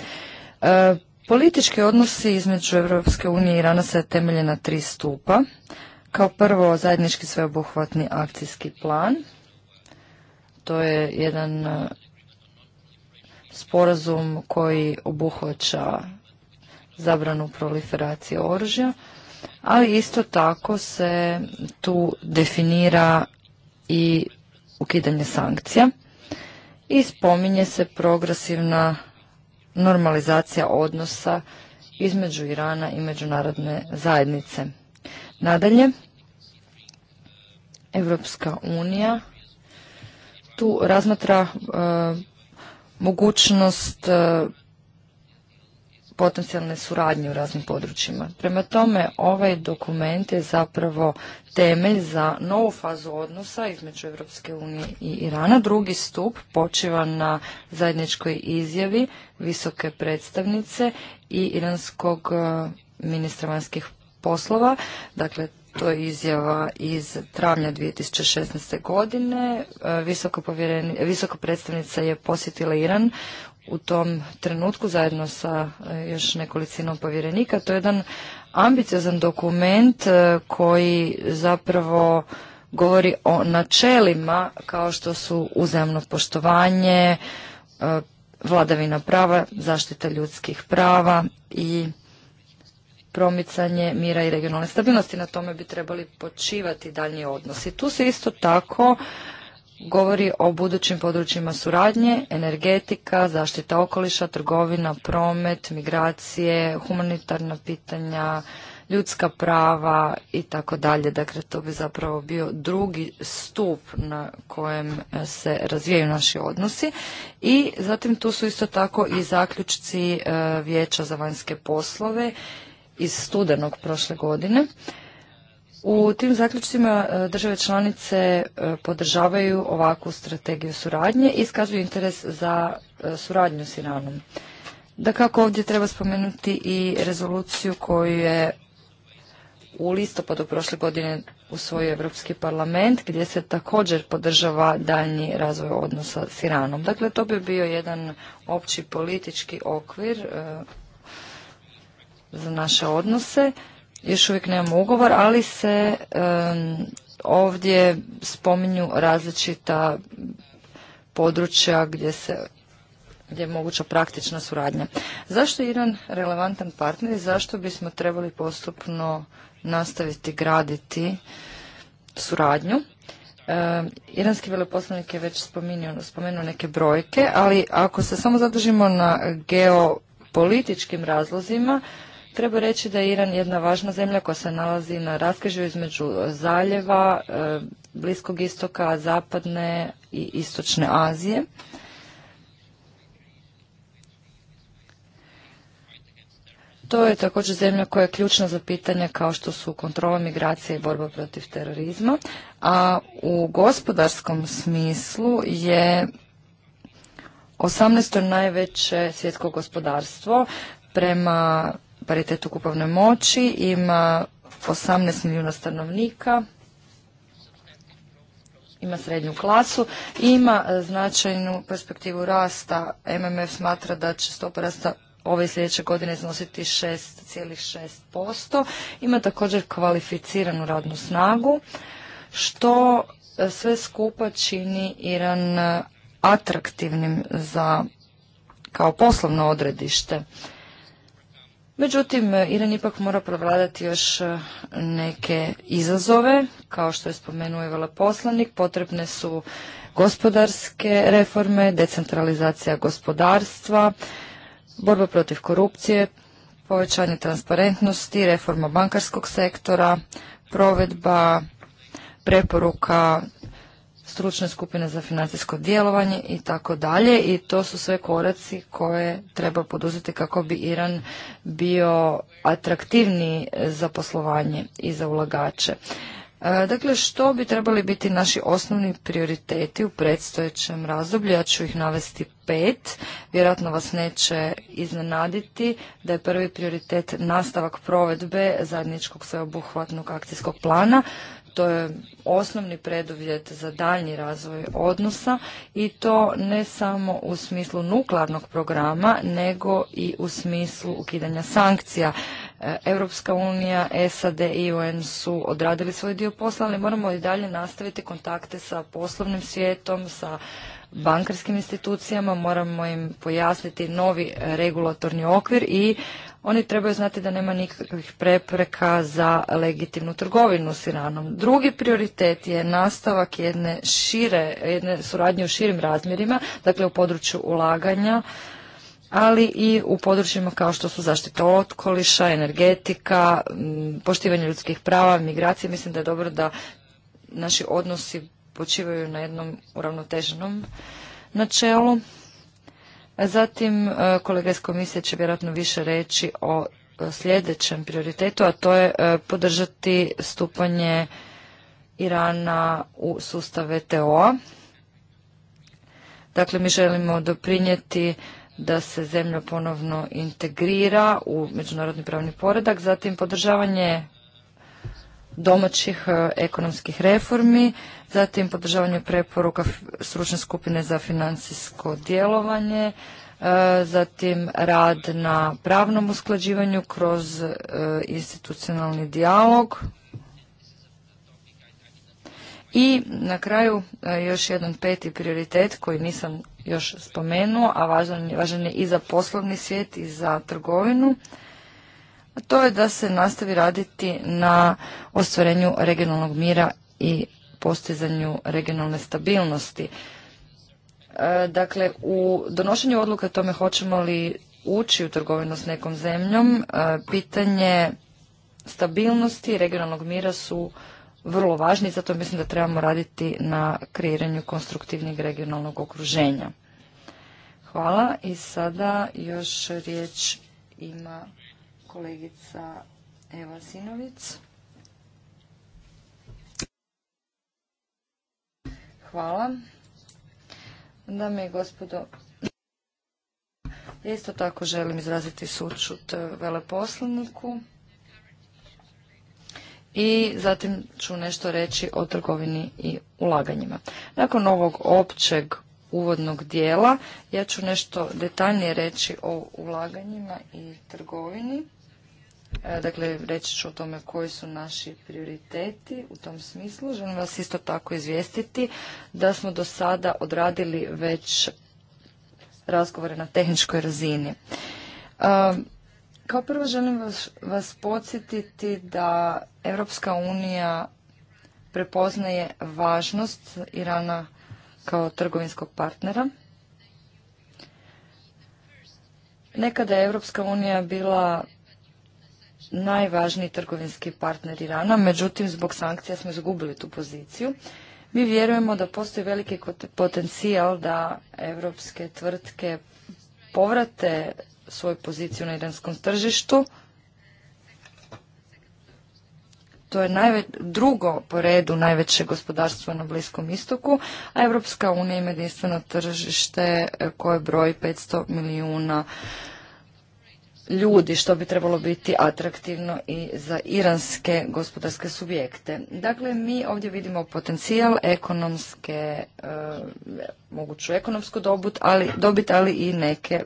Politički odnosi između Europske unije i Irana se temelje na tri stupa. Kao prvo zajednički sveobuhvatni akcijski plan. To je jedan e, sporazum koji obuhvaća zabranu proliferacije oružja, ali isto tako se tu definira i ukidanje sankcija i spominje se progresivna normalizacija odnosa između Irana i međunarodne zajednice. Nadalje, Evropska unija tu razmatra e, mogućnost e, potencijalne suradnje u raznim područjima. Prema tome, ovaj dokument je zapravo temelj za novu fazu odnosa između Europske unije i Irana. Drugi stup počiva na zajedničkoj izjavi visoke predstavnice i iranskog e, ministra vanjskih poslova. Dakle, to je izjava iz travnja 2016. godine. Visoka, e, visoka predstavnica je posjetila Iran u tom trenutku zajedno sa e, još nekolicinom povjerenika. To je jedan ambiciozan dokument e, koji zapravo govori o načelima kao što su uzajamno poštovanje, e, vladavina prava, zaštita ljudskih prava i promicanje mira i regionalne stabilnosti. Na tome bi trebali počivati daljnji odnosi. Tu se isto tako govori o budućim područjima suradnje, energetika, zaštita okoliša, trgovina, promet, migracije, humanitarna pitanja, ljudska prava i tako dalje. Dakle, to bi zapravo bio drugi stup na kojem se razvijaju naši odnosi. I zatim tu su isto tako i zaključci e, Vijeća za vanjske poslove iz studenog prošle godine u tim zaključcima e, države članice e, podržavaju ovakvu strategiju suradnje i iskazuju interes za e, suradnju s Iranom. Da kako ovdje treba spomenuti i rezoluciju koju je u listopadu prošle godine usvojio Europski parlament gdje se također podržava daljnji razvoj odnosa s Iranom. Dakle, to bi bio jedan opći politički okvir za naše odnose još uvijek nemamo ugovor, ali se ovdje spominju različita područja gdje se gdje je moguća praktična suradnja. Zašto je Iran relevantan partner i zašto bismo trebali postupno nastaviti graditi suradnju? iranski veleposlanik je već spomenuo, spomenuo neke brojke, ali ako se samo zadržimo na geopolitičkim razlozima, Treba reći da je Iran jedna važna zemlja koja se nalazi na raskrižju između zaljeva, e, Bliskog istoka, Zapadne i Istočne Azije. To je također zemlja koja je ključna za pitanja kao što su kontrola migracije i borba protiv terorizma, a u gospodarskom smislu je 18. najveće svjetsko gospodarstvo prema paritetu u moći, ima 18 milijuna stanovnika, ima srednju klasu ima e, značajnu perspektivu rasta. MMF smatra da će stopa rasta ove sljedeće godine iznositi 6,6%. Ima također kvalificiranu radnu snagu, što e, sve skupa čini Iran e, atraktivnim za kao poslovno odredište. Međutim, Iran ipak mora provladati još e, neke izazove, kao što je spomenuo i veleposlanik, potrebne su gospodarske reforme, decentralizacija gospodarstva, borba protiv korupcije, povećanje transparentnosti, reforma bankarskog sektora, provedba preporuka stručne skupine za financijsko djelovanje i tako dalje i to su sve koraci koje treba poduzeti kako bi Iran bio atraktivniji za poslovanje i za ulagače. E, dakle, što bi trebali biti naši osnovni prioriteti u predstojećem razdoblju? Ja ću ih navesti pet. Vjerojatno vas neće iznenaditi da je prvi prioritet nastavak provedbe zajedničkog sveobuhvatnog akcijskog plana. To je osnovni preduvjet za daljnji razvoj odnosa i to ne samo u smislu nuklearnog programa, nego i u smislu ukidanja sankcija. E, Europska unija, SAD i UN su odradili svoj dio posla, ali moramo i dalje nastaviti kontakte sa poslovnim svijetom, sa bankarskim institucijama, moramo im pojasniti novi regulatorni okvir i oni trebaju znati da nema nikakvih prepreka za legitimnu trgovinu s Iranom. Drugi prioritet je nastavak jedne šire, jedne suradnje u širim razmjerima, dakle u području ulaganja, ali i u područjima kao što su zaštita okoliša, energetika, poštivanje ljudskih prava, migracije. Mislim da je dobro da naši odnosi počivaju na jednom uravnoteženom načelu. Zatim e, kolega iz komisije će vjerojatno više reći o e, sljedećem prioritetu, a to je e, podržati stupanje Irana u sustav vto a Dakle, mi želimo doprinijeti da se zemlja ponovno integrira u međunarodni pravni poredak, zatim podržavanje domaćih e, ekonomskih reformi, zatim podržavanje preporuka stručne skupine za financijsko djelovanje, e, zatim rad na pravnom usklađivanju kroz e, institucionalni dijalog. I na kraju još jedan peti prioritet koji nisam još spomenuo, a važan, važan je i za poslovni svijet i za trgovinu a to je da se nastavi raditi na ostvarenju regionalnog mira i postizanju regionalne stabilnosti. E, dakle, u donošenju odluka tome hoćemo li ući u trgovinu s nekom zemljom, e, pitanje stabilnosti i regionalnog mira su vrlo važni i zato mislim da trebamo raditi na kreiranju konstruktivnih regionalnog okruženja. Hvala i sada još riječ ima kolegica Eva Sinovic. Hvala. Dame i gospodo, isto tako želim izraziti sučut veleposlaniku i zatim ću nešto reći o trgovini i ulaganjima. Nakon ovog općeg uvodnog dijela ja ću nešto detaljnije reći o ulaganjima i trgovini. E, dakle, reći ću o tome koji su naši prioriteti u tom smislu. Želim vas isto tako izvijestiti da smo do sada odradili već razgovore na tehničkoj razini. E, kao prvo želim vas, vas podsjetiti da Europska unija prepoznaje važnost Irana kao trgovinskog partnera. Nekada je Europska unija bila najvažniji trgovinski partner Irana, međutim zbog sankcija smo izgubili tu poziciju. Mi vjerujemo da postoji veliki potencijal da evropske tvrtke povrate svoju poziciju na iranskom tržištu. To je drugo po redu najveće gospodarstvo na Bliskom istoku, a Evropska unija ima jedinstveno tržište e, koje broji 500 milijuna ljudi što bi trebalo biti atraktivno i za iranske gospodarske subjekte. Dakle, mi ovdje vidimo potencijal ekonomske, e, moguću ekonomsku dobit, ali, dobit, ali i neke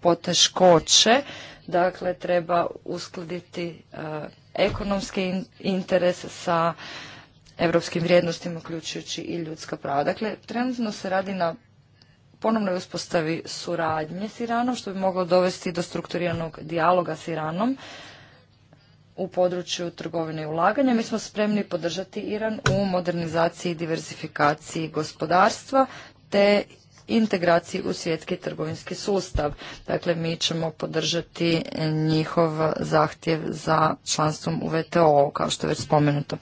poteškoće. Dakle, treba uskladiti e, ekonomski interes sa europskim vrijednostima, uključujući i ljudska prava. Dakle, trenutno se radi na ponovnoj uspostavi suradnje s Iranom, što bi moglo dovesti do strukturiranog dijaloga s Iranom u području trgovine i ulaganja. Mi smo spremni podržati Iran u modernizaciji i diversifikaciji gospodarstva te integraciji u svjetski trgovinski sustav. Dakle, mi ćemo podržati njihov zahtjev za članstvom u VTO, kao što je već spomenuto.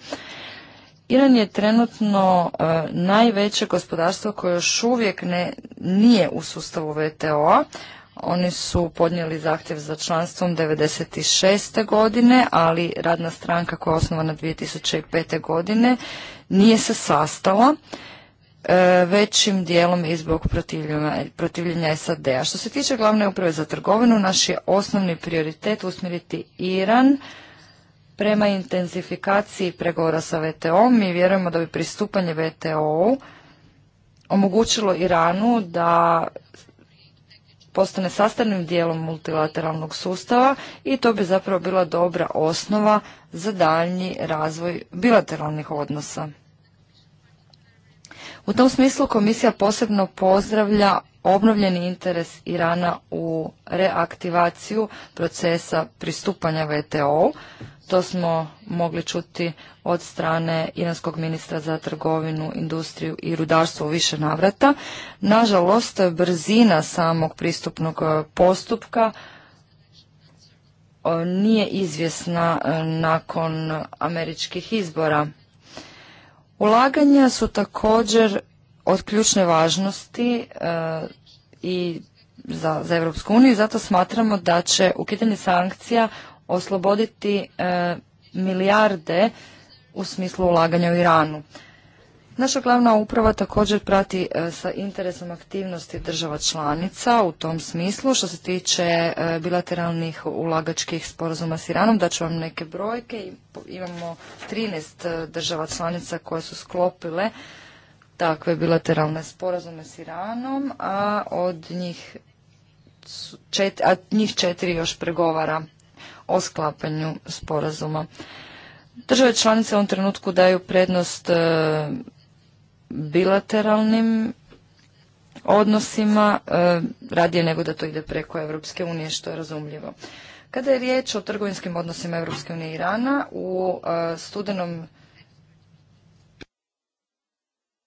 Iran je trenutno e, najveće gospodarstvo koje još uvijek nije u sustavu VTO-a. Oni su podnijeli zahtjev za članstvom 96. godine, ali radna stranka koja je osnovana 2005. godine nije se sastala e, većim dijelom i zbog protivljenja SAD-a. Što se tiče glavne uprave za trgovinu, naš je osnovni prioritet usmjeriti Iran prema intenzifikaciji pregovora sa VTO-om. Mi vjerujemo da bi pristupanje VTO-u omogućilo Iranu da postane sastavnim dijelom multilateralnog sustava i to bi zapravo bila dobra osnova za daljnji razvoj bilateralnih odnosa. U tom smislu komisija posebno pozdravlja obnovljeni interes Irana u reaktivaciju procesa pristupanja VTO-u to smo mogli čuti od strane iranskog ministra za trgovinu, industriju i rudarstvo u više navrata. Nažalost, brzina samog pristupnog e, postupka e, nije izvjesna e, nakon američkih izbora. Ulaganja su također od ključne važnosti i za, za Europsku uniju zato smatramo da će ukidanje sankcija osloboditi e, milijarde u smislu ulaganja u Iranu. Naša glavna uprava također prati e, sa interesom aktivnosti država članica u tom smislu. Što se tiče e, bilateralnih ulagačkih sporazuma s Iranom, daću vam neke brojke. Imamo 13 država članica koje su sklopile takve bilateralne sporazume s Iranom, a od njih, čet, a njih četiri još pregovara o sklapanju sporazuma. Države članice u ovom trenutku daju prednost e, bilateralnim odnosima e, radije nego da to ide preko Europske unije, što je razumljivo. Kada je riječ o trgovinskim odnosima Evropske unije i Irana, u e, studenom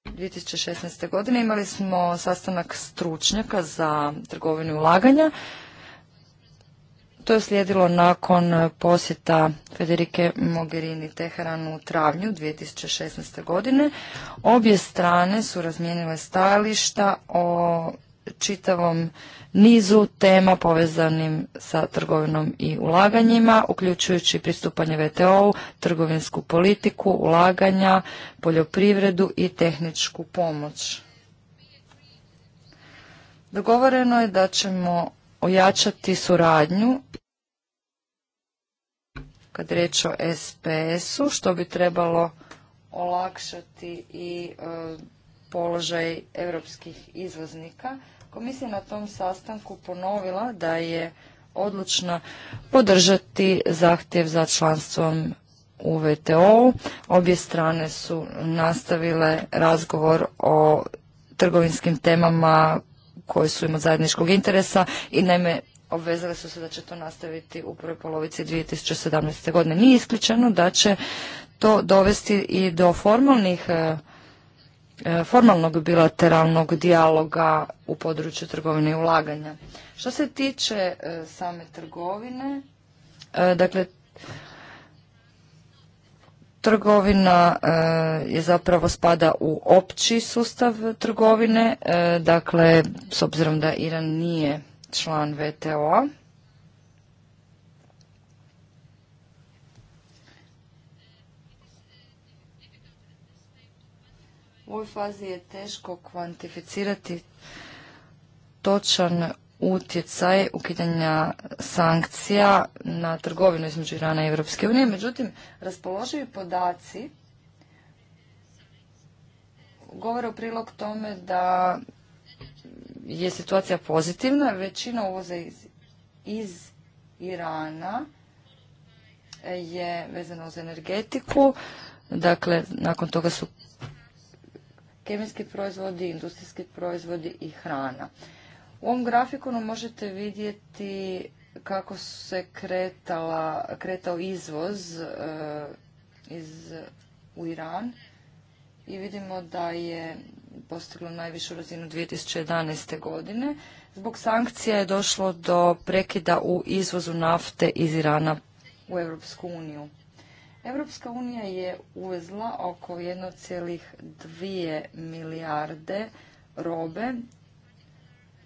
2016. godine imali smo sastanak stručnjaka za trgovinu i ulaganja to je slijedilo nakon posjeta Federike Mogherini Teheranu u travnju 2016. godine. Obje strane su razmijenile stajališta o čitavom nizu tema povezanim sa trgovinom i ulaganjima, uključujući pristupanje VTO-u, trgovinsku politiku, ulaganja, poljoprivredu i tehničku pomoć. Dogovoreno je da ćemo ojačati suradnju kad reč o SPS-u, što bi trebalo olakšati i e, položaj europskih izvoznika. Komisija na tom sastanku ponovila da je odlučna podržati zahtjev za članstvom u VTO. Obje strane su nastavile razgovor o trgovinskim temama koje su im od zajedničkog interesa i naime obvezali su se da će to nastaviti u prvoj polovici 2017. godine. Nije isključeno da će to dovesti i do formalnih e, e, formalnog bilateralnog dijaloga u području trgovine i ulaganja. Što se tiče e, same trgovine, dakle Trgovina e, je zapravo spada u opći sustav trgovine, e, dakle, s obzirom da Iran nije član VTO-a. U ovoj fazi je teško kvantificirati točan utjecaj ukidanja sankcija na trgovinu između Irana i Europske unije. Međutim, raspoloživi podaci govore u prilog tome da je situacija pozitivna. Većina uvoza iz, iz Irana je vezana uz energetiku. Dakle, nakon toga su kemijski proizvodi, industrijski proizvodi i hrana. U ovom grafikonu možete vidjeti kako se kretao izvoz e, iz, u Iran i vidimo da je postiglo najvišu razinu 2011. godine. Zbog sankcija je došlo do prekida u izvozu nafte iz Irana u Europsku uniju. Europska unija je uvezla oko 1,2 milijarde robe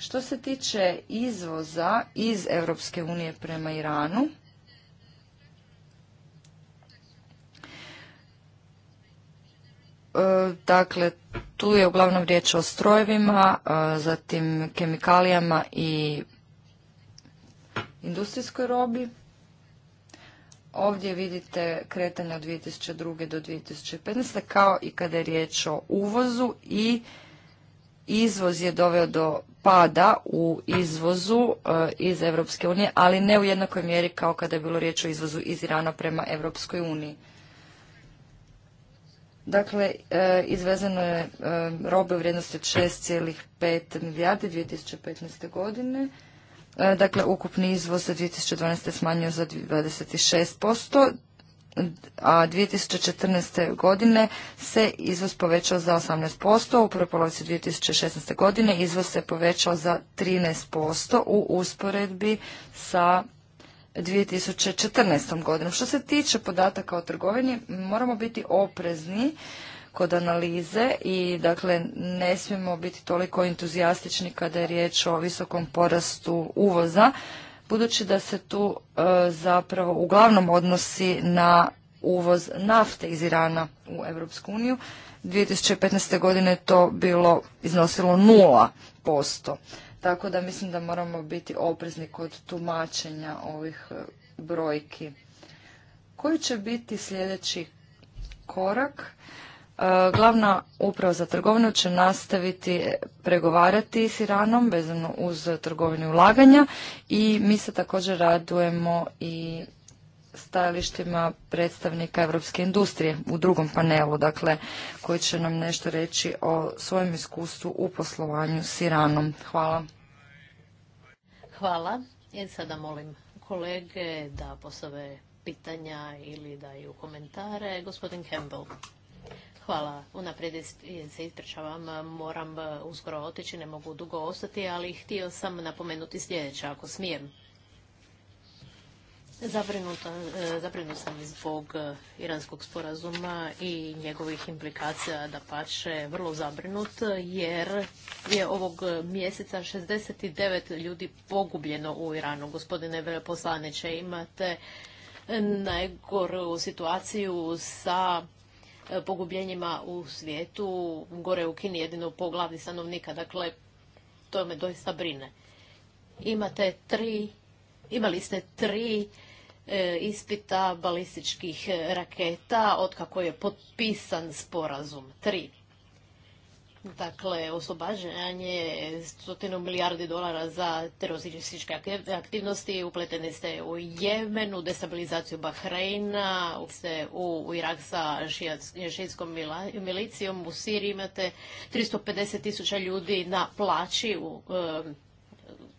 Što se tiče izvoza iz Europske unije prema Iranu, e, dakle tu je uglavnom riječ o strojevima, e, zatim kemikalijama i industrijskoj robi. Ovdje vidite kretanje od 2002. do 2015. kao i kada je riječ o uvozu i izvoz je doveo do pada u izvozu eh, iz Europske unije, ali ne u jednakoj mjeri kao kada je bilo riječ o izvozu iz Irana prema Europskoj uniji. Dakle, eh, izvezeno je eh, robe u vrijednosti od 6,5 milijardi 2015. godine. Dakle, ukupni izvoz za 2012. smanjio za 26% a 2014. godine se izvoz povećao za 18%, u prvoj polovici 2016. godine izvoz se povećao za 13% u usporedbi sa 2014. godinom. Što se tiče podataka o trgovini, moramo biti oprezni kod analize i dakle ne smijemo biti toliko entuzijastični kada je riječ o visokom porastu uvoza budući da se tu e, zapravo uglavnom odnosi na uvoz nafte iz Irana u Europsku uniju. 2015. godine to bilo iznosilo 0%. Tako da mislim da moramo biti oprezni kod tumačenja ovih e, brojki. Koji će biti sljedeći korak? Glavna uprava za trgovinu će nastaviti pregovarati s Iranom vezano uz trgovinu ulaganja i mi se također radujemo i stajalištima predstavnika europske industrije u drugom panelu, dakle, koji će nam nešto reći o svojem iskustvu u poslovanju s Iranom. Hvala. Hvala. I e, sada molim kolege da postave pitanja ili daju komentare. Gospodin Campbell. Hvala. Unaprijed se ispričavam, moram e, uskoro otići, ne mogu dugo ostati, ali htio sam napomenuti sljedeće, ako smijem. E, zabrinut sam zbog e, iranskog sporazuma i njegovih implikacija da pače vrlo zabrinut, jer je ovog mjeseca 69 ljudi pogubljeno u Iranu. Gospodine veleposlaniče, imate najgoru situaciju sa E, pogubljenjima u svijetu, gore u Kini jedino po glavni stanovnika, dakle to me doista brine. Imate tri, imali ste tri e, ispita balističkih e, raketa od kako je potpisan sporazum. Tri. Dakle, oslobađanje stotinu milijardi dolara za terorističke aktivnosti, upleteni ste u Jemenu destabilizaciju Bahreina, ste u Irak sa šijetskom milicijom, u Siriji imate 350 tisuća ljudi na plaći u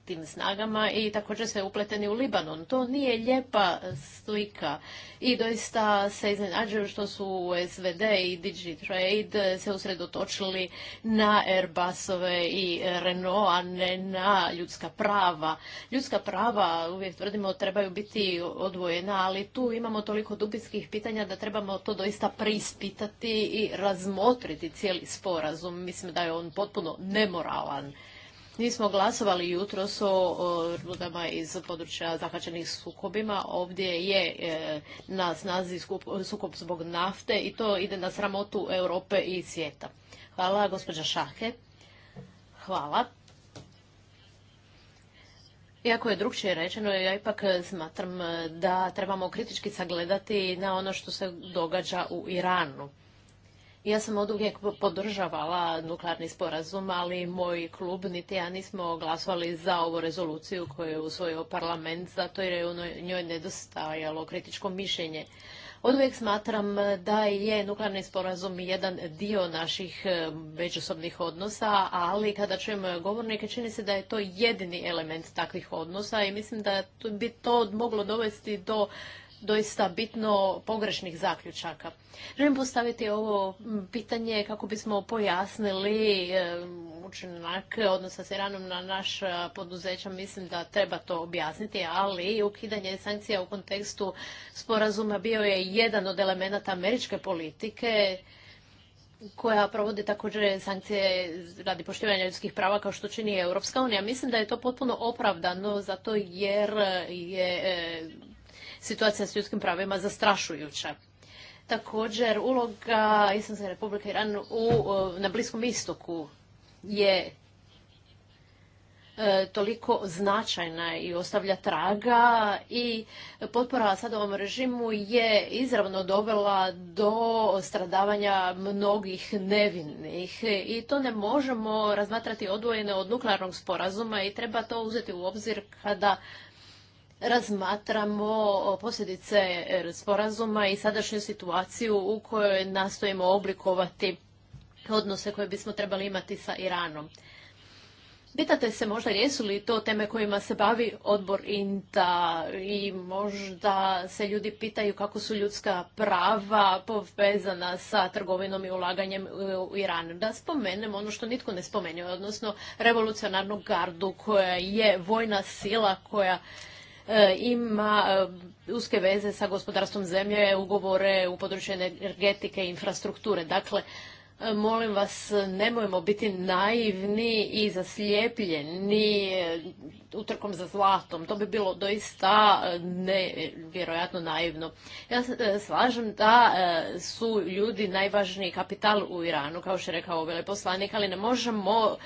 tim snagama i također se upleteni u Libanon. To nije lijepa slika i doista se iznenađuju što su SVD i Digitrade se usredotočili na Airbusove i Renault, a ne na ljudska prava. Ljudska prava, uvijek tvrdimo, trebaju biti odvojena, ali tu imamo toliko dubinskih pitanja da trebamo to doista prispitati i razmotriti cijeli sporazum. Mislim da je on potpuno nemoralan nismo glasovali jutros o rudama iz područja zahvaćenih sukobima. Ovdje je e, na snazi sukob zbog nafte i to ide na sramotu Europe i svijeta. Hvala, gospođa Šahe. Hvala. Iako je drugčije rečeno, ja ipak smatram da trebamo kritički sagledati na ono što se događa u Iranu. Ja sam od uvijek podržavala nuklearni sporazum, ali moj klub niti ja nismo glasovali za ovu rezoluciju koju je usvojio parlament, zato jer je u njoj nedostajalo kritičko mišljenje. Od uvijek smatram da je nuklearni sporazum jedan dio naših e, međusobnih odnosa, ali kada čujemo govornike čini se da je to jedini element takvih odnosa i mislim da bi to moglo dovesti do doista bitno pogrešnih zaključaka. Želim postaviti ovo pitanje kako bismo pojasnili učinak odnosa s Iranom na naš poduzeća. Mislim da treba to objasniti, ali ukidanje sankcija u kontekstu sporazuma bio je jedan od elemenata američke politike koja provodi također sankcije radi poštivanja ljudskih prava kao što čini Europska unija. Mislim da je to potpuno opravdano zato jer je situacija s ljudskim pravima zastrašujuća. Također, uloga Islamske republike Iran na Bliskom istoku je e, toliko značajna i ostavlja traga i potpora ovom režimu je izravno dovela do stradavanja mnogih nevinnih i to ne možemo razmatrati odvojene od nuklearnog sporazuma i treba to uzeti u obzir kada razmatramo posljedice sporazuma i sadašnju situaciju u kojoj nastojimo oblikovati odnose koje bismo trebali imati sa Iranom. Pitate se možda jesu li to teme kojima se bavi odbor INTA i možda se ljudi pitaju kako su ljudska prava povezana sa trgovinom i ulaganjem u Iran. Da spomenem ono što nitko ne spomenuo, odnosno revolucionarnu gardu koja je vojna sila koja E, ima e, uske veze sa gospodarstvom zemlje, ugovore u području energetike i infrastrukture. Dakle, e, molim vas, nemojmo biti naivni i zaslijepljeni utrkom za zlatom. To bi bilo doista nevjerojatno naivno. Ja slažem da su ljudi najvažniji kapital u Iranu, kao što je rekao ovaj veleposlanik, ali ne možemo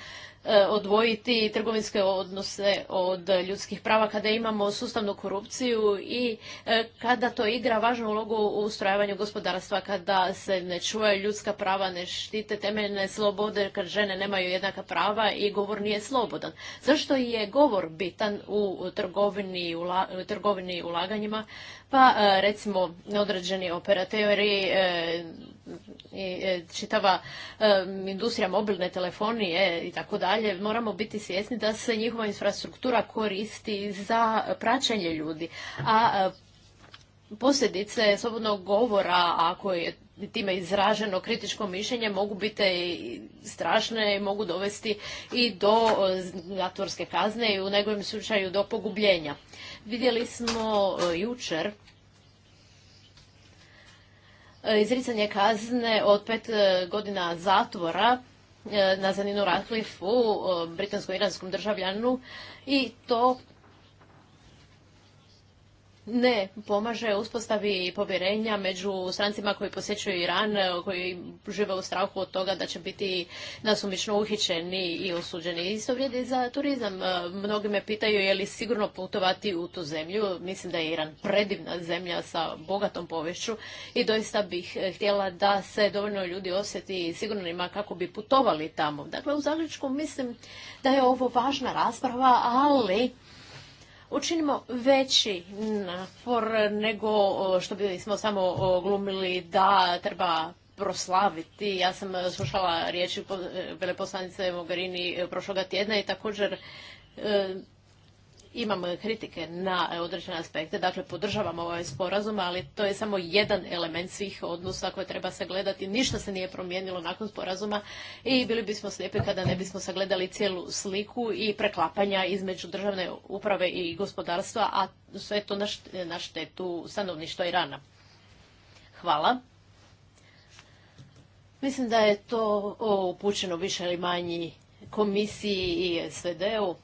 E, odvojiti trgovinske odnose od ljudskih prava kada imamo sustavnu korupciju i e, kada to igra važnu ulogu u ustrojavanju gospodarstva, kada se ne čuvaju ljudska prava, ne štite temeljne slobode, kad žene nemaju jednaka prava i govor nije slobodan. Zašto je govor bitan u trgovini, u trgovini ulaganjima? Pa e, recimo određeni operatori i čitava industrija mobilne telefonije i tako dalje dalje, moramo biti svjesni da se njihova infrastruktura koristi za praćenje ljudi. A posljedice slobodnog govora, ako je time izraženo kritičko mišljenje, mogu biti strašne i mogu dovesti i do zatvorske kazne i u njegovom slučaju do pogubljenja. Vidjeli smo e, jučer e, izricanje kazne od pet e, godina zatvora Nazaninu Ratcliffe-u, britansko-iranskom državljanu i to ne pomaže uspostavi povjerenja među strancima koji posjećuju Iran, koji žive u strahu od toga da će biti nasumično uhićeni i osuđeni. Isto vrijedi za turizam. E, mnogi me pitaju je li sigurno putovati u tu zemlju. Mislim da je Iran predivna zemlja sa bogatom povješću i doista bih e, htjela da se dovoljno ljudi osjeti sigurnima kako bi putovali tamo. Dakle, u zaključku mislim da je ovo važna rasprava, ali učinimo veći napor nego što bismo smo samo glumili da treba proslaviti. Ja sam slušala riječi veleposlanice Mogherini prošloga tjedna i također e, Imamo kritike na e, određene aspekte, dakle podržavam ovaj sporazum, ali to je samo jedan element svih odnosa koje treba sagledati. Ništa se nije promijenilo nakon sporazuma i bili bismo slijepi kada ne bismo sagledali cijelu sliku i preklapanja između državne uprave i gospodarstva, a sve to na štetu stanovništva rana. Hvala. Mislim da je to upućeno više ili manji komisiji i SVD-u.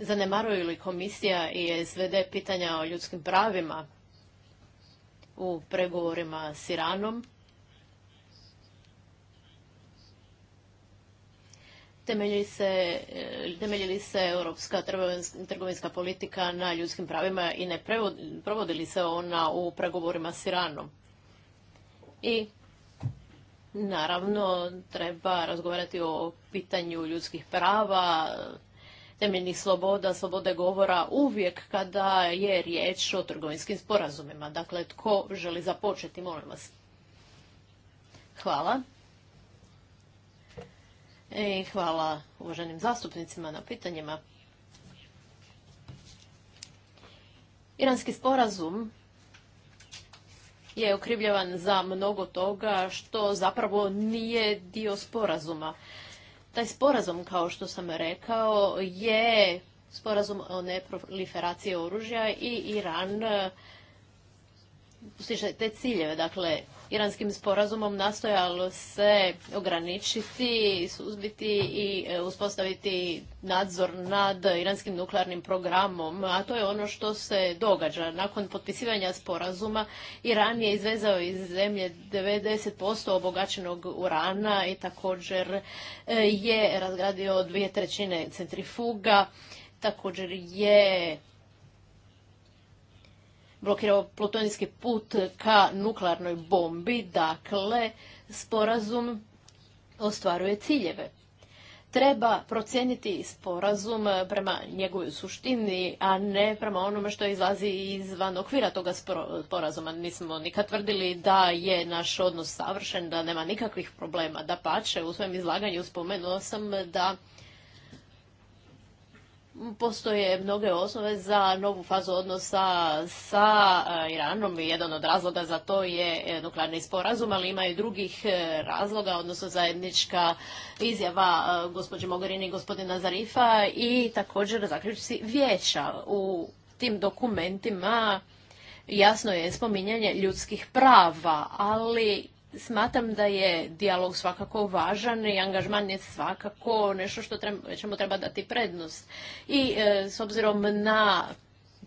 Zanemaruje li komisija i SVD pitanja o ljudskim pravima u pregovorima s Iranom? Temelji se, temelji li se europska trgovinska politika na ljudskim pravima i ne provodi li se ona u pregovorima s Iranom? I naravno treba razgovarati o pitanju ljudskih prava, temeljnih sloboda, slobode govora uvijek kada je riječ o trgovinskim sporazumima. Dakle, tko želi započeti, molim vas. Hvala. I e, hvala uvaženim zastupnicima na pitanjima. Iranski sporazum je okrivljavan za mnogo toga što zapravo nije dio sporazuma. Taj sporazum, kao što sam rekao, je sporazum o neproliferaciji oružja i Iran e, postiže te ciljeve. Dakle, iranskim sporazumom nastojalo se ograničiti, suzbiti i e, uspostaviti nadzor nad iranskim nuklearnim programom, a to je ono što se događa. Nakon potpisivanja sporazuma Iran je izvezao iz zemlje 90% obogaćenog urana i također e, je razgradio dvije trećine centrifuga, također je blokirao plutonijski put ka nuklearnoj bombi, dakle sporazum ostvaruje ciljeve. Treba procijeniti sporazum prema njegovoj suštini, a ne prema onome što izlazi izvan okvira toga sporazuma. Nismo nikad tvrdili da je naš odnos savršen, da nema nikakvih problema. Da pače, u svojem izlaganju spomenuo sam da postoje mnoge osnove za novu fazu odnosa sa e, Iranom. Jedan od razloga za to je e, nuklearni sporazum, ali ima i drugih e, razloga, odnosno zajednička izjava gospođe Mogherini i gospodina Zarifa i također zaključci vijeća u tim dokumentima jasno je spominjanje ljudskih prava, ali Smatram da je dijalog svakako važan i angažman je svakako nešto što treba, čemu treba dati prednost. I e, s obzirom na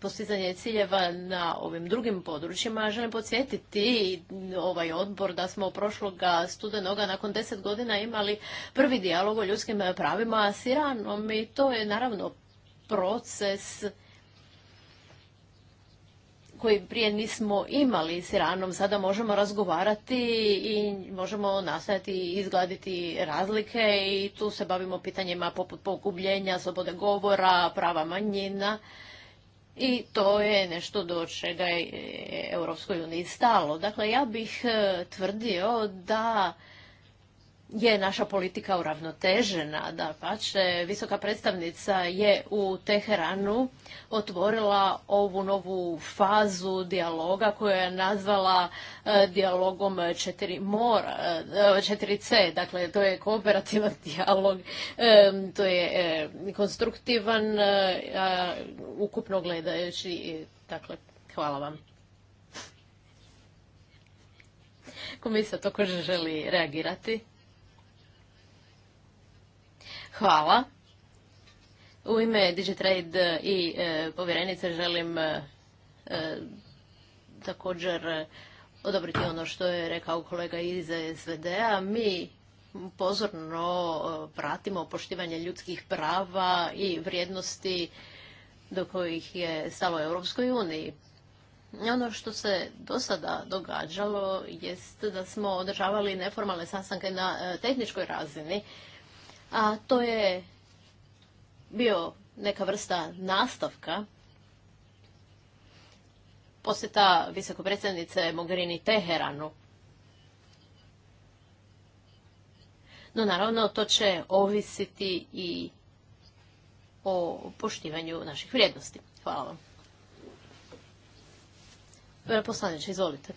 postizanje ciljeva na ovim drugim područjima, želim podsjetiti ovaj odbor da smo prošloga studenoga nakon deset godina imali prvi dijalog o ljudskim pravima s Iranom i to je naravno proces koji prije nismo imali s Iranom. Sada možemo razgovarati i možemo nastaviti izgladiti razlike i tu se bavimo pitanjima poput pogubljenja, slobode govora, prava manjina. I to je nešto do čega je Europskoj uniji stalo. Dakle, ja bih eh, tvrdio da je naša politika uravnotežena, da pače, visoka predstavnica je u Teheranu otvorila ovu novu fazu dijaloga koju je nazvala e, dijalogom 4 mora, e, c dakle to je kooperativan dijalog, e, to je konstruktivan, ukupno gledajući, dakle hvala vam. Komisija toko želi reagirati. Hvala. U ime Digitrade i e, povjerenice želim e, e, također odobriti ono što je rekao kolega iz SVD-a. Mi pozorno pratimo poštivanje ljudskih prava i vrijednosti do kojih je stalo Europskoj uniji. Ono što se do sada događalo jest da smo održavali neformalne sastanke na tehničkoj razini a to je bio neka vrsta nastavka posjeta visokopredsjednice Mogherini Teheranu. No naravno to će ovisiti i o poštivanju naših vrijednosti. Hvala vam. Poslaniče, izvolite.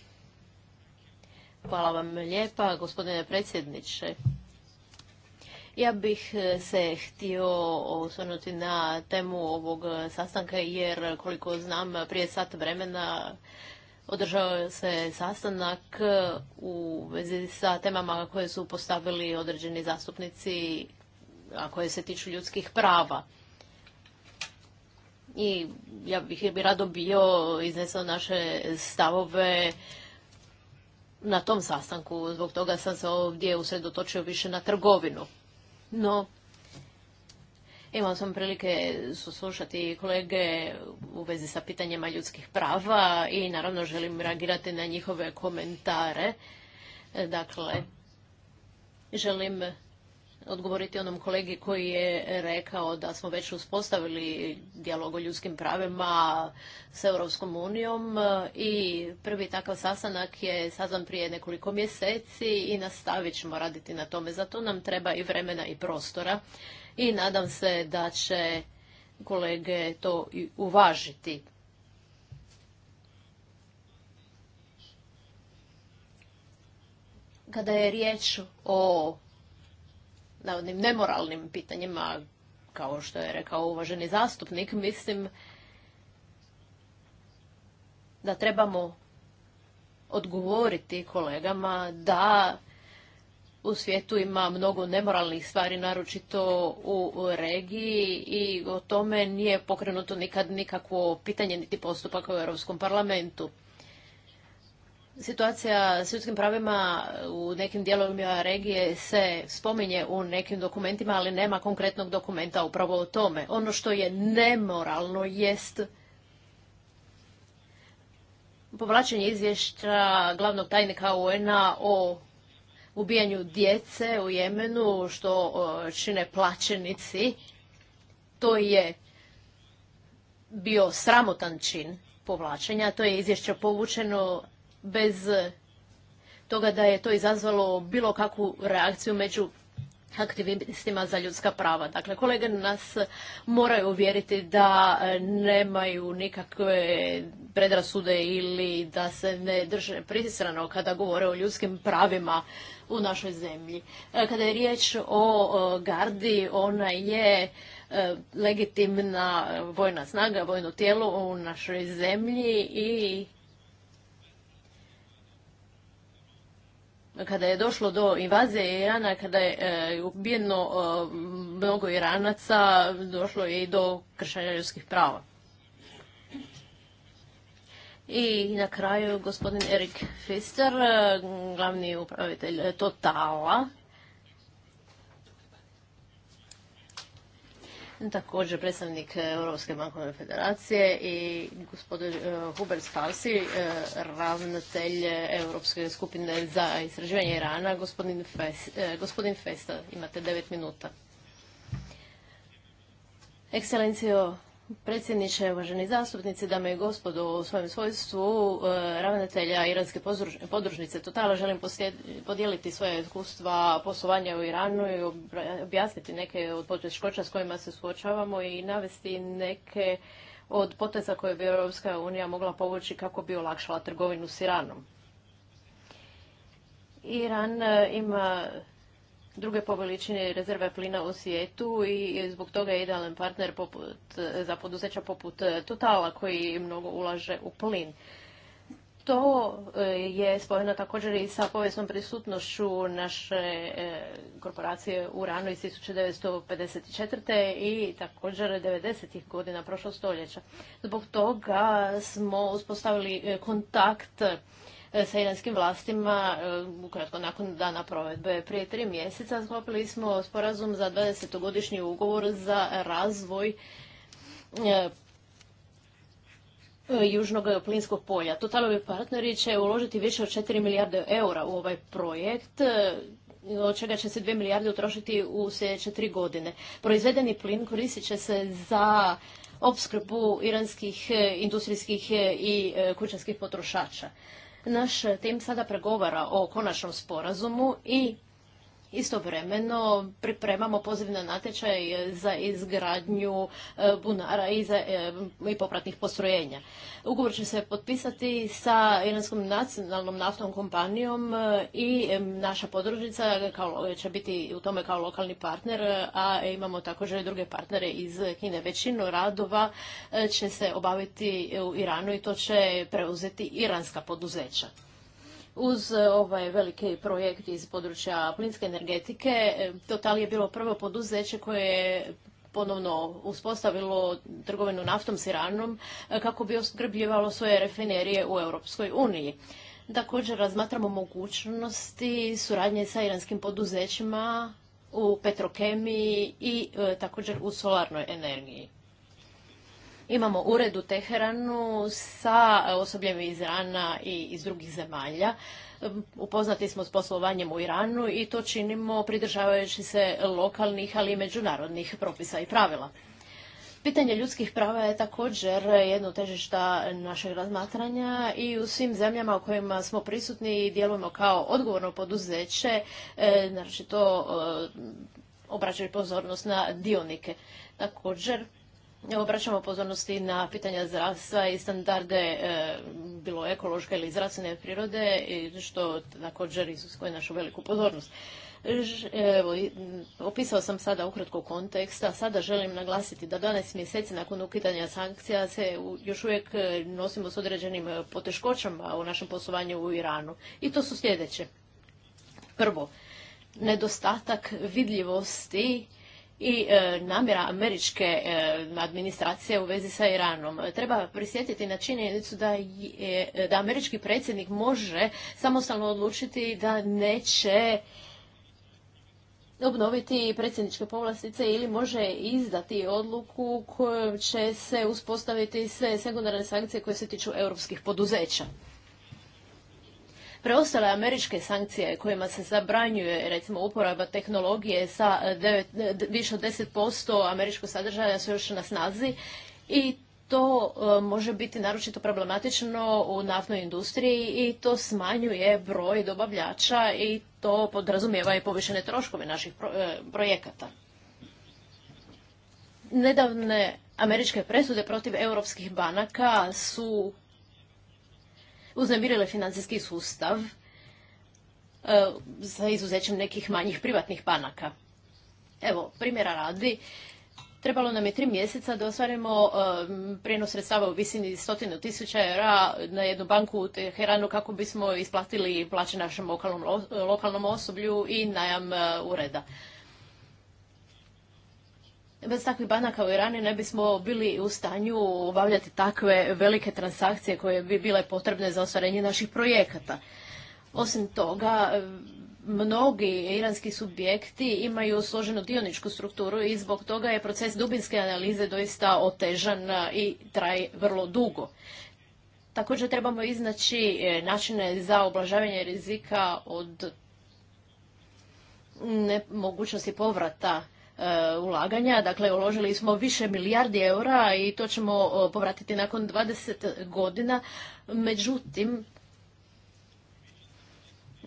Hvala vam lijepa, gospodine predsjedniče. Ja bih e, se htio osvrnuti na temu ovog e, sastanka jer koliko znam prije sat vremena održao se sastanak e, u vezi sa temama koje su postavili određeni zastupnici a koje se tiču ljudskih prava. I ja bih bi rado bio iznesao naše stavove na tom sastanku. Zbog toga sam se ovdje usredotočio više na trgovinu. No, imao sam prilike suslušati kolege u vezi sa pitanjima ljudskih prava i naravno želim reagirati na njihove komentare. Dakle, želim odgovoriti onom kolegi koji je rekao da smo već uspostavili dijalog o ljudskim pravima s Europskom unijom i prvi takav sastanak je sazvan prije nekoliko mjeseci i nastavit ćemo raditi na tome. Zato nam treba i vremena i prostora i nadam se da će kolege to i uvažiti. Kada je riječ o onim nemoralnim pitanjima, kao što je rekao uvaženi zastupnik, mislim da trebamo odgovoriti kolegama da u svijetu ima mnogo nemoralnih stvari, naročito u regiji i o tome nije pokrenuto nikad nikakvo pitanje niti postupak u Europskom parlamentu situacija s ljudskim pravima u nekim dijelovima regije se spominje u nekim dokumentima, ali nema konkretnog dokumenta upravo o tome. Ono što je nemoralno jest povlačenje izvješća glavnog tajnika UN-a o ubijanju djece u Jemenu, što čine plaćenici. To je bio sramotan čin povlačenja. To je izvješće povučeno bez toga da je to izazvalo bilo kakvu reakciju među aktivistima za ljudska prava. Dakle, kolege nas moraju uvjeriti da e, nemaju nikakve predrasude ili da se ne drže pritistrano kada govore o ljudskim pravima u našoj zemlji. E, kada je riječ o gardi, ona je e, legitimna vojna snaga, vojno tijelo u našoj zemlji i kada je došlo do invazije Irana, kada je e, ubijeno e, mnogo Iranaca, došlo je i do kršenja ljudskih prava. I na kraju gospodin Erik Fister, e, glavni upravitelj Totala, također predstavnik eh, Europske bankovne federacije i gospodin eh, Hubert Skalsi, eh, ravnatelj Europske skupine za istraživanje Irana, gospodin, gospodin Festa. Imate devet minuta. Ekscelencijo predsjedniče, uvaženi zastupnici, dame i gospodo, u svojem svojstvu e, ravnatelja iranske podružnice Totala želim podijeliti svoje iskustva poslovanja u Iranu i objasniti neke od poteškoća s kojima se suočavamo i navesti neke od poteza koje bi Europska unija mogla povući kako bi olakšala trgovinu s Iranom. Iran e, ima druge po rezerve plina u svijetu i zbog toga je idealan partner poput, za poduzeća poput e, Totala koji mnogo ulaže u plin. To e, je spojeno također i sa povijesnom prisutnošću naše e, korporacije u ranu iz 1954. i također 90. godina prošlog stoljeća. Zbog toga smo uspostavili kontakt E, sa iranskim vlastima e, ukratko nakon dana provedbe. Prije tri mjeseca sklopili smo sporazum za 20-godišnji ugovor za razvoj e, Južnog plinskog polja. Totalovi partneri će uložiti više od 4 milijarde eura u ovaj projekt, od čega će se 2 milijarde utrošiti u sljedeće tri godine. Proizvedeni plin koristit će se za opskrbu iranskih industrijskih i kućanskih potrošača. Naš tim sada pregovara o konačnom sporazumu i Istovremeno pripremamo poziv na natječaj za izgradnju e, bunara i, za, e, i popratnih postrojenja. Ugovor će se potpisati sa Iranskom nacionalnom naftnom kompanijom e, i naša podružnica kao, će biti u tome kao lokalni partner, a imamo također i druge partnere iz Kine. Većinu radova će se obaviti u Iranu i to će preuzeti iranska poduzeća. Uz e, ovaj veliki projekt iz područja plinske energetike, e, Total je bilo prvo poduzeće koje je ponovno uspostavilo trgovinu naftom s Iranom e, kako bi oskrbljivalo svoje refinerije u Europskoj uniji. Također razmatramo mogućnosti suradnje sa iranskim poduzećima u petrokemiji i također u solarnoj energiji. Imamo ured u Teheranu sa osobljem iz Irana i iz drugih zemalja. Upoznati smo s poslovanjem u Iranu i to činimo pridržavajući se lokalnih, ali i međunarodnih propisa i pravila. Pitanje ljudskih prava je također jedno težišta našeg razmatranja i u svim zemljama u kojima smo prisutni i djelujemo kao odgovorno poduzeće, znači e, to e, obraćaju pozornost na dionike. Također, obraćamo pozornosti na pitanja zdravstva i standarde e, bilo ekološke ili zdravstvene prirode što također izuskuje našu veliku pozornost. Evo, opisao sam sada ukratko kontekst, a sada želim naglasiti da 12 mjeseci nakon ukidanja sankcija se još uvijek e, nosimo s određenim e, poteškoćama u našem poslovanju u Iranu. I to su sljedeće. Prvo, nedostatak vidljivosti i e, namjera američke e, administracije u vezi sa Iranom. Treba prisjetiti na činjenicu e, da, američki predsjednik može samostalno odlučiti da neće obnoviti predsjedničke povlastice ili može izdati odluku kojom će se uspostaviti sve sekundarne sankcije koje se tiču europskih poduzeća. Preostale američke sankcije kojima se zabranjuje recimo uporaba tehnologije sa e, e, više od 10% američkog sadržaja su još na snazi i to e, može biti naročito problematično u naftnoj industriji i to smanjuje broj dobavljača i to podrazumijeva i povišene troškove naših projekata. Nedavne američke presude protiv europskih banaka su uznemirile financijski sustav sa e, izuzećem nekih manjih privatnih banaka. Evo, primjera radi, trebalo nam je tri mjeseca da ostvarimo e, prijenos sredstava u visini stotinu tisuća eura na jednu banku u Teheranu kako bismo isplatili plaće našem lokalnom, osoblju i najam e, ureda bez takvih banaka u Irani ne bismo bili u stanju obavljati takve velike transakcije koje bi bile potrebne za ostvarenje naših projekata. Osim toga, mnogi iranski subjekti imaju složenu dioničku strukturu i zbog toga je proces dubinske analize doista otežan i traje vrlo dugo. Također trebamo iznaći e, načine za oblažavanje rizika od mogućnosti povrata E, ulaganja. Dakle, uložili smo više milijardi eura i to ćemo povratiti nakon 20 godina. Međutim,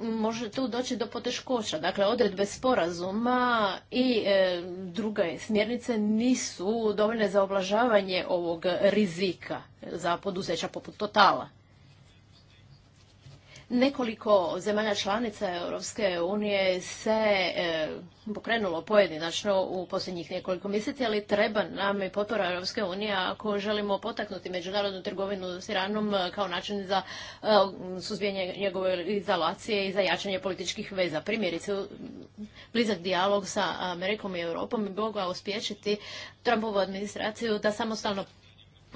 može tu doći do poteškoća. Dakle, odredbe sporazuma i e, druge smjernice nisu dovoljne za oblažavanje ovog rizika za poduzeća poput Totala. Nekoliko zemalja članica Europske unije se e, pokrenulo pojedinačno u posljednjih nekoliko mjeseci, ali treba nam i potpora Europske unije ako želimo potaknuti međunarodnu trgovinu s Iranom kao način za e, suzbijanje njegove izolacije i za jačanje političkih veza. Primjerice, blizak dijalog sa Amerikom i Europom bi mogao uspješiti Trumpovu administraciju da samostalno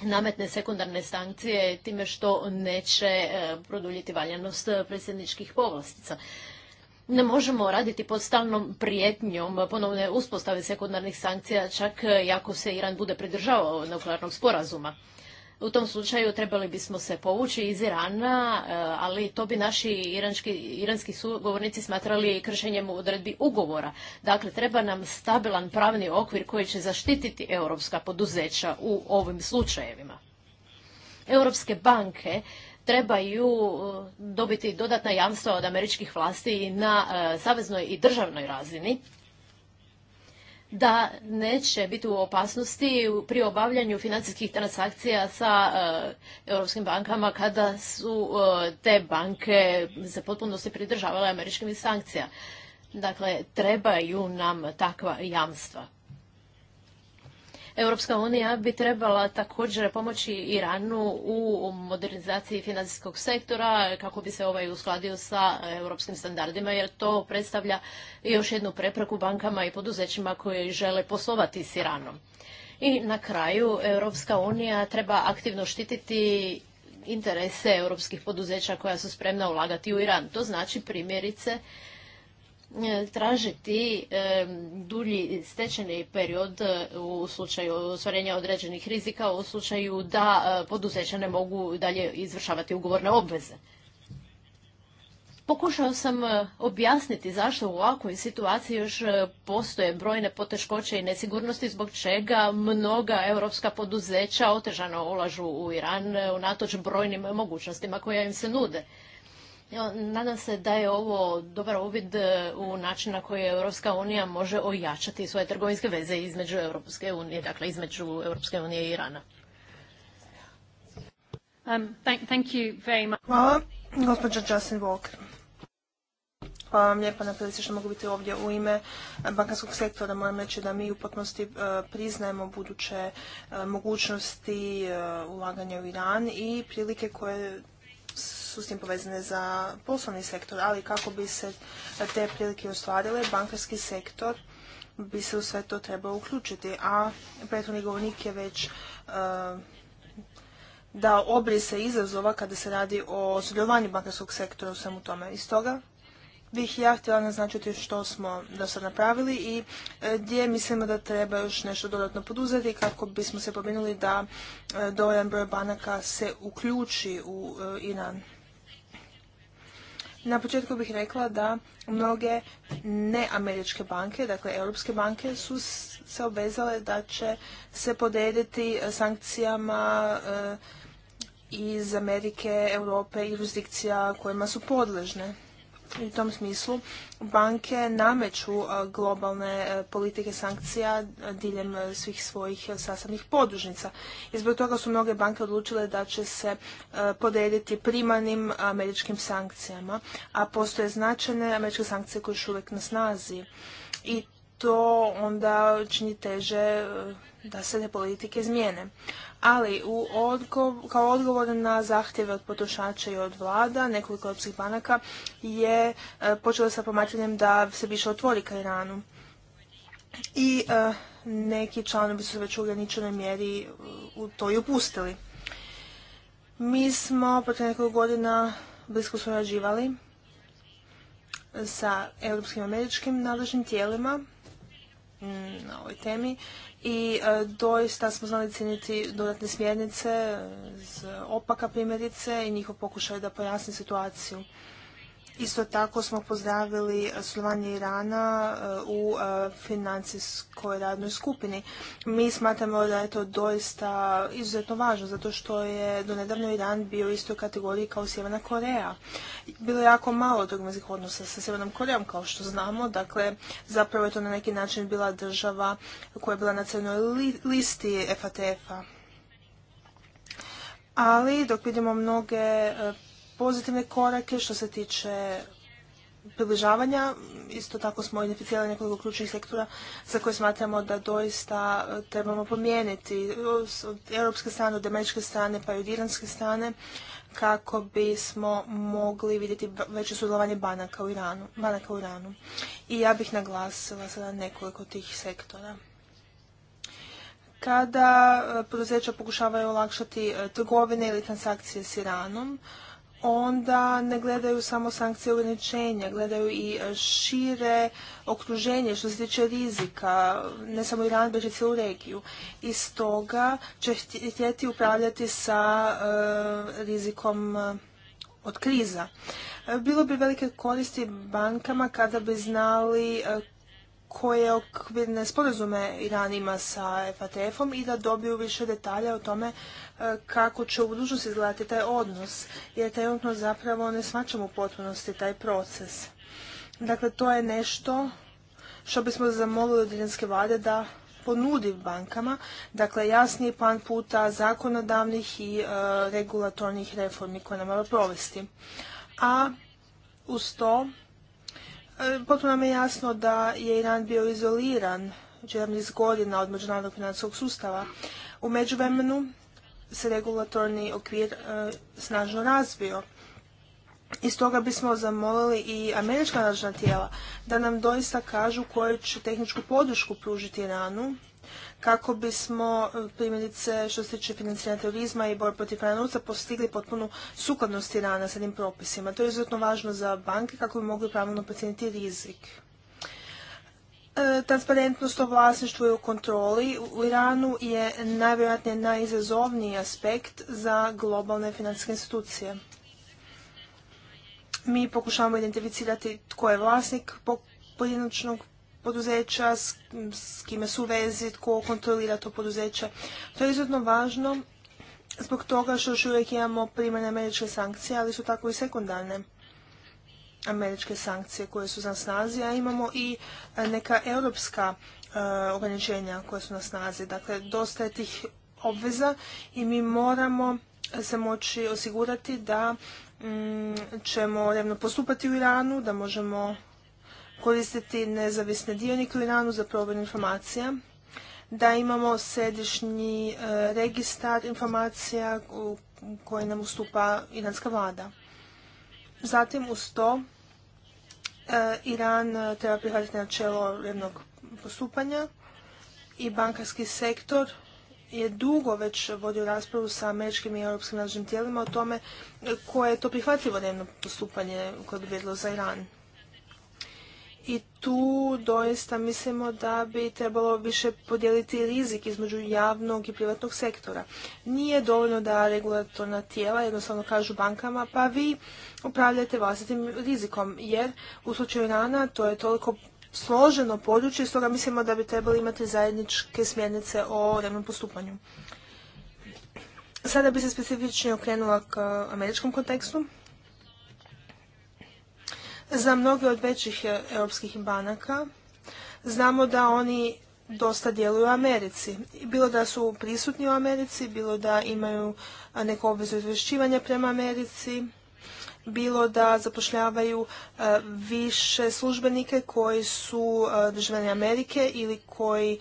nametne sekundarne sankcije time što neće e, produljiti valjanost predsjedničkih povlastica. Ne možemo raditi pod stalnom prijetnjom ponovne uspostave sekundarnih sankcija, čak i ako se Iran bude pridržavao nuklearnog sporazuma. U tom slučaju trebali bismo se povući iz Irana, e, ali to bi naši iranski, sugovornici smatrali kršenjem odredbi ugovora. Dakle, treba nam stabilan pravni okvir koji će zaštititi europska poduzeća u ovim slučajevima. Europske banke trebaju e, dobiti dodatna jamstva od američkih vlasti na e, saveznoj i državnoj razini da neće biti u opasnosti pri obavljanju financijskih transakcija sa e, europskim bankama kada su e, te banke se potpuno se pridržavale američkim sankcija. Dakle, trebaju nam takva jamstva. Europska unija bi trebala također pomoći Iranu u modernizaciji financijskog sektora kako bi se ovaj uskladio sa europskim standardima jer to predstavlja još jednu prepreku bankama i poduzećima koji žele poslovati s Iranom. I na kraju Europska unija treba aktivno štititi interese europskih poduzeća koja su spremna ulagati u Iran. To znači primjerice E, tražiti e, dulji stečeni period e, u slučaju ostvarenja određenih rizika, u slučaju da poduzeća ne mogu dalje izvršavati ugovorne obveze. Pokušao sam objasniti zašto u ovakvoj situaciji još postoje brojne poteškoće i nesigurnosti zbog čega mnoga europska poduzeća otežano ulažu u Iran unatoč brojnim mogućnostima koje im se nude. Nadam se da je ovo dobar uvid e, u način na koji Europska unija može ojačati svoje trgovinske veze između Europske unije, dakle između Europske unije i Irana. Um, Hvala, Justin Walker. Hvala vam lijepa na prilici što mogu biti ovdje u ime bankarskog sektora. Moram reći da mi u potpunosti e, priznajemo buduće e, mogućnosti ulaganja u Iran i prilike koje su s tim povezane za poslovni sektor, ali kako bi se te prilike ostvarile, bankarski sektor bi se u sve to trebao uključiti, a prethodni govornik je već uh, e, da obrise izazova kada se radi o sudjelovanju bankarskog sektora u svemu tome. I stoga bih ja htjela naznačiti što smo do sad napravili i e, gdje mislimo da treba još nešto dodatno poduzeti kako bismo se pobinuli da e, dovoljan broj banaka se uključi u Iran. Na početku bih rekla da mnoge neameričke banke, dakle europske banke, su se obvezale da će se podediti eh, sankcijama eh, iz Amerike, Europe i jurisdikcija kojima su podležne. I u tom smislu banke nameću e, globalne e, politike sankcija e, diljem svih svojih sastavnih podružnica. I zbog toga su mnoge banke odlučile da će se podrediti primanim američkim sankcijama, a postoje značajne američke sankcije koje su uvijek na snazi. I to onda čini teže da se ne politike izmijene. Ali u kao odgovor na zahtjeve od potrošača i od vlada, nekoliko europskih banaka je e, počelo sa promatranjem da se više otvori Iranu. I e, neki članovi su već u ograničenoj mjeri e, u to i upustili. Mi smo protiv nekoliko godina blisko surađivali sa europskim američkim nadležnim tijelima mm, na ovoj temi i e, doista smo znali cijeniti dodatne smjernice iz e, opaka primjerice i njihov pokušaj da pojasni situaciju. Isto tako smo pozdravili e, sudjelovanje Irana e, u e, financijskoj radnoj skupini. Mi smatramo da je to doista izuzetno važno, zato što je donedavno Iran bio u istoj kategoriji kao Sjeverna Koreja. Bilo je jako malo dogmatskih odnosa sa Sjevernom Korejom, kao što znamo. Dakle, zapravo je to na neki način bila država koja je bila na crnoj listi FATF-a. Ali, dok vidimo mnoge pozitivne korake što se tiče približavanja. Isto tako smo identificirali nekoliko ključnih sektora za koje smatramo da doista e, trebamo promijeniti e, od europske strane, od američke strane pa i od iranske strane kako bismo mogli vidjeti veće sudjelovanje banaka u Iranu. Banaka u Iranu. I ja bih naglasila sada nekoliko tih sektora. Kada e, poduzeća pokušavaju olakšati trgovine ili transakcije s Iranom, onda ne gledaju samo sankcije ograničenja, gledaju i e, šire okruženje što se tiče rizika, ne samo Iran, već i cijelu regiju. I stoga će htjeti upravljati sa e, rizikom e, od kriza. Bilo bi velike koristi bankama kada bi znali koje okvirne sporazume Iran ima sa FATF-om i da dobiju više detalja o tome kako će u budućnosti izgledati taj odnos, jer trenutno zapravo ne smačamo u potpunosti taj proces. Dakle, to je nešto što bismo zamolili od vlade da ponudi bankama, dakle jasniji plan puta zakonodavnih i e, regulatornih reformi koje nam mora provesti. A uz to, e, potpuno nam je jasno da je Iran bio izoliran čitav niz godina od međunarodnog financijskog sustava. U međuvremenu se regulatorni okvir e, snažno razvio. I stoga bismo zamolili i američka nadležna tijela da nam doista kažu koju će tehničku podršku pružiti Iranu kako bismo e, primjerice što se tiče financiranja terorizma i borbe protiv pranja novca postigli potpunu sukladnost Irana sa tim propisima. To je izuzetno važno za banke kako bi mogli pravilno procijeniti rizik. E, transparentnost o vlasništvu i u kontroli u Iranu je najvjerojatnije najizazovniji aspekt za globalne financijske institucije. Mi pokušavamo identificirati tko je vlasnik pojedinačnog poduzeća, s kime su vezi, tko kontrolira to poduzeće. To je izuzetno važno zbog toga što još uvijek imamo primjene američke sankcije, ali su tako i sekundarne američke sankcije koje su na snazi, a imamo i e, neka europska e, ograničenja koje su na snazi. Dakle, dosta je tih obveza i mi moramo se moći osigurati da mm, ćemo revno postupati u Iranu, da možemo koristiti nezavisne dionike u Iranu za provjeru informacija, da imamo središnji e, registar informacija koje nam ustupa iranska vlada. Zatim uz to e, Iran e, treba prihvatiti načelo jednog postupanja i bankarski sektor je dugo već vodio raspravu sa američkim i europskim nadležnim tijelima o tome koje je to prihvatljivo jedno postupanje koje bi vrijedilo za Iran i tu doista mislimo da bi trebalo više podijeliti rizik između javnog i privatnog sektora. Nije dovoljno da regulatorna tijela jednostavno kažu bankama pa vi upravljate vlastitim rizikom jer u slučaju rana to je toliko složeno područje stoga mislimo da bi trebali imati zajedničke smjernice o revnom postupanju. Sada bi se specifičnije okrenula k američkom kontekstu. Za mnoge od većih e, europskih banaka znamo da oni dosta djeluju u Americi. Bilo da su prisutni u Americi, bilo da imaju neko obvezu izvješćivanja prema Americi, bilo da zapošljavaju e, više službenike koji su e, državljani Amerike ili koji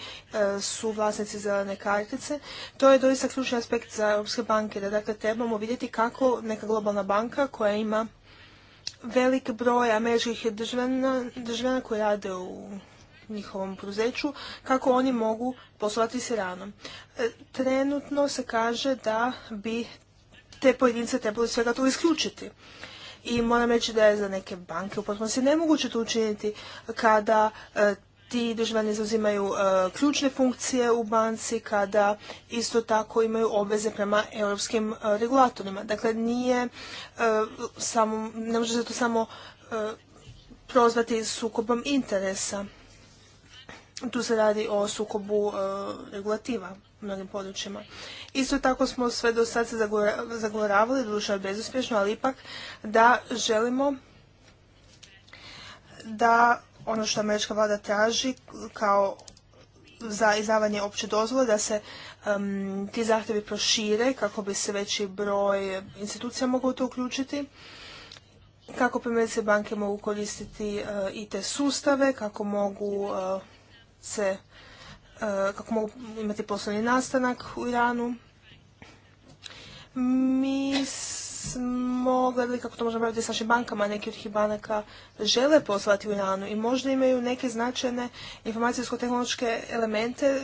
su vlasnici zelene kartice. To je doista ključni aspekt za europske banke, da dakle trebamo vidjeti kako neka globalna banka koja ima velik broj američkih državljana, koji rade u njihovom poduzeću, kako oni mogu poslovati se rano. E, trenutno se kaže da bi te pojedince trebali svega to isključiti. I moram reći da je za neke banke u potpunosti nemoguće to učiniti kada e, ti državljani zauzimaju e, ključne funkcije u banci kada isto tako imaju obveze prema europskim e, regulatorima. Dakle, nije e, samo, ne može se to samo prozvati sukobom interesa. Tu se radi o sukobu regulativa u mnogim područjima. Isto tako smo sve do sad se zagovaravali, doduše bezuspješno, ali ipak da želimo da ono što američka vlada traži kao za izdavanje opće dozvole da se ti zahtjevi prošire kako bi se veći broj institucija mogao u to uključiti, kako primjerice banke mogu koristiti eh, i te sustave, kako mogu eh, se eh, kako mogu imati poslovni nastanak u Iranu. Mi smo gledali kako to možemo raditi s našim bankama. Neki od tih banaka žele poslati u Iranu i možda imaju neke značajne informacijsko-tehnološke elemente e,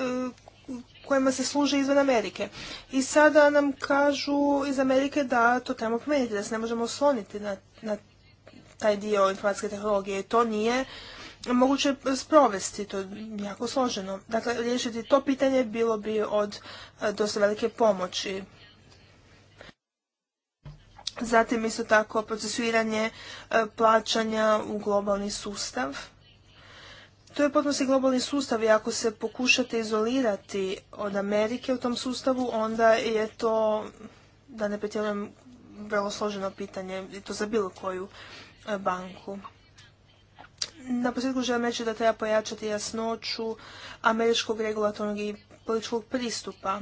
kojima se služe izvan Amerike. I sada nam kažu iz Amerike da to trebamo promijeniti, da se ne možemo osloniti na, na taj dio informacijske tehnologije. To nije moguće sprovesti, to je jako složeno. Dakle, riješiti to pitanje bilo bi od e, dosta velike pomoći Zatim isto tako procesuiranje e, plaćanja u globalni sustav. To je potpuno globalni sustav i ako se pokušate izolirati od Amerike u tom sustavu, onda je to, da ne pretjerujem, vrlo složeno pitanje i to za bilo koju e, banku. Na posljedku želim reći da treba pojačati jasnoću američkog regulatornog i političkog pristupa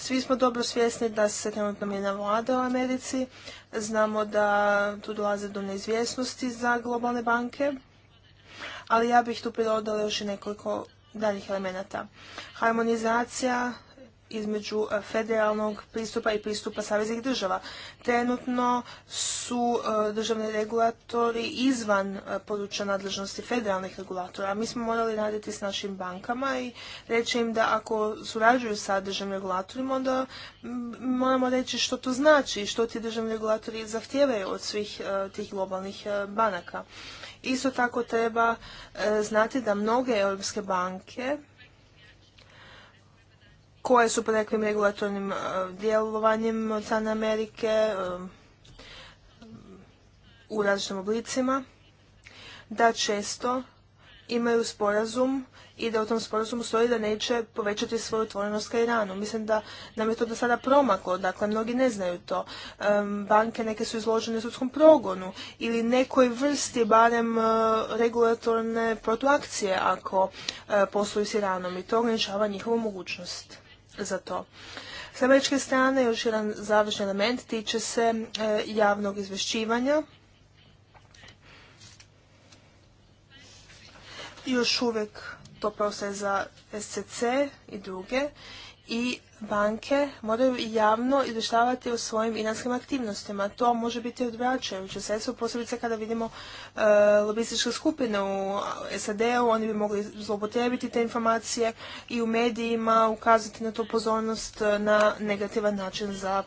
svi smo dobro svjesni da se trenutno mijenja vlada u Americi. Znamo da tu dolaze do neizvjesnosti za globalne banke. Ali ja bih tu pridodala još nekoliko daljih elemenata. Harmonizacija između e, federalnog pristupa i pristupa saveznih država. Trenutno su e, državni regulatori izvan e, područja nadležnosti federalnih regulatora. Mi smo morali raditi s našim bankama i reći im da ako surađuju sa državnim regulatorima, onda moramo reći što to znači i što ti državni regulatori zahtijevaju od svih tih globalnih banaka. Isto tako treba znati da mnoge europske banke koje su pod nekim regulatornim e, djelovanjem od strane Amerike e, u različitim oblicima, da često imaju sporazum i da u tom sporazumu stoji da neće povećati svoju otvorenost ka Iranu. Mislim da nam je to do sada promaklo, dakle mnogi ne znaju to. Banke neke su izložene sudskom progonu ili nekoj vrsti barem e, regulatorne protuakcije ako posluju s Iranom i to ograničava njihovu mogućnost za to. S američke strane još jedan završni element tiče se e, javnog izvješćivanja. Još uvijek to je za SCC i druge i banke moraju javno izvještavati o svojim inanskim aktivnostima. To može biti odvraćajuće sredstvo, posebice kada vidimo e, lobističke skupine u SAD-u, oni bi mogli zlopotrebiti te informacije i u medijima ukazati na to pozornost e, na negativan način za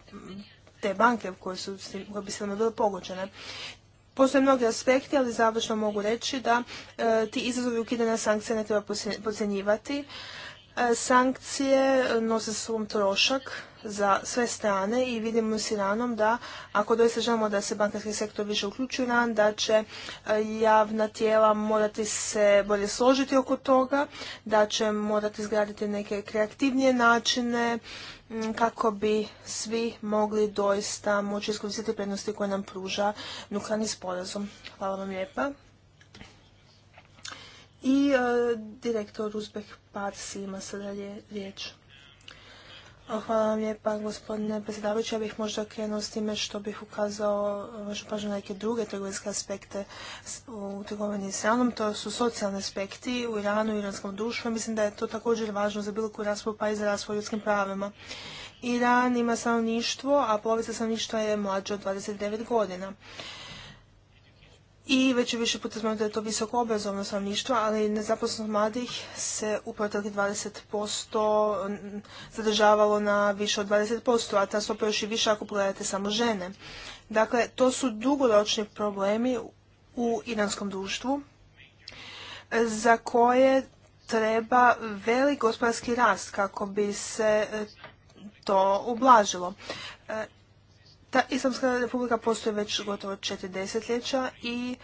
te banke koje, su, bi se bile pogođene. Postoje mnogi aspekti, ali završno mogu reći da e, ti izazovi ukidanja sankcija ne treba podcjenjivati E, sankcije e, nose svom trošak za sve strane i vidimo s Iranom da ako doista želimo da se bankarski sektor više uključuje u da će e, javna tijela morati se bolje složiti oko toga, da će morati izgraditi neke kreativnije načine kako bi svi mogli doista moći iskoristiti prednosti koje nam pruža nuklearni sporazum. Hvala vam lijepa. I e, direktor Uzbek Parsi ima sada riječ. E, hvala vam lijepa, gospodine predsjedavajući. Ja bih možda krenuo s time što bih ukazao vašu pažnju na neke druge trgovinske aspekte u trgovini s Iranom. To su socijalni aspekti u Iranu i iranskom društvu. Mislim da je to također važno za bilo koju raspravu pa i za raspravu ljudskim pravima. Iran ima stanovništvo, a polovica stanovništva je mlađa od 29 godina i već je više puta smo da je to visoko obrazovno stanovništvo, ali nezaposlenost mladih se u proteklih 20% zadržavalo na više od 20%, a ta stopa još i više ako pogledate samo žene. Dakle, to su dugoročni problemi u iranskom društvu za koje treba velik gospodarski rast kako bi se to ublažilo. Ta Islamska republika postoji već gotovo četiri desetljeća i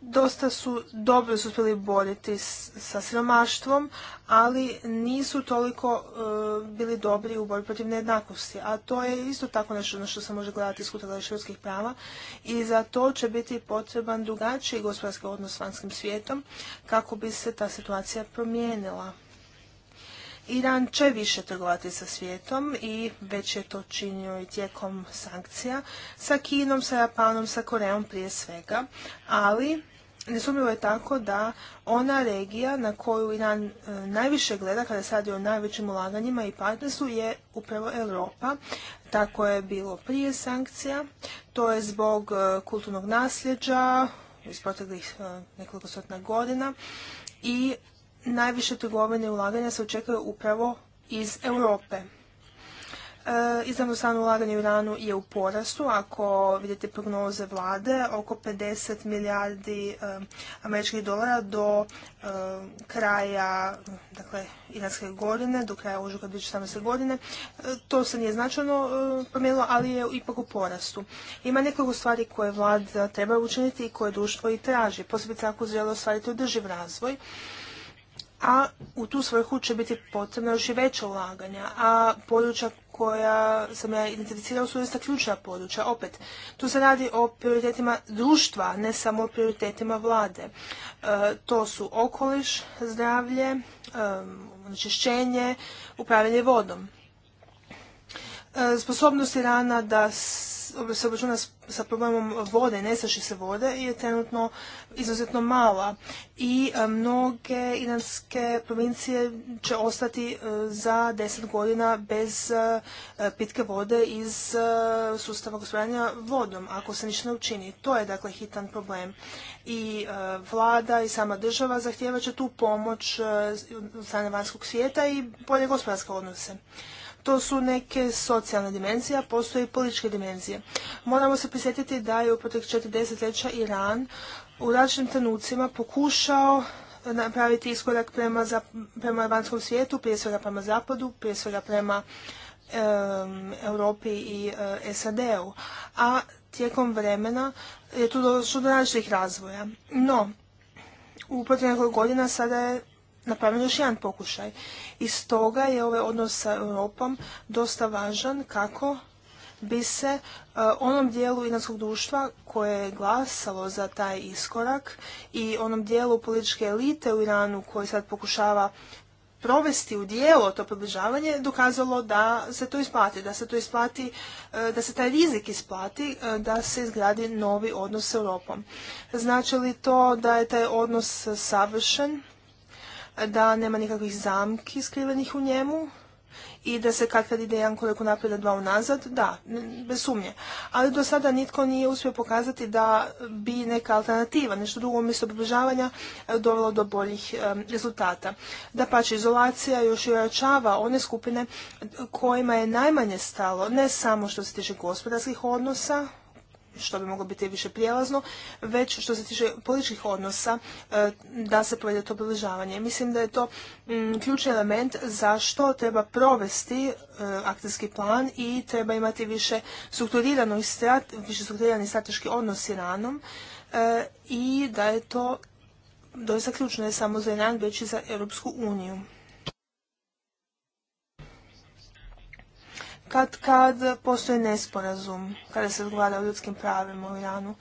dosta su dobro su uspjeli boriti sa siromaštvom, ali nisu toliko e, bili dobri u borbi protiv nejednakosti. A to je isto tako nešto na što se može gledati iz kuta ljudskih prava i za to će biti potreban drugačiji gospodarski odnos s vanjskim svijetom kako bi se ta situacija promijenila. Iran će više trgovati sa svijetom i već je to činio i tijekom sankcija sa Kinom, sa Japanom, sa Korejom prije svega, ali Nesumljivo je tako da ona regija na koju Iran e, najviše gleda kada se radi o najvećim ulaganjima i partnerstvu je upravo Europa. Tako je bilo prije sankcija. To je zbog e, kulturnog nasljeđa iz proteklih e, nekoliko stotina godina i najviše trgovine ulaganja se očekuje upravo iz Europe. E, izravno ulaganje u Iranu je u porastu. Ako vidite prognoze vlade, oko 50 milijardi e, američkih dolara do e, kraja dakle, iranske godine, do kraja ožuka 2017. godine. E, to se nije značajno promijenilo, ali je ipak u porastu. Ima nekoliko stvari koje vlada treba učiniti i koje društvo i traži, posebice ako žele ostvariti održiv razvoj a u tu svrhu će biti potrebno još i veća ulaganja, a područja koja sam ja identificirao su dosta ključna područja. Opet, tu se radi o prioritetima društva, ne samo o prioritetima vlade. E, to su okoliš, zdravlje, e, onečišćenje, upravljanje vodom. E, sposobnosti sposobnost Irana da se obračuna sa problemom vode, nesaši se vode, je trenutno izuzetno mala i e, mnoge iranske provincije će ostati e, za deset godina bez e, pitke vode iz sustava gospodanja vodom, ako se ništa ne učini. To je dakle hitan problem. I vlada i sama država zahtjeva će tu pomoć od strane vanjskog svijeta i bolje gospodarske odnose. To su neke socijalne dimenzije, a postoje i političke dimenzije. Moramo se prisjetiti da je u protek 40 Iran u različitim trenucima pokušao napraviti iskorak prema, prema vanjskom svijetu, prije svega prema zapadu, prije svega prema Europi i e, SAD-u. A tijekom vremena je tu došlo do različitih razvoja. No, u protiv nekoliko godina sada je napravljen još jedan pokušaj. I stoga je ovaj odnos sa Europom dosta važan kako bi se e, onom dijelu iranskog društva koje je glasalo za taj iskorak i onom dijelu političke elite u Iranu koji sad pokušava provesti u dijelo to približavanje dokazalo da se to isplati, da se to isplati, e, da se taj rizik isplati, e, da se izgradi novi odnos s Europom. Znači li to da je taj odnos savršen? da nema nikakvih zamki skrivenih u njemu i da se kad kad ide jedan koliko dva unazad, da, bez sumnje. Ali do sada nitko nije uspio pokazati da bi neka alternativa, nešto drugo umjesto približavanja, eh, dovelo do boljih rezultata. Da pač izolacija još i ojačava one skupine kojima je najmanje stalo, ne samo što se tiče gospodarskih odnosa, što bi moglo biti više prijelazno, već što se tiče političkih odnosa e, da se povede to približavanje. Mislim da je to mm, ključni element zašto treba provesti e, akcijski plan i treba imati više strukturirano i više strukturirani strateški odnos s Iranom e, i da je to doista ključno ne samo za Iran već i za Europsku uniju. kad kad postoji nesporazum kada se odgovara o ljudskim pravima u Iranu.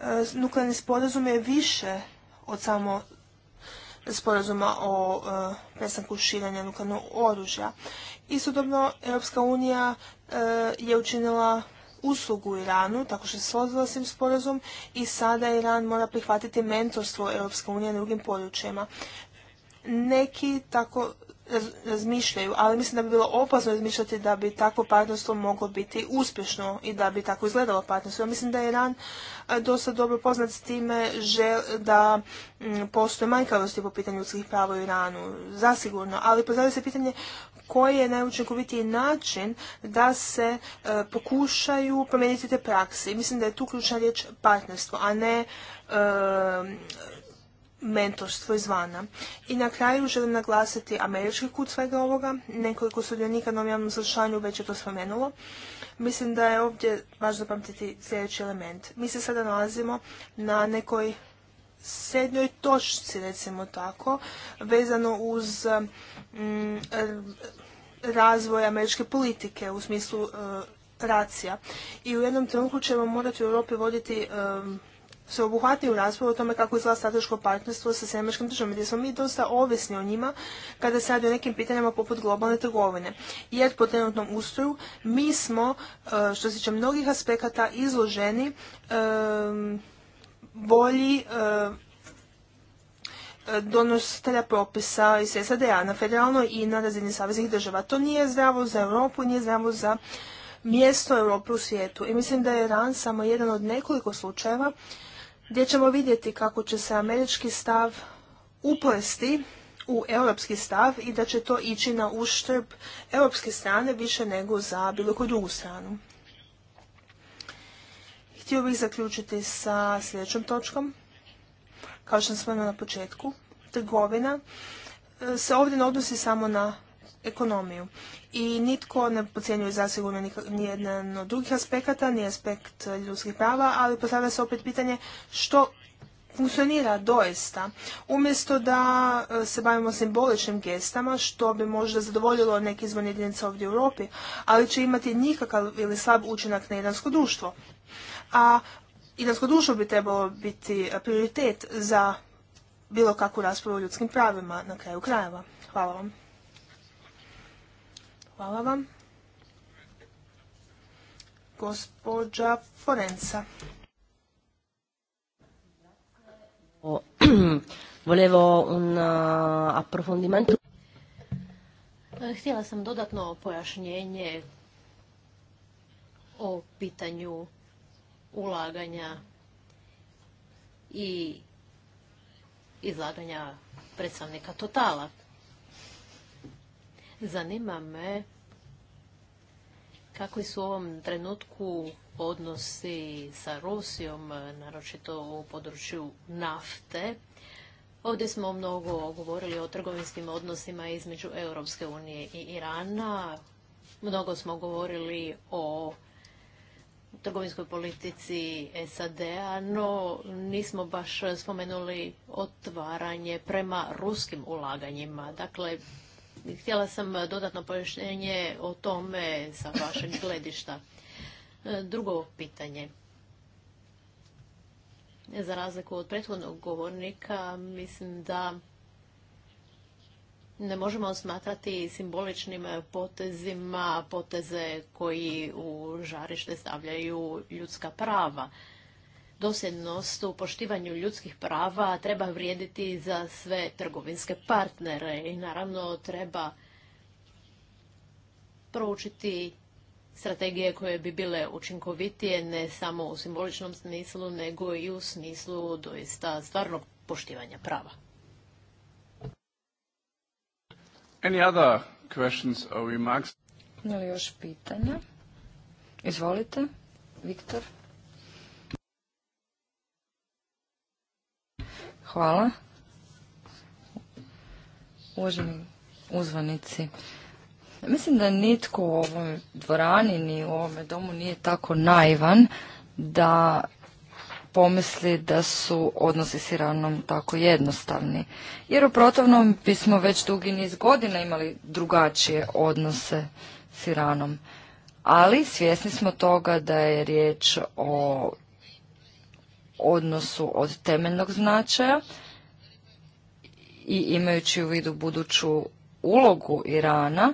E, nuklearni sporazum je više od samo sporazuma o e, prestanku širanja nuklearnog oružja. Istodobno, Europska unija e, je učinila uslugu Iranu, tako što se složila s tim sporazum i sada Iran mora prihvatiti mentorstvo Europske unije na drugim područjima. Neki tako razmišljaju, ali mislim da bi bilo opasno razmišljati da bi takvo partnerstvo moglo biti uspješno i da bi tako izgledalo partnerstvo. Ja mislim da je Iran e, dosta dobro poznat s time da mm, postoje manjkavosti po pitanju ljudskih prava u Iranu, zasigurno, ali pozdravlja se pitanje koji je najučinkovitiji način da se e, pokušaju promijeniti te prakse. I mislim da je tu ključna riječ partnerstvo, a ne e, mentorstvo izvana. I na kraju želim naglasiti američki kut svega ovoga. Nekoliko sudionika na ovom javnom slušanju već je to spomenulo. Mislim da je ovdje važno pamtiti sljedeći element. Mi se sada nalazimo na nekoj srednjoj točci, recimo tako, vezano uz mm, razvoj američke politike u smislu e, racija. I u jednom trenutku ćemo morati u Europi voditi e, se obuhvati u raspravu o tome kako izgleda strateško partnerstvo sa sjemeničkim državom. gdje smo mi dosta ovisni o njima kada se radi o nekim pitanjama poput globalne trgovine. Jer po trenutnom ustroju mi smo, e, što se tiče mnogih aspekata, izloženi bolji e, e, donositelja propisa iz SAD-a na federalnoj i na razini saveznih država. To nije zdravo za Europu, nije zdravo za mjesto Europe u svijetu. I mislim da je ran samo jedan od nekoliko slučajeva gdje ćemo vidjeti kako će se američki stav uplesti u europski stav i da će to ići na uštrb europske strane više nego za bilo koju drugu stranu. Htio bih zaključiti sa sljedećom točkom. Kao što sam na početku, trgovina e, se ovdje ne odnosi samo na ekonomiju. I nitko ne pocijenjuje zasigurno jedan od drugih aspekata, ni aspekt eh, ljudskih prava, ali postavlja se opet pitanje što funkcionira doista. Umjesto da eh, se bavimo simboličnim gestama, što bi možda zadovoljilo neke izvan jedinice ovdje u Europi, ali će imati nikakav ili slab učinak na jedansko društvo. A jedansko društvo bi trebalo biti eh, prioritet za bilo kakvu raspravu o ljudskim pravima na kraju krajeva. Hvala vam. Hvala vam. Gospođa Forenca. Volevo un uh, approfondimento. Htjela sam dodatno pojašnjenje o pitanju ulaganja i izlaganja predstavnika Totala. Zanima me kakvi su u ovom trenutku odnosi sa Rusijom, naročito u području nafte. Ovdje smo mnogo govorili o trgovinskim odnosima između Europske unije i Irana. Mnogo smo govorili o trgovinskoj politici SAD-a, no nismo baš spomenuli otvaranje prema ruskim ulaganjima. Dakle, Htjela sam e, dodatno pojašnjenje o tome sa vašeg gledišta. E, drugo pitanje. Za razliku od prethodnog govornika, mislim da ne možemo smatrati simboličnim potezima poteze koji u žarište stavljaju ljudska prava dosljednost u poštivanju ljudskih prava treba vrijediti za sve trgovinske partnere i naravno treba proučiti strategije koje bi bile učinkovitije ne samo u simboličnom smislu nego i u smislu doista stvarnog poštivanja prava. Any other questions or remarks? još pitanja? Izvolite, Viktor. Hvala. Uvaženi uzvanici, mislim da nitko u ovoj dvorani ni u ovome domu nije tako naivan da pomisli da su odnosi s Iranom tako jednostavni. Jer u protivnom bismo već dugi niz godina imali drugačije odnose s Iranom. Ali svjesni smo toga da je riječ o odnosu od temeljnog značaja i imajući u vidu buduću ulogu Irana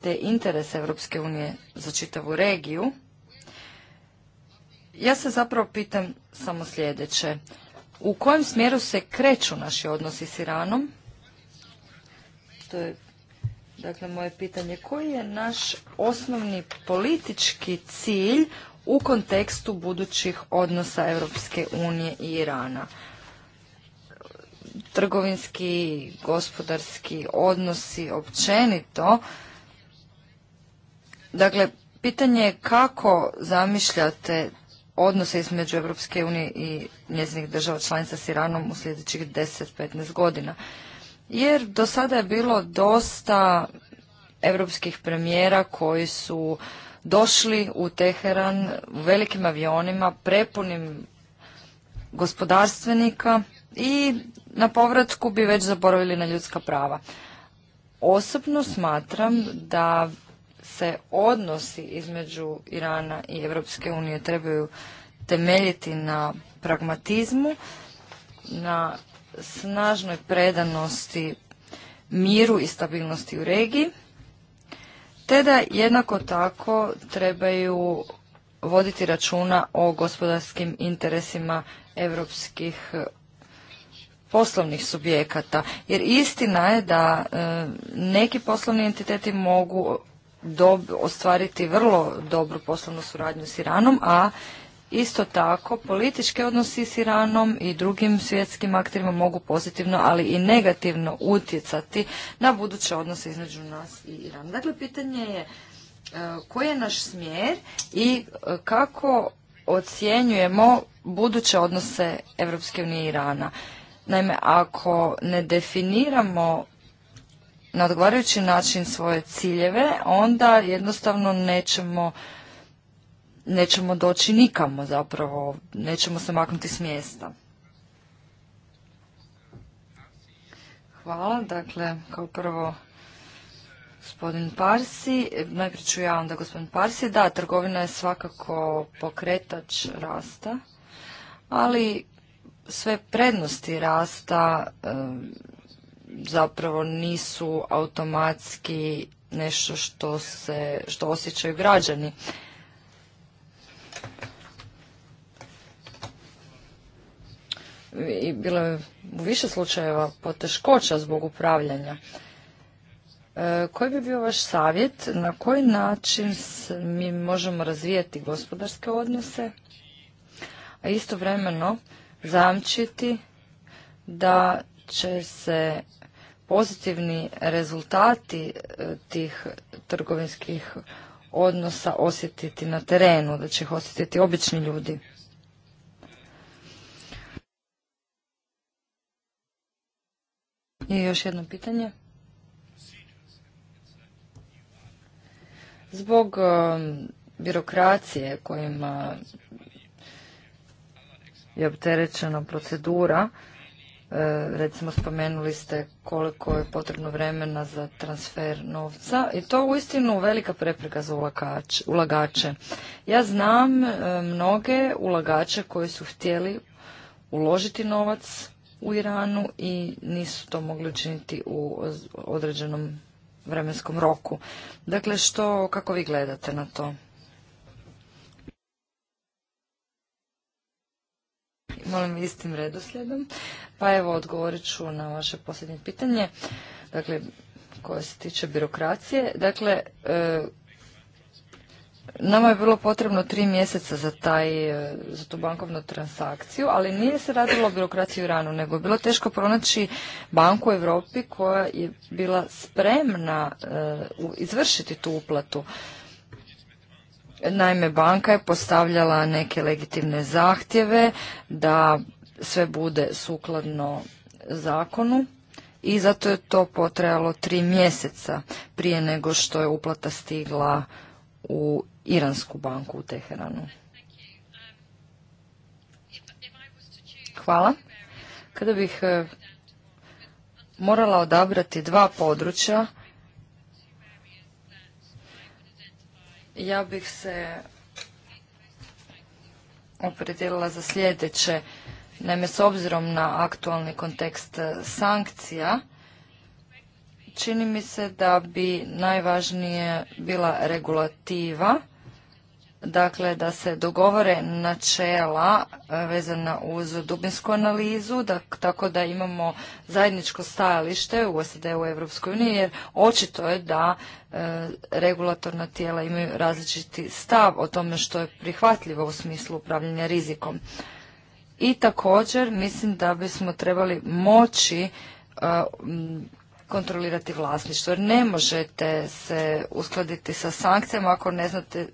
te interes Europske unije za čitavu regiju, ja se zapravo pitam samo sljedeće. U kojem smjeru se kreću naši odnosi s Iranom? To je Dakle, moje pitanje, koji je naš osnovni politički cilj u kontekstu budućih odnosa Europske unije i Irana. Trgovinski, gospodarski odnosi općenito. Dakle, pitanje je kako zamišljate odnose između Europske unije i njezinih država članica s Iranom u sljedećih 10-15 godina. Jer do sada je bilo dosta europskih premijera koji su došli u Teheran u velikim avionima, prepunim gospodarstvenika i na povratku bi već zaboravili na ljudska prava. Osobno smatram da se odnosi između Irana i Europske unije trebaju temeljiti na pragmatizmu, na snažnoj predanosti miru i stabilnosti u regiji te da jednako tako trebaju voditi računa o gospodarskim interesima europskih e, poslovnih subjekata. Jer istina je da e, neki poslovni entiteti mogu ostvariti vrlo dobru poslovnu suradnju s Iranom, a Isto tako, politički odnosi s Iranom i drugim svjetskim akterima mogu pozitivno, ali i negativno utjecati na buduće odnose između nas i Irana. Dakle, pitanje je e, koji je naš smjer i e, kako ocjenjujemo buduće odnose Europske unije i Irana. Naime, ako ne definiramo na odgovarajući način svoje ciljeve, onda jednostavno nećemo nećemo doći nikamo zapravo, nećemo se maknuti s mjesta. Hvala, dakle, kao prvo gospodin Parsi, najprije ću ja onda gospodin Parsi, da, trgovina je svakako pokretač rasta, ali sve prednosti rasta zapravo nisu automatski nešto što se, što osjećaju građani. i bilo je u više slučajeva poteškoća zbog upravljanja. E, koji bi bio vaš savjet? Na koji način mi možemo razvijati gospodarske odnose, a istovremeno zamčiti da će se pozitivni rezultati e, tih trgovinskih odnosa osjetiti na terenu, da će ih osjetiti obični ljudi. I još jedno pitanje. Zbog um, birokracije kojima je opterećena procedura, e, recimo spomenuli ste koliko je potrebno vremena za transfer novca i to uistinu velika prepreka za ulagače. Ja znam e, mnoge ulagače koji su htjeli uložiti novac u Iranu i nisu to mogli učiniti u određenom vremenskom roku. Dakle, što, kako vi gledate na to? Molim istim redoslijedom. Pa evo, odgovorit ću na vaše posljednje pitanje, dakle, koje se tiče birokracije. Dakle, e, Nama je bilo potrebno tri mjeseca za, taj, e, za tu bankovnu transakciju, ali nije se radilo o birokraciji ranu, nego je bilo teško pronaći banku u Europi koja je bila spremna e, izvršiti tu uplatu. Naime, banka je postavljala neke legitimne zahtjeve da sve bude sukladno zakonu i zato je to potrajalo tri mjeseca prije nego što je uplata stigla u Iransku banku u Teheranu. Hvala. Kada bih e, morala odabrati dva područja, ja bih se opredijelila za sljedeće. Naime, s obzirom na aktualni kontekst e, sankcija, čini mi se da bi najvažnije bila regulativa dakle da se dogovore načela e, vezana uz dubinsku analizu, da, tako da imamo zajedničko stajalište u osd u Europskoj jer očito je da e, regulatorna tijela imaju različiti stav o tome što je prihvatljivo u smislu upravljanja rizikom. I također mislim da bismo trebali moći e, kontrolirati vlasništvo. Jer ne možete se uskladiti sa sankcijama ako ne znate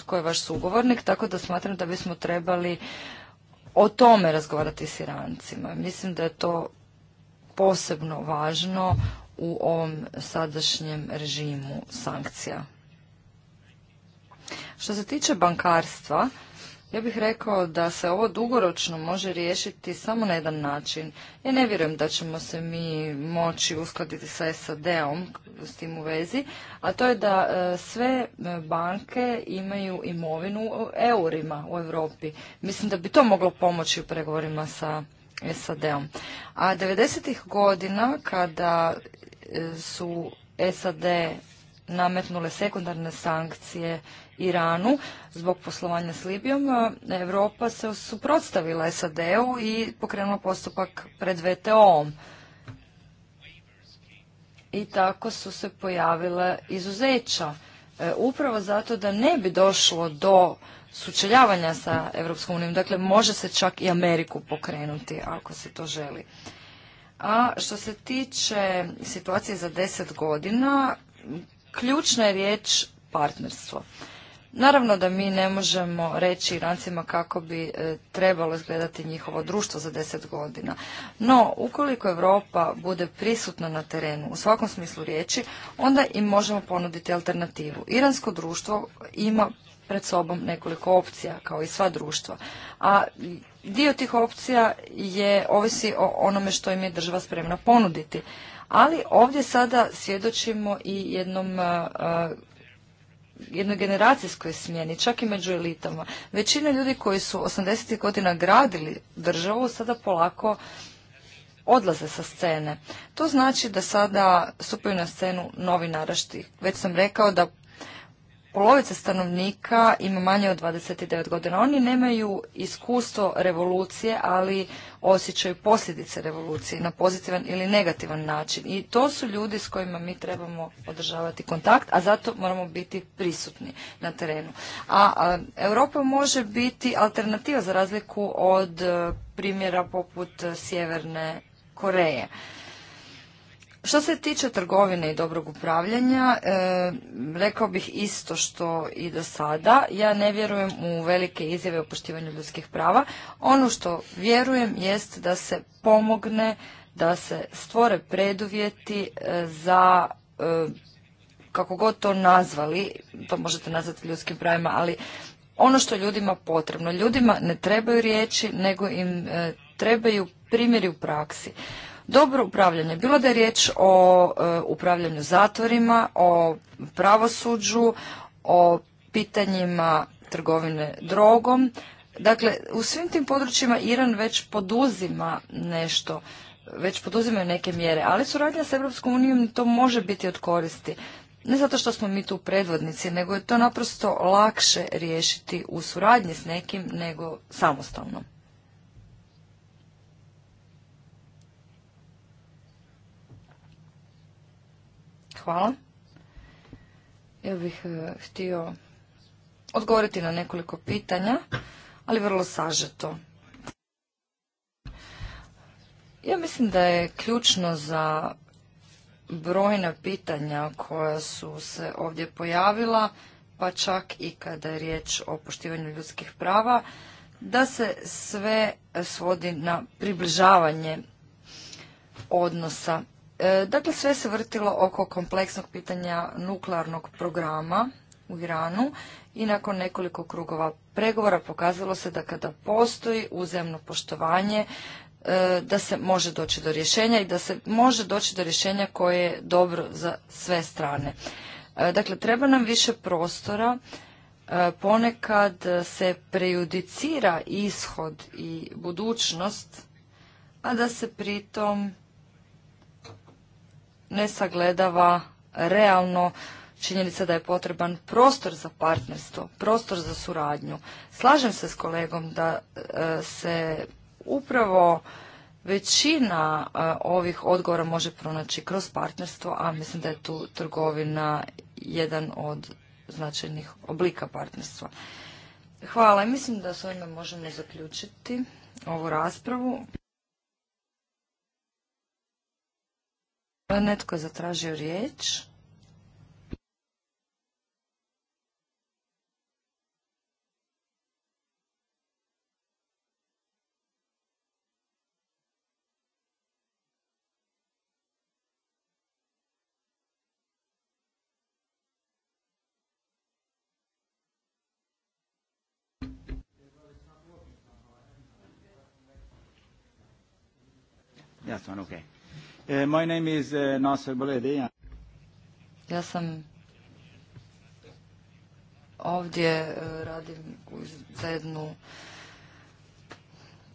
tko je vaš sugovornik, tako da smatram da bismo trebali o tome razgovarati s Irancima. Mislim da je to posebno važno u ovom sadašnjem režimu sankcija. Što se tiče bankarstva, ja bih rekao da se ovo dugoročno može riješiti samo na jedan način. Ja ne vjerujem da ćemo se mi moći uskladiti sa SAD-om s tim u vezi, a to je da e, sve e, banke imaju imovinu u eurima u Europi. Mislim da bi to moglo pomoći u pregovorima sa SAD-om. A 90 godina kada e, su SAD nametnule sekundarne sankcije Iranu zbog poslovanja s Libijom, Europa se suprotstavila SAD-u i pokrenula postupak pred VTO-om. I tako su se pojavila izuzeća. E, upravo zato da ne bi došlo do sučeljavanja sa Europskom unijom. Dakle, može se čak i Ameriku pokrenuti ako se to želi. A što se tiče situacije za deset godina, ključna je riječ partnerstvo. Naravno da mi ne možemo reći Irancima kako bi e, trebalo izgledati njihovo društvo za deset godina. No, ukoliko Europa bude prisutna na terenu, u svakom smislu riječi, onda im možemo ponuditi alternativu. Iransko društvo ima pred sobom nekoliko opcija, kao i sva društva. A dio tih opcija je, ovisi o onome što im je država spremna ponuditi. Ali ovdje sada svjedočimo i jednom e, e, jednoj generacijskoj smjeni, čak i među elitama. Većina ljudi koji su 80. godina gradili državu sada polako odlaze sa scene. To znači da sada stupaju na scenu novi narašti. Već sam rekao da polovica stanovnika ima manje od 29 godina. Oni nemaju iskustvo revolucije, ali osjećaju posljedice revolucije na pozitivan ili negativan način. I to su ljudi s kojima mi trebamo održavati kontakt, a zato moramo biti prisutni na terenu. A, a Europa može biti alternativa za razliku od e, primjera poput e, Sjeverne Koreje. Što se tiče trgovine i dobrog upravljanja, e, rekao bih isto što i do sada. Ja ne vjerujem u velike izjave o poštivanju ljudskih prava. Ono što vjerujem jest da se pomogne, da se stvore preduvjeti e, za e, kako god to nazvali, to možete nazvati ljudskim pravima, ali ono što ljudima potrebno. Ljudima ne trebaju riječi, nego im trebaju primjeri u praksi dobro upravljanje, bilo da je riječ o e, upravljanju zatvorima, o pravosuđu, o pitanjima trgovine drogom. Dakle, u svim tim područjima Iran već poduzima nešto, već poduzimaju neke mjere, ali suradnja s Europskom unijom to može biti od koristi. Ne zato što smo mi tu predvodnici, nego je to naprosto lakše riješiti u suradnji s nekim nego samostalno. Hvala. Ja bih e, htio odgovoriti na nekoliko pitanja, ali vrlo sažeto. Ja mislim da je ključno za brojna pitanja koja su se ovdje pojavila, pa čak i kada je riječ o poštivanju ljudskih prava, da se sve svodi na približavanje odnosa E, dakle, sve se vrtilo oko kompleksnog pitanja nuklearnog programa u Iranu i nakon nekoliko krugova pregovora pokazalo se da kada postoji uzemno poštovanje e, da se može doći do rješenja i da se može doći do rješenja koje je dobro za sve strane. E, dakle, treba nam više prostora, ponekad se prejudicira ishod i budućnost, a da se pritom ne sagledava realno činjenica da je potreban prostor za partnerstvo, prostor za suradnju. Slažem se s kolegom da e, se upravo većina e, ovih odgovora može pronaći kroz partnerstvo, a mislim da je tu trgovina jedan od značajnih oblika partnerstva. Hvala i mislim da s ovime možemo zaključiti ovu raspravu. Pa netko je zatražio riječ. Ja one, okay. Uh, my name is uh, Nasser Ja sam ovdje uh, radim za jednu,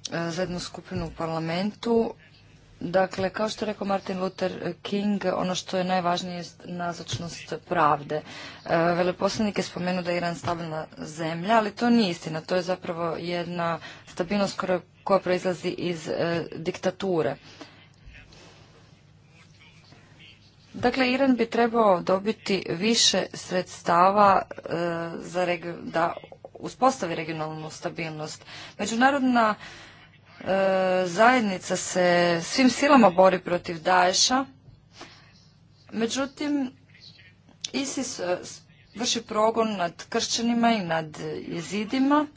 za skupinu u parlamentu. Dakle, kao što je rekao Martin Luther King, ono što je najvažnije je nazočnost pravde. Veleposlanik je spomenuo da je Iran stabilna zemlja, ali to nije istina. To je zapravo jedna stabilnost koja proizlazi iz diktature. Dakle, Iran bi trebao dobiti više sredstava e, za da uspostavi regionalnu stabilnost. Međunarodna e, zajednica se svim silama bori protiv Daesha, međutim, ISIS e, vrši progon nad kršćanima i nad jezidima,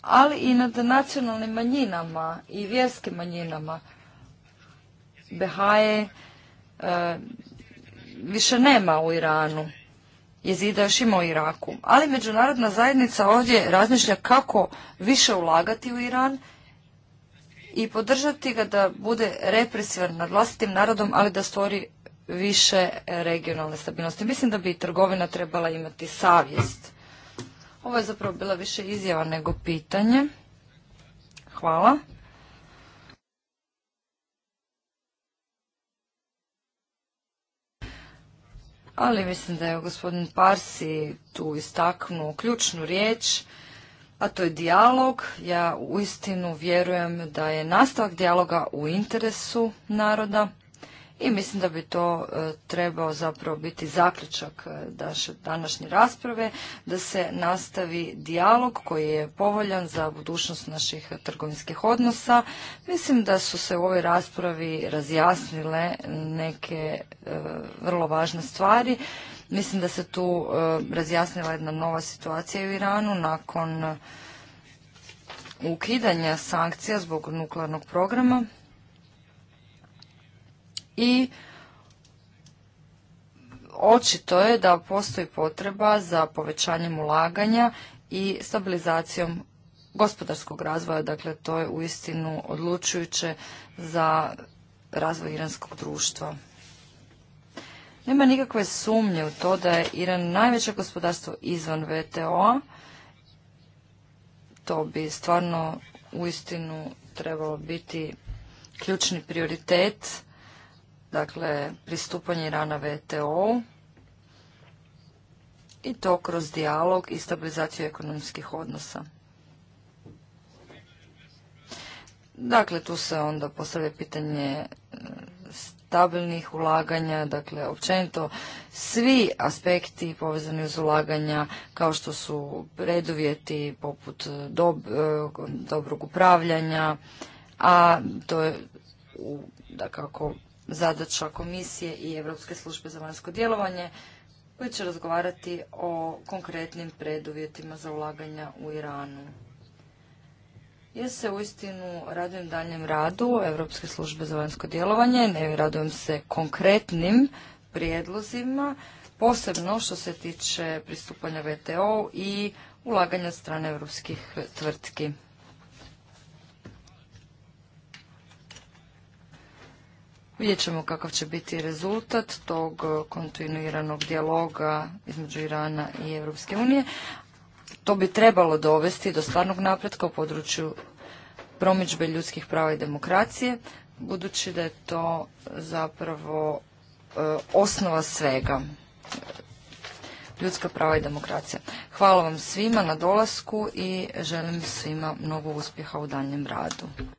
ali i nad nacionalnim manjinama i vjerskim manjinama. Behaje e, više nema u Iranu. Jezida još ima u Iraku. Ali međunarodna zajednica ovdje razmišlja kako više ulagati u Iran i podržati ga da bude represivan nad vlastitim narodom, ali da stvori više regionalne stabilnosti. Mislim da bi i trgovina trebala imati savjest. Ovo je zapravo bila više izjava nego pitanje. Hvala. ali mislim da je gospodin Parsi tu istaknuo ključnu riječ, a to je dijalog. Ja uistinu vjerujem da je nastavak dijaloga u interesu naroda i mislim da bi to e, trebao zapravo biti zaključak e, današnje rasprave, da se nastavi dijalog koji je povoljan za budućnost naših trgovinskih odnosa. Mislim da su se u ovoj raspravi razjasnile neke e, vrlo važne stvari. Mislim da se tu razjasnila jedna nova situacija u Iranu nakon ukidanja sankcija zbog nuklearnog programa i očito je da postoji potreba za povećanjem ulaganja i stabilizacijom gospodarskog razvoja, dakle to je uistinu odlučujuće za razvoj iranskog društva. Nema nikakve sumnje u to da je Iran najveće gospodarstvo izvan VTO-a. To bi stvarno uistinu trebalo biti ključni prioritet dakle pristupanje rana vto i to kroz dijalog i stabilizaciju ekonomskih odnosa. Dakle, tu se onda postavlja pitanje e, stabilnih ulaganja, dakle općenito svi aspekti povezani uz ulaganja kao što su preduvjeti poput e, dobrog upravljanja, a to je da kako zadaća komisije i Europske službe za vanjsko djelovanje koji će razgovarati o konkretnim preduvjetima za ulaganja u Iranu. Ja se uistinu radujem daljem radu Europske službe za vanjsko djelovanje, ne radujem se konkretnim prijedlozima, posebno što se tiče pristupanja VTO i ulaganja strane europskih tvrtki. Vidjet ćemo kakav će biti rezultat tog e, kontinuiranog dijaloga između Irana i Europske unije. To bi trebalo dovesti do stvarnog napretka u području promičbe ljudskih prava i demokracije, budući da je to zapravo e, osnova svega. Ljudska prava i demokracija. Hvala vam svima na dolasku i želim svima mnogo uspjeha u daljem radu.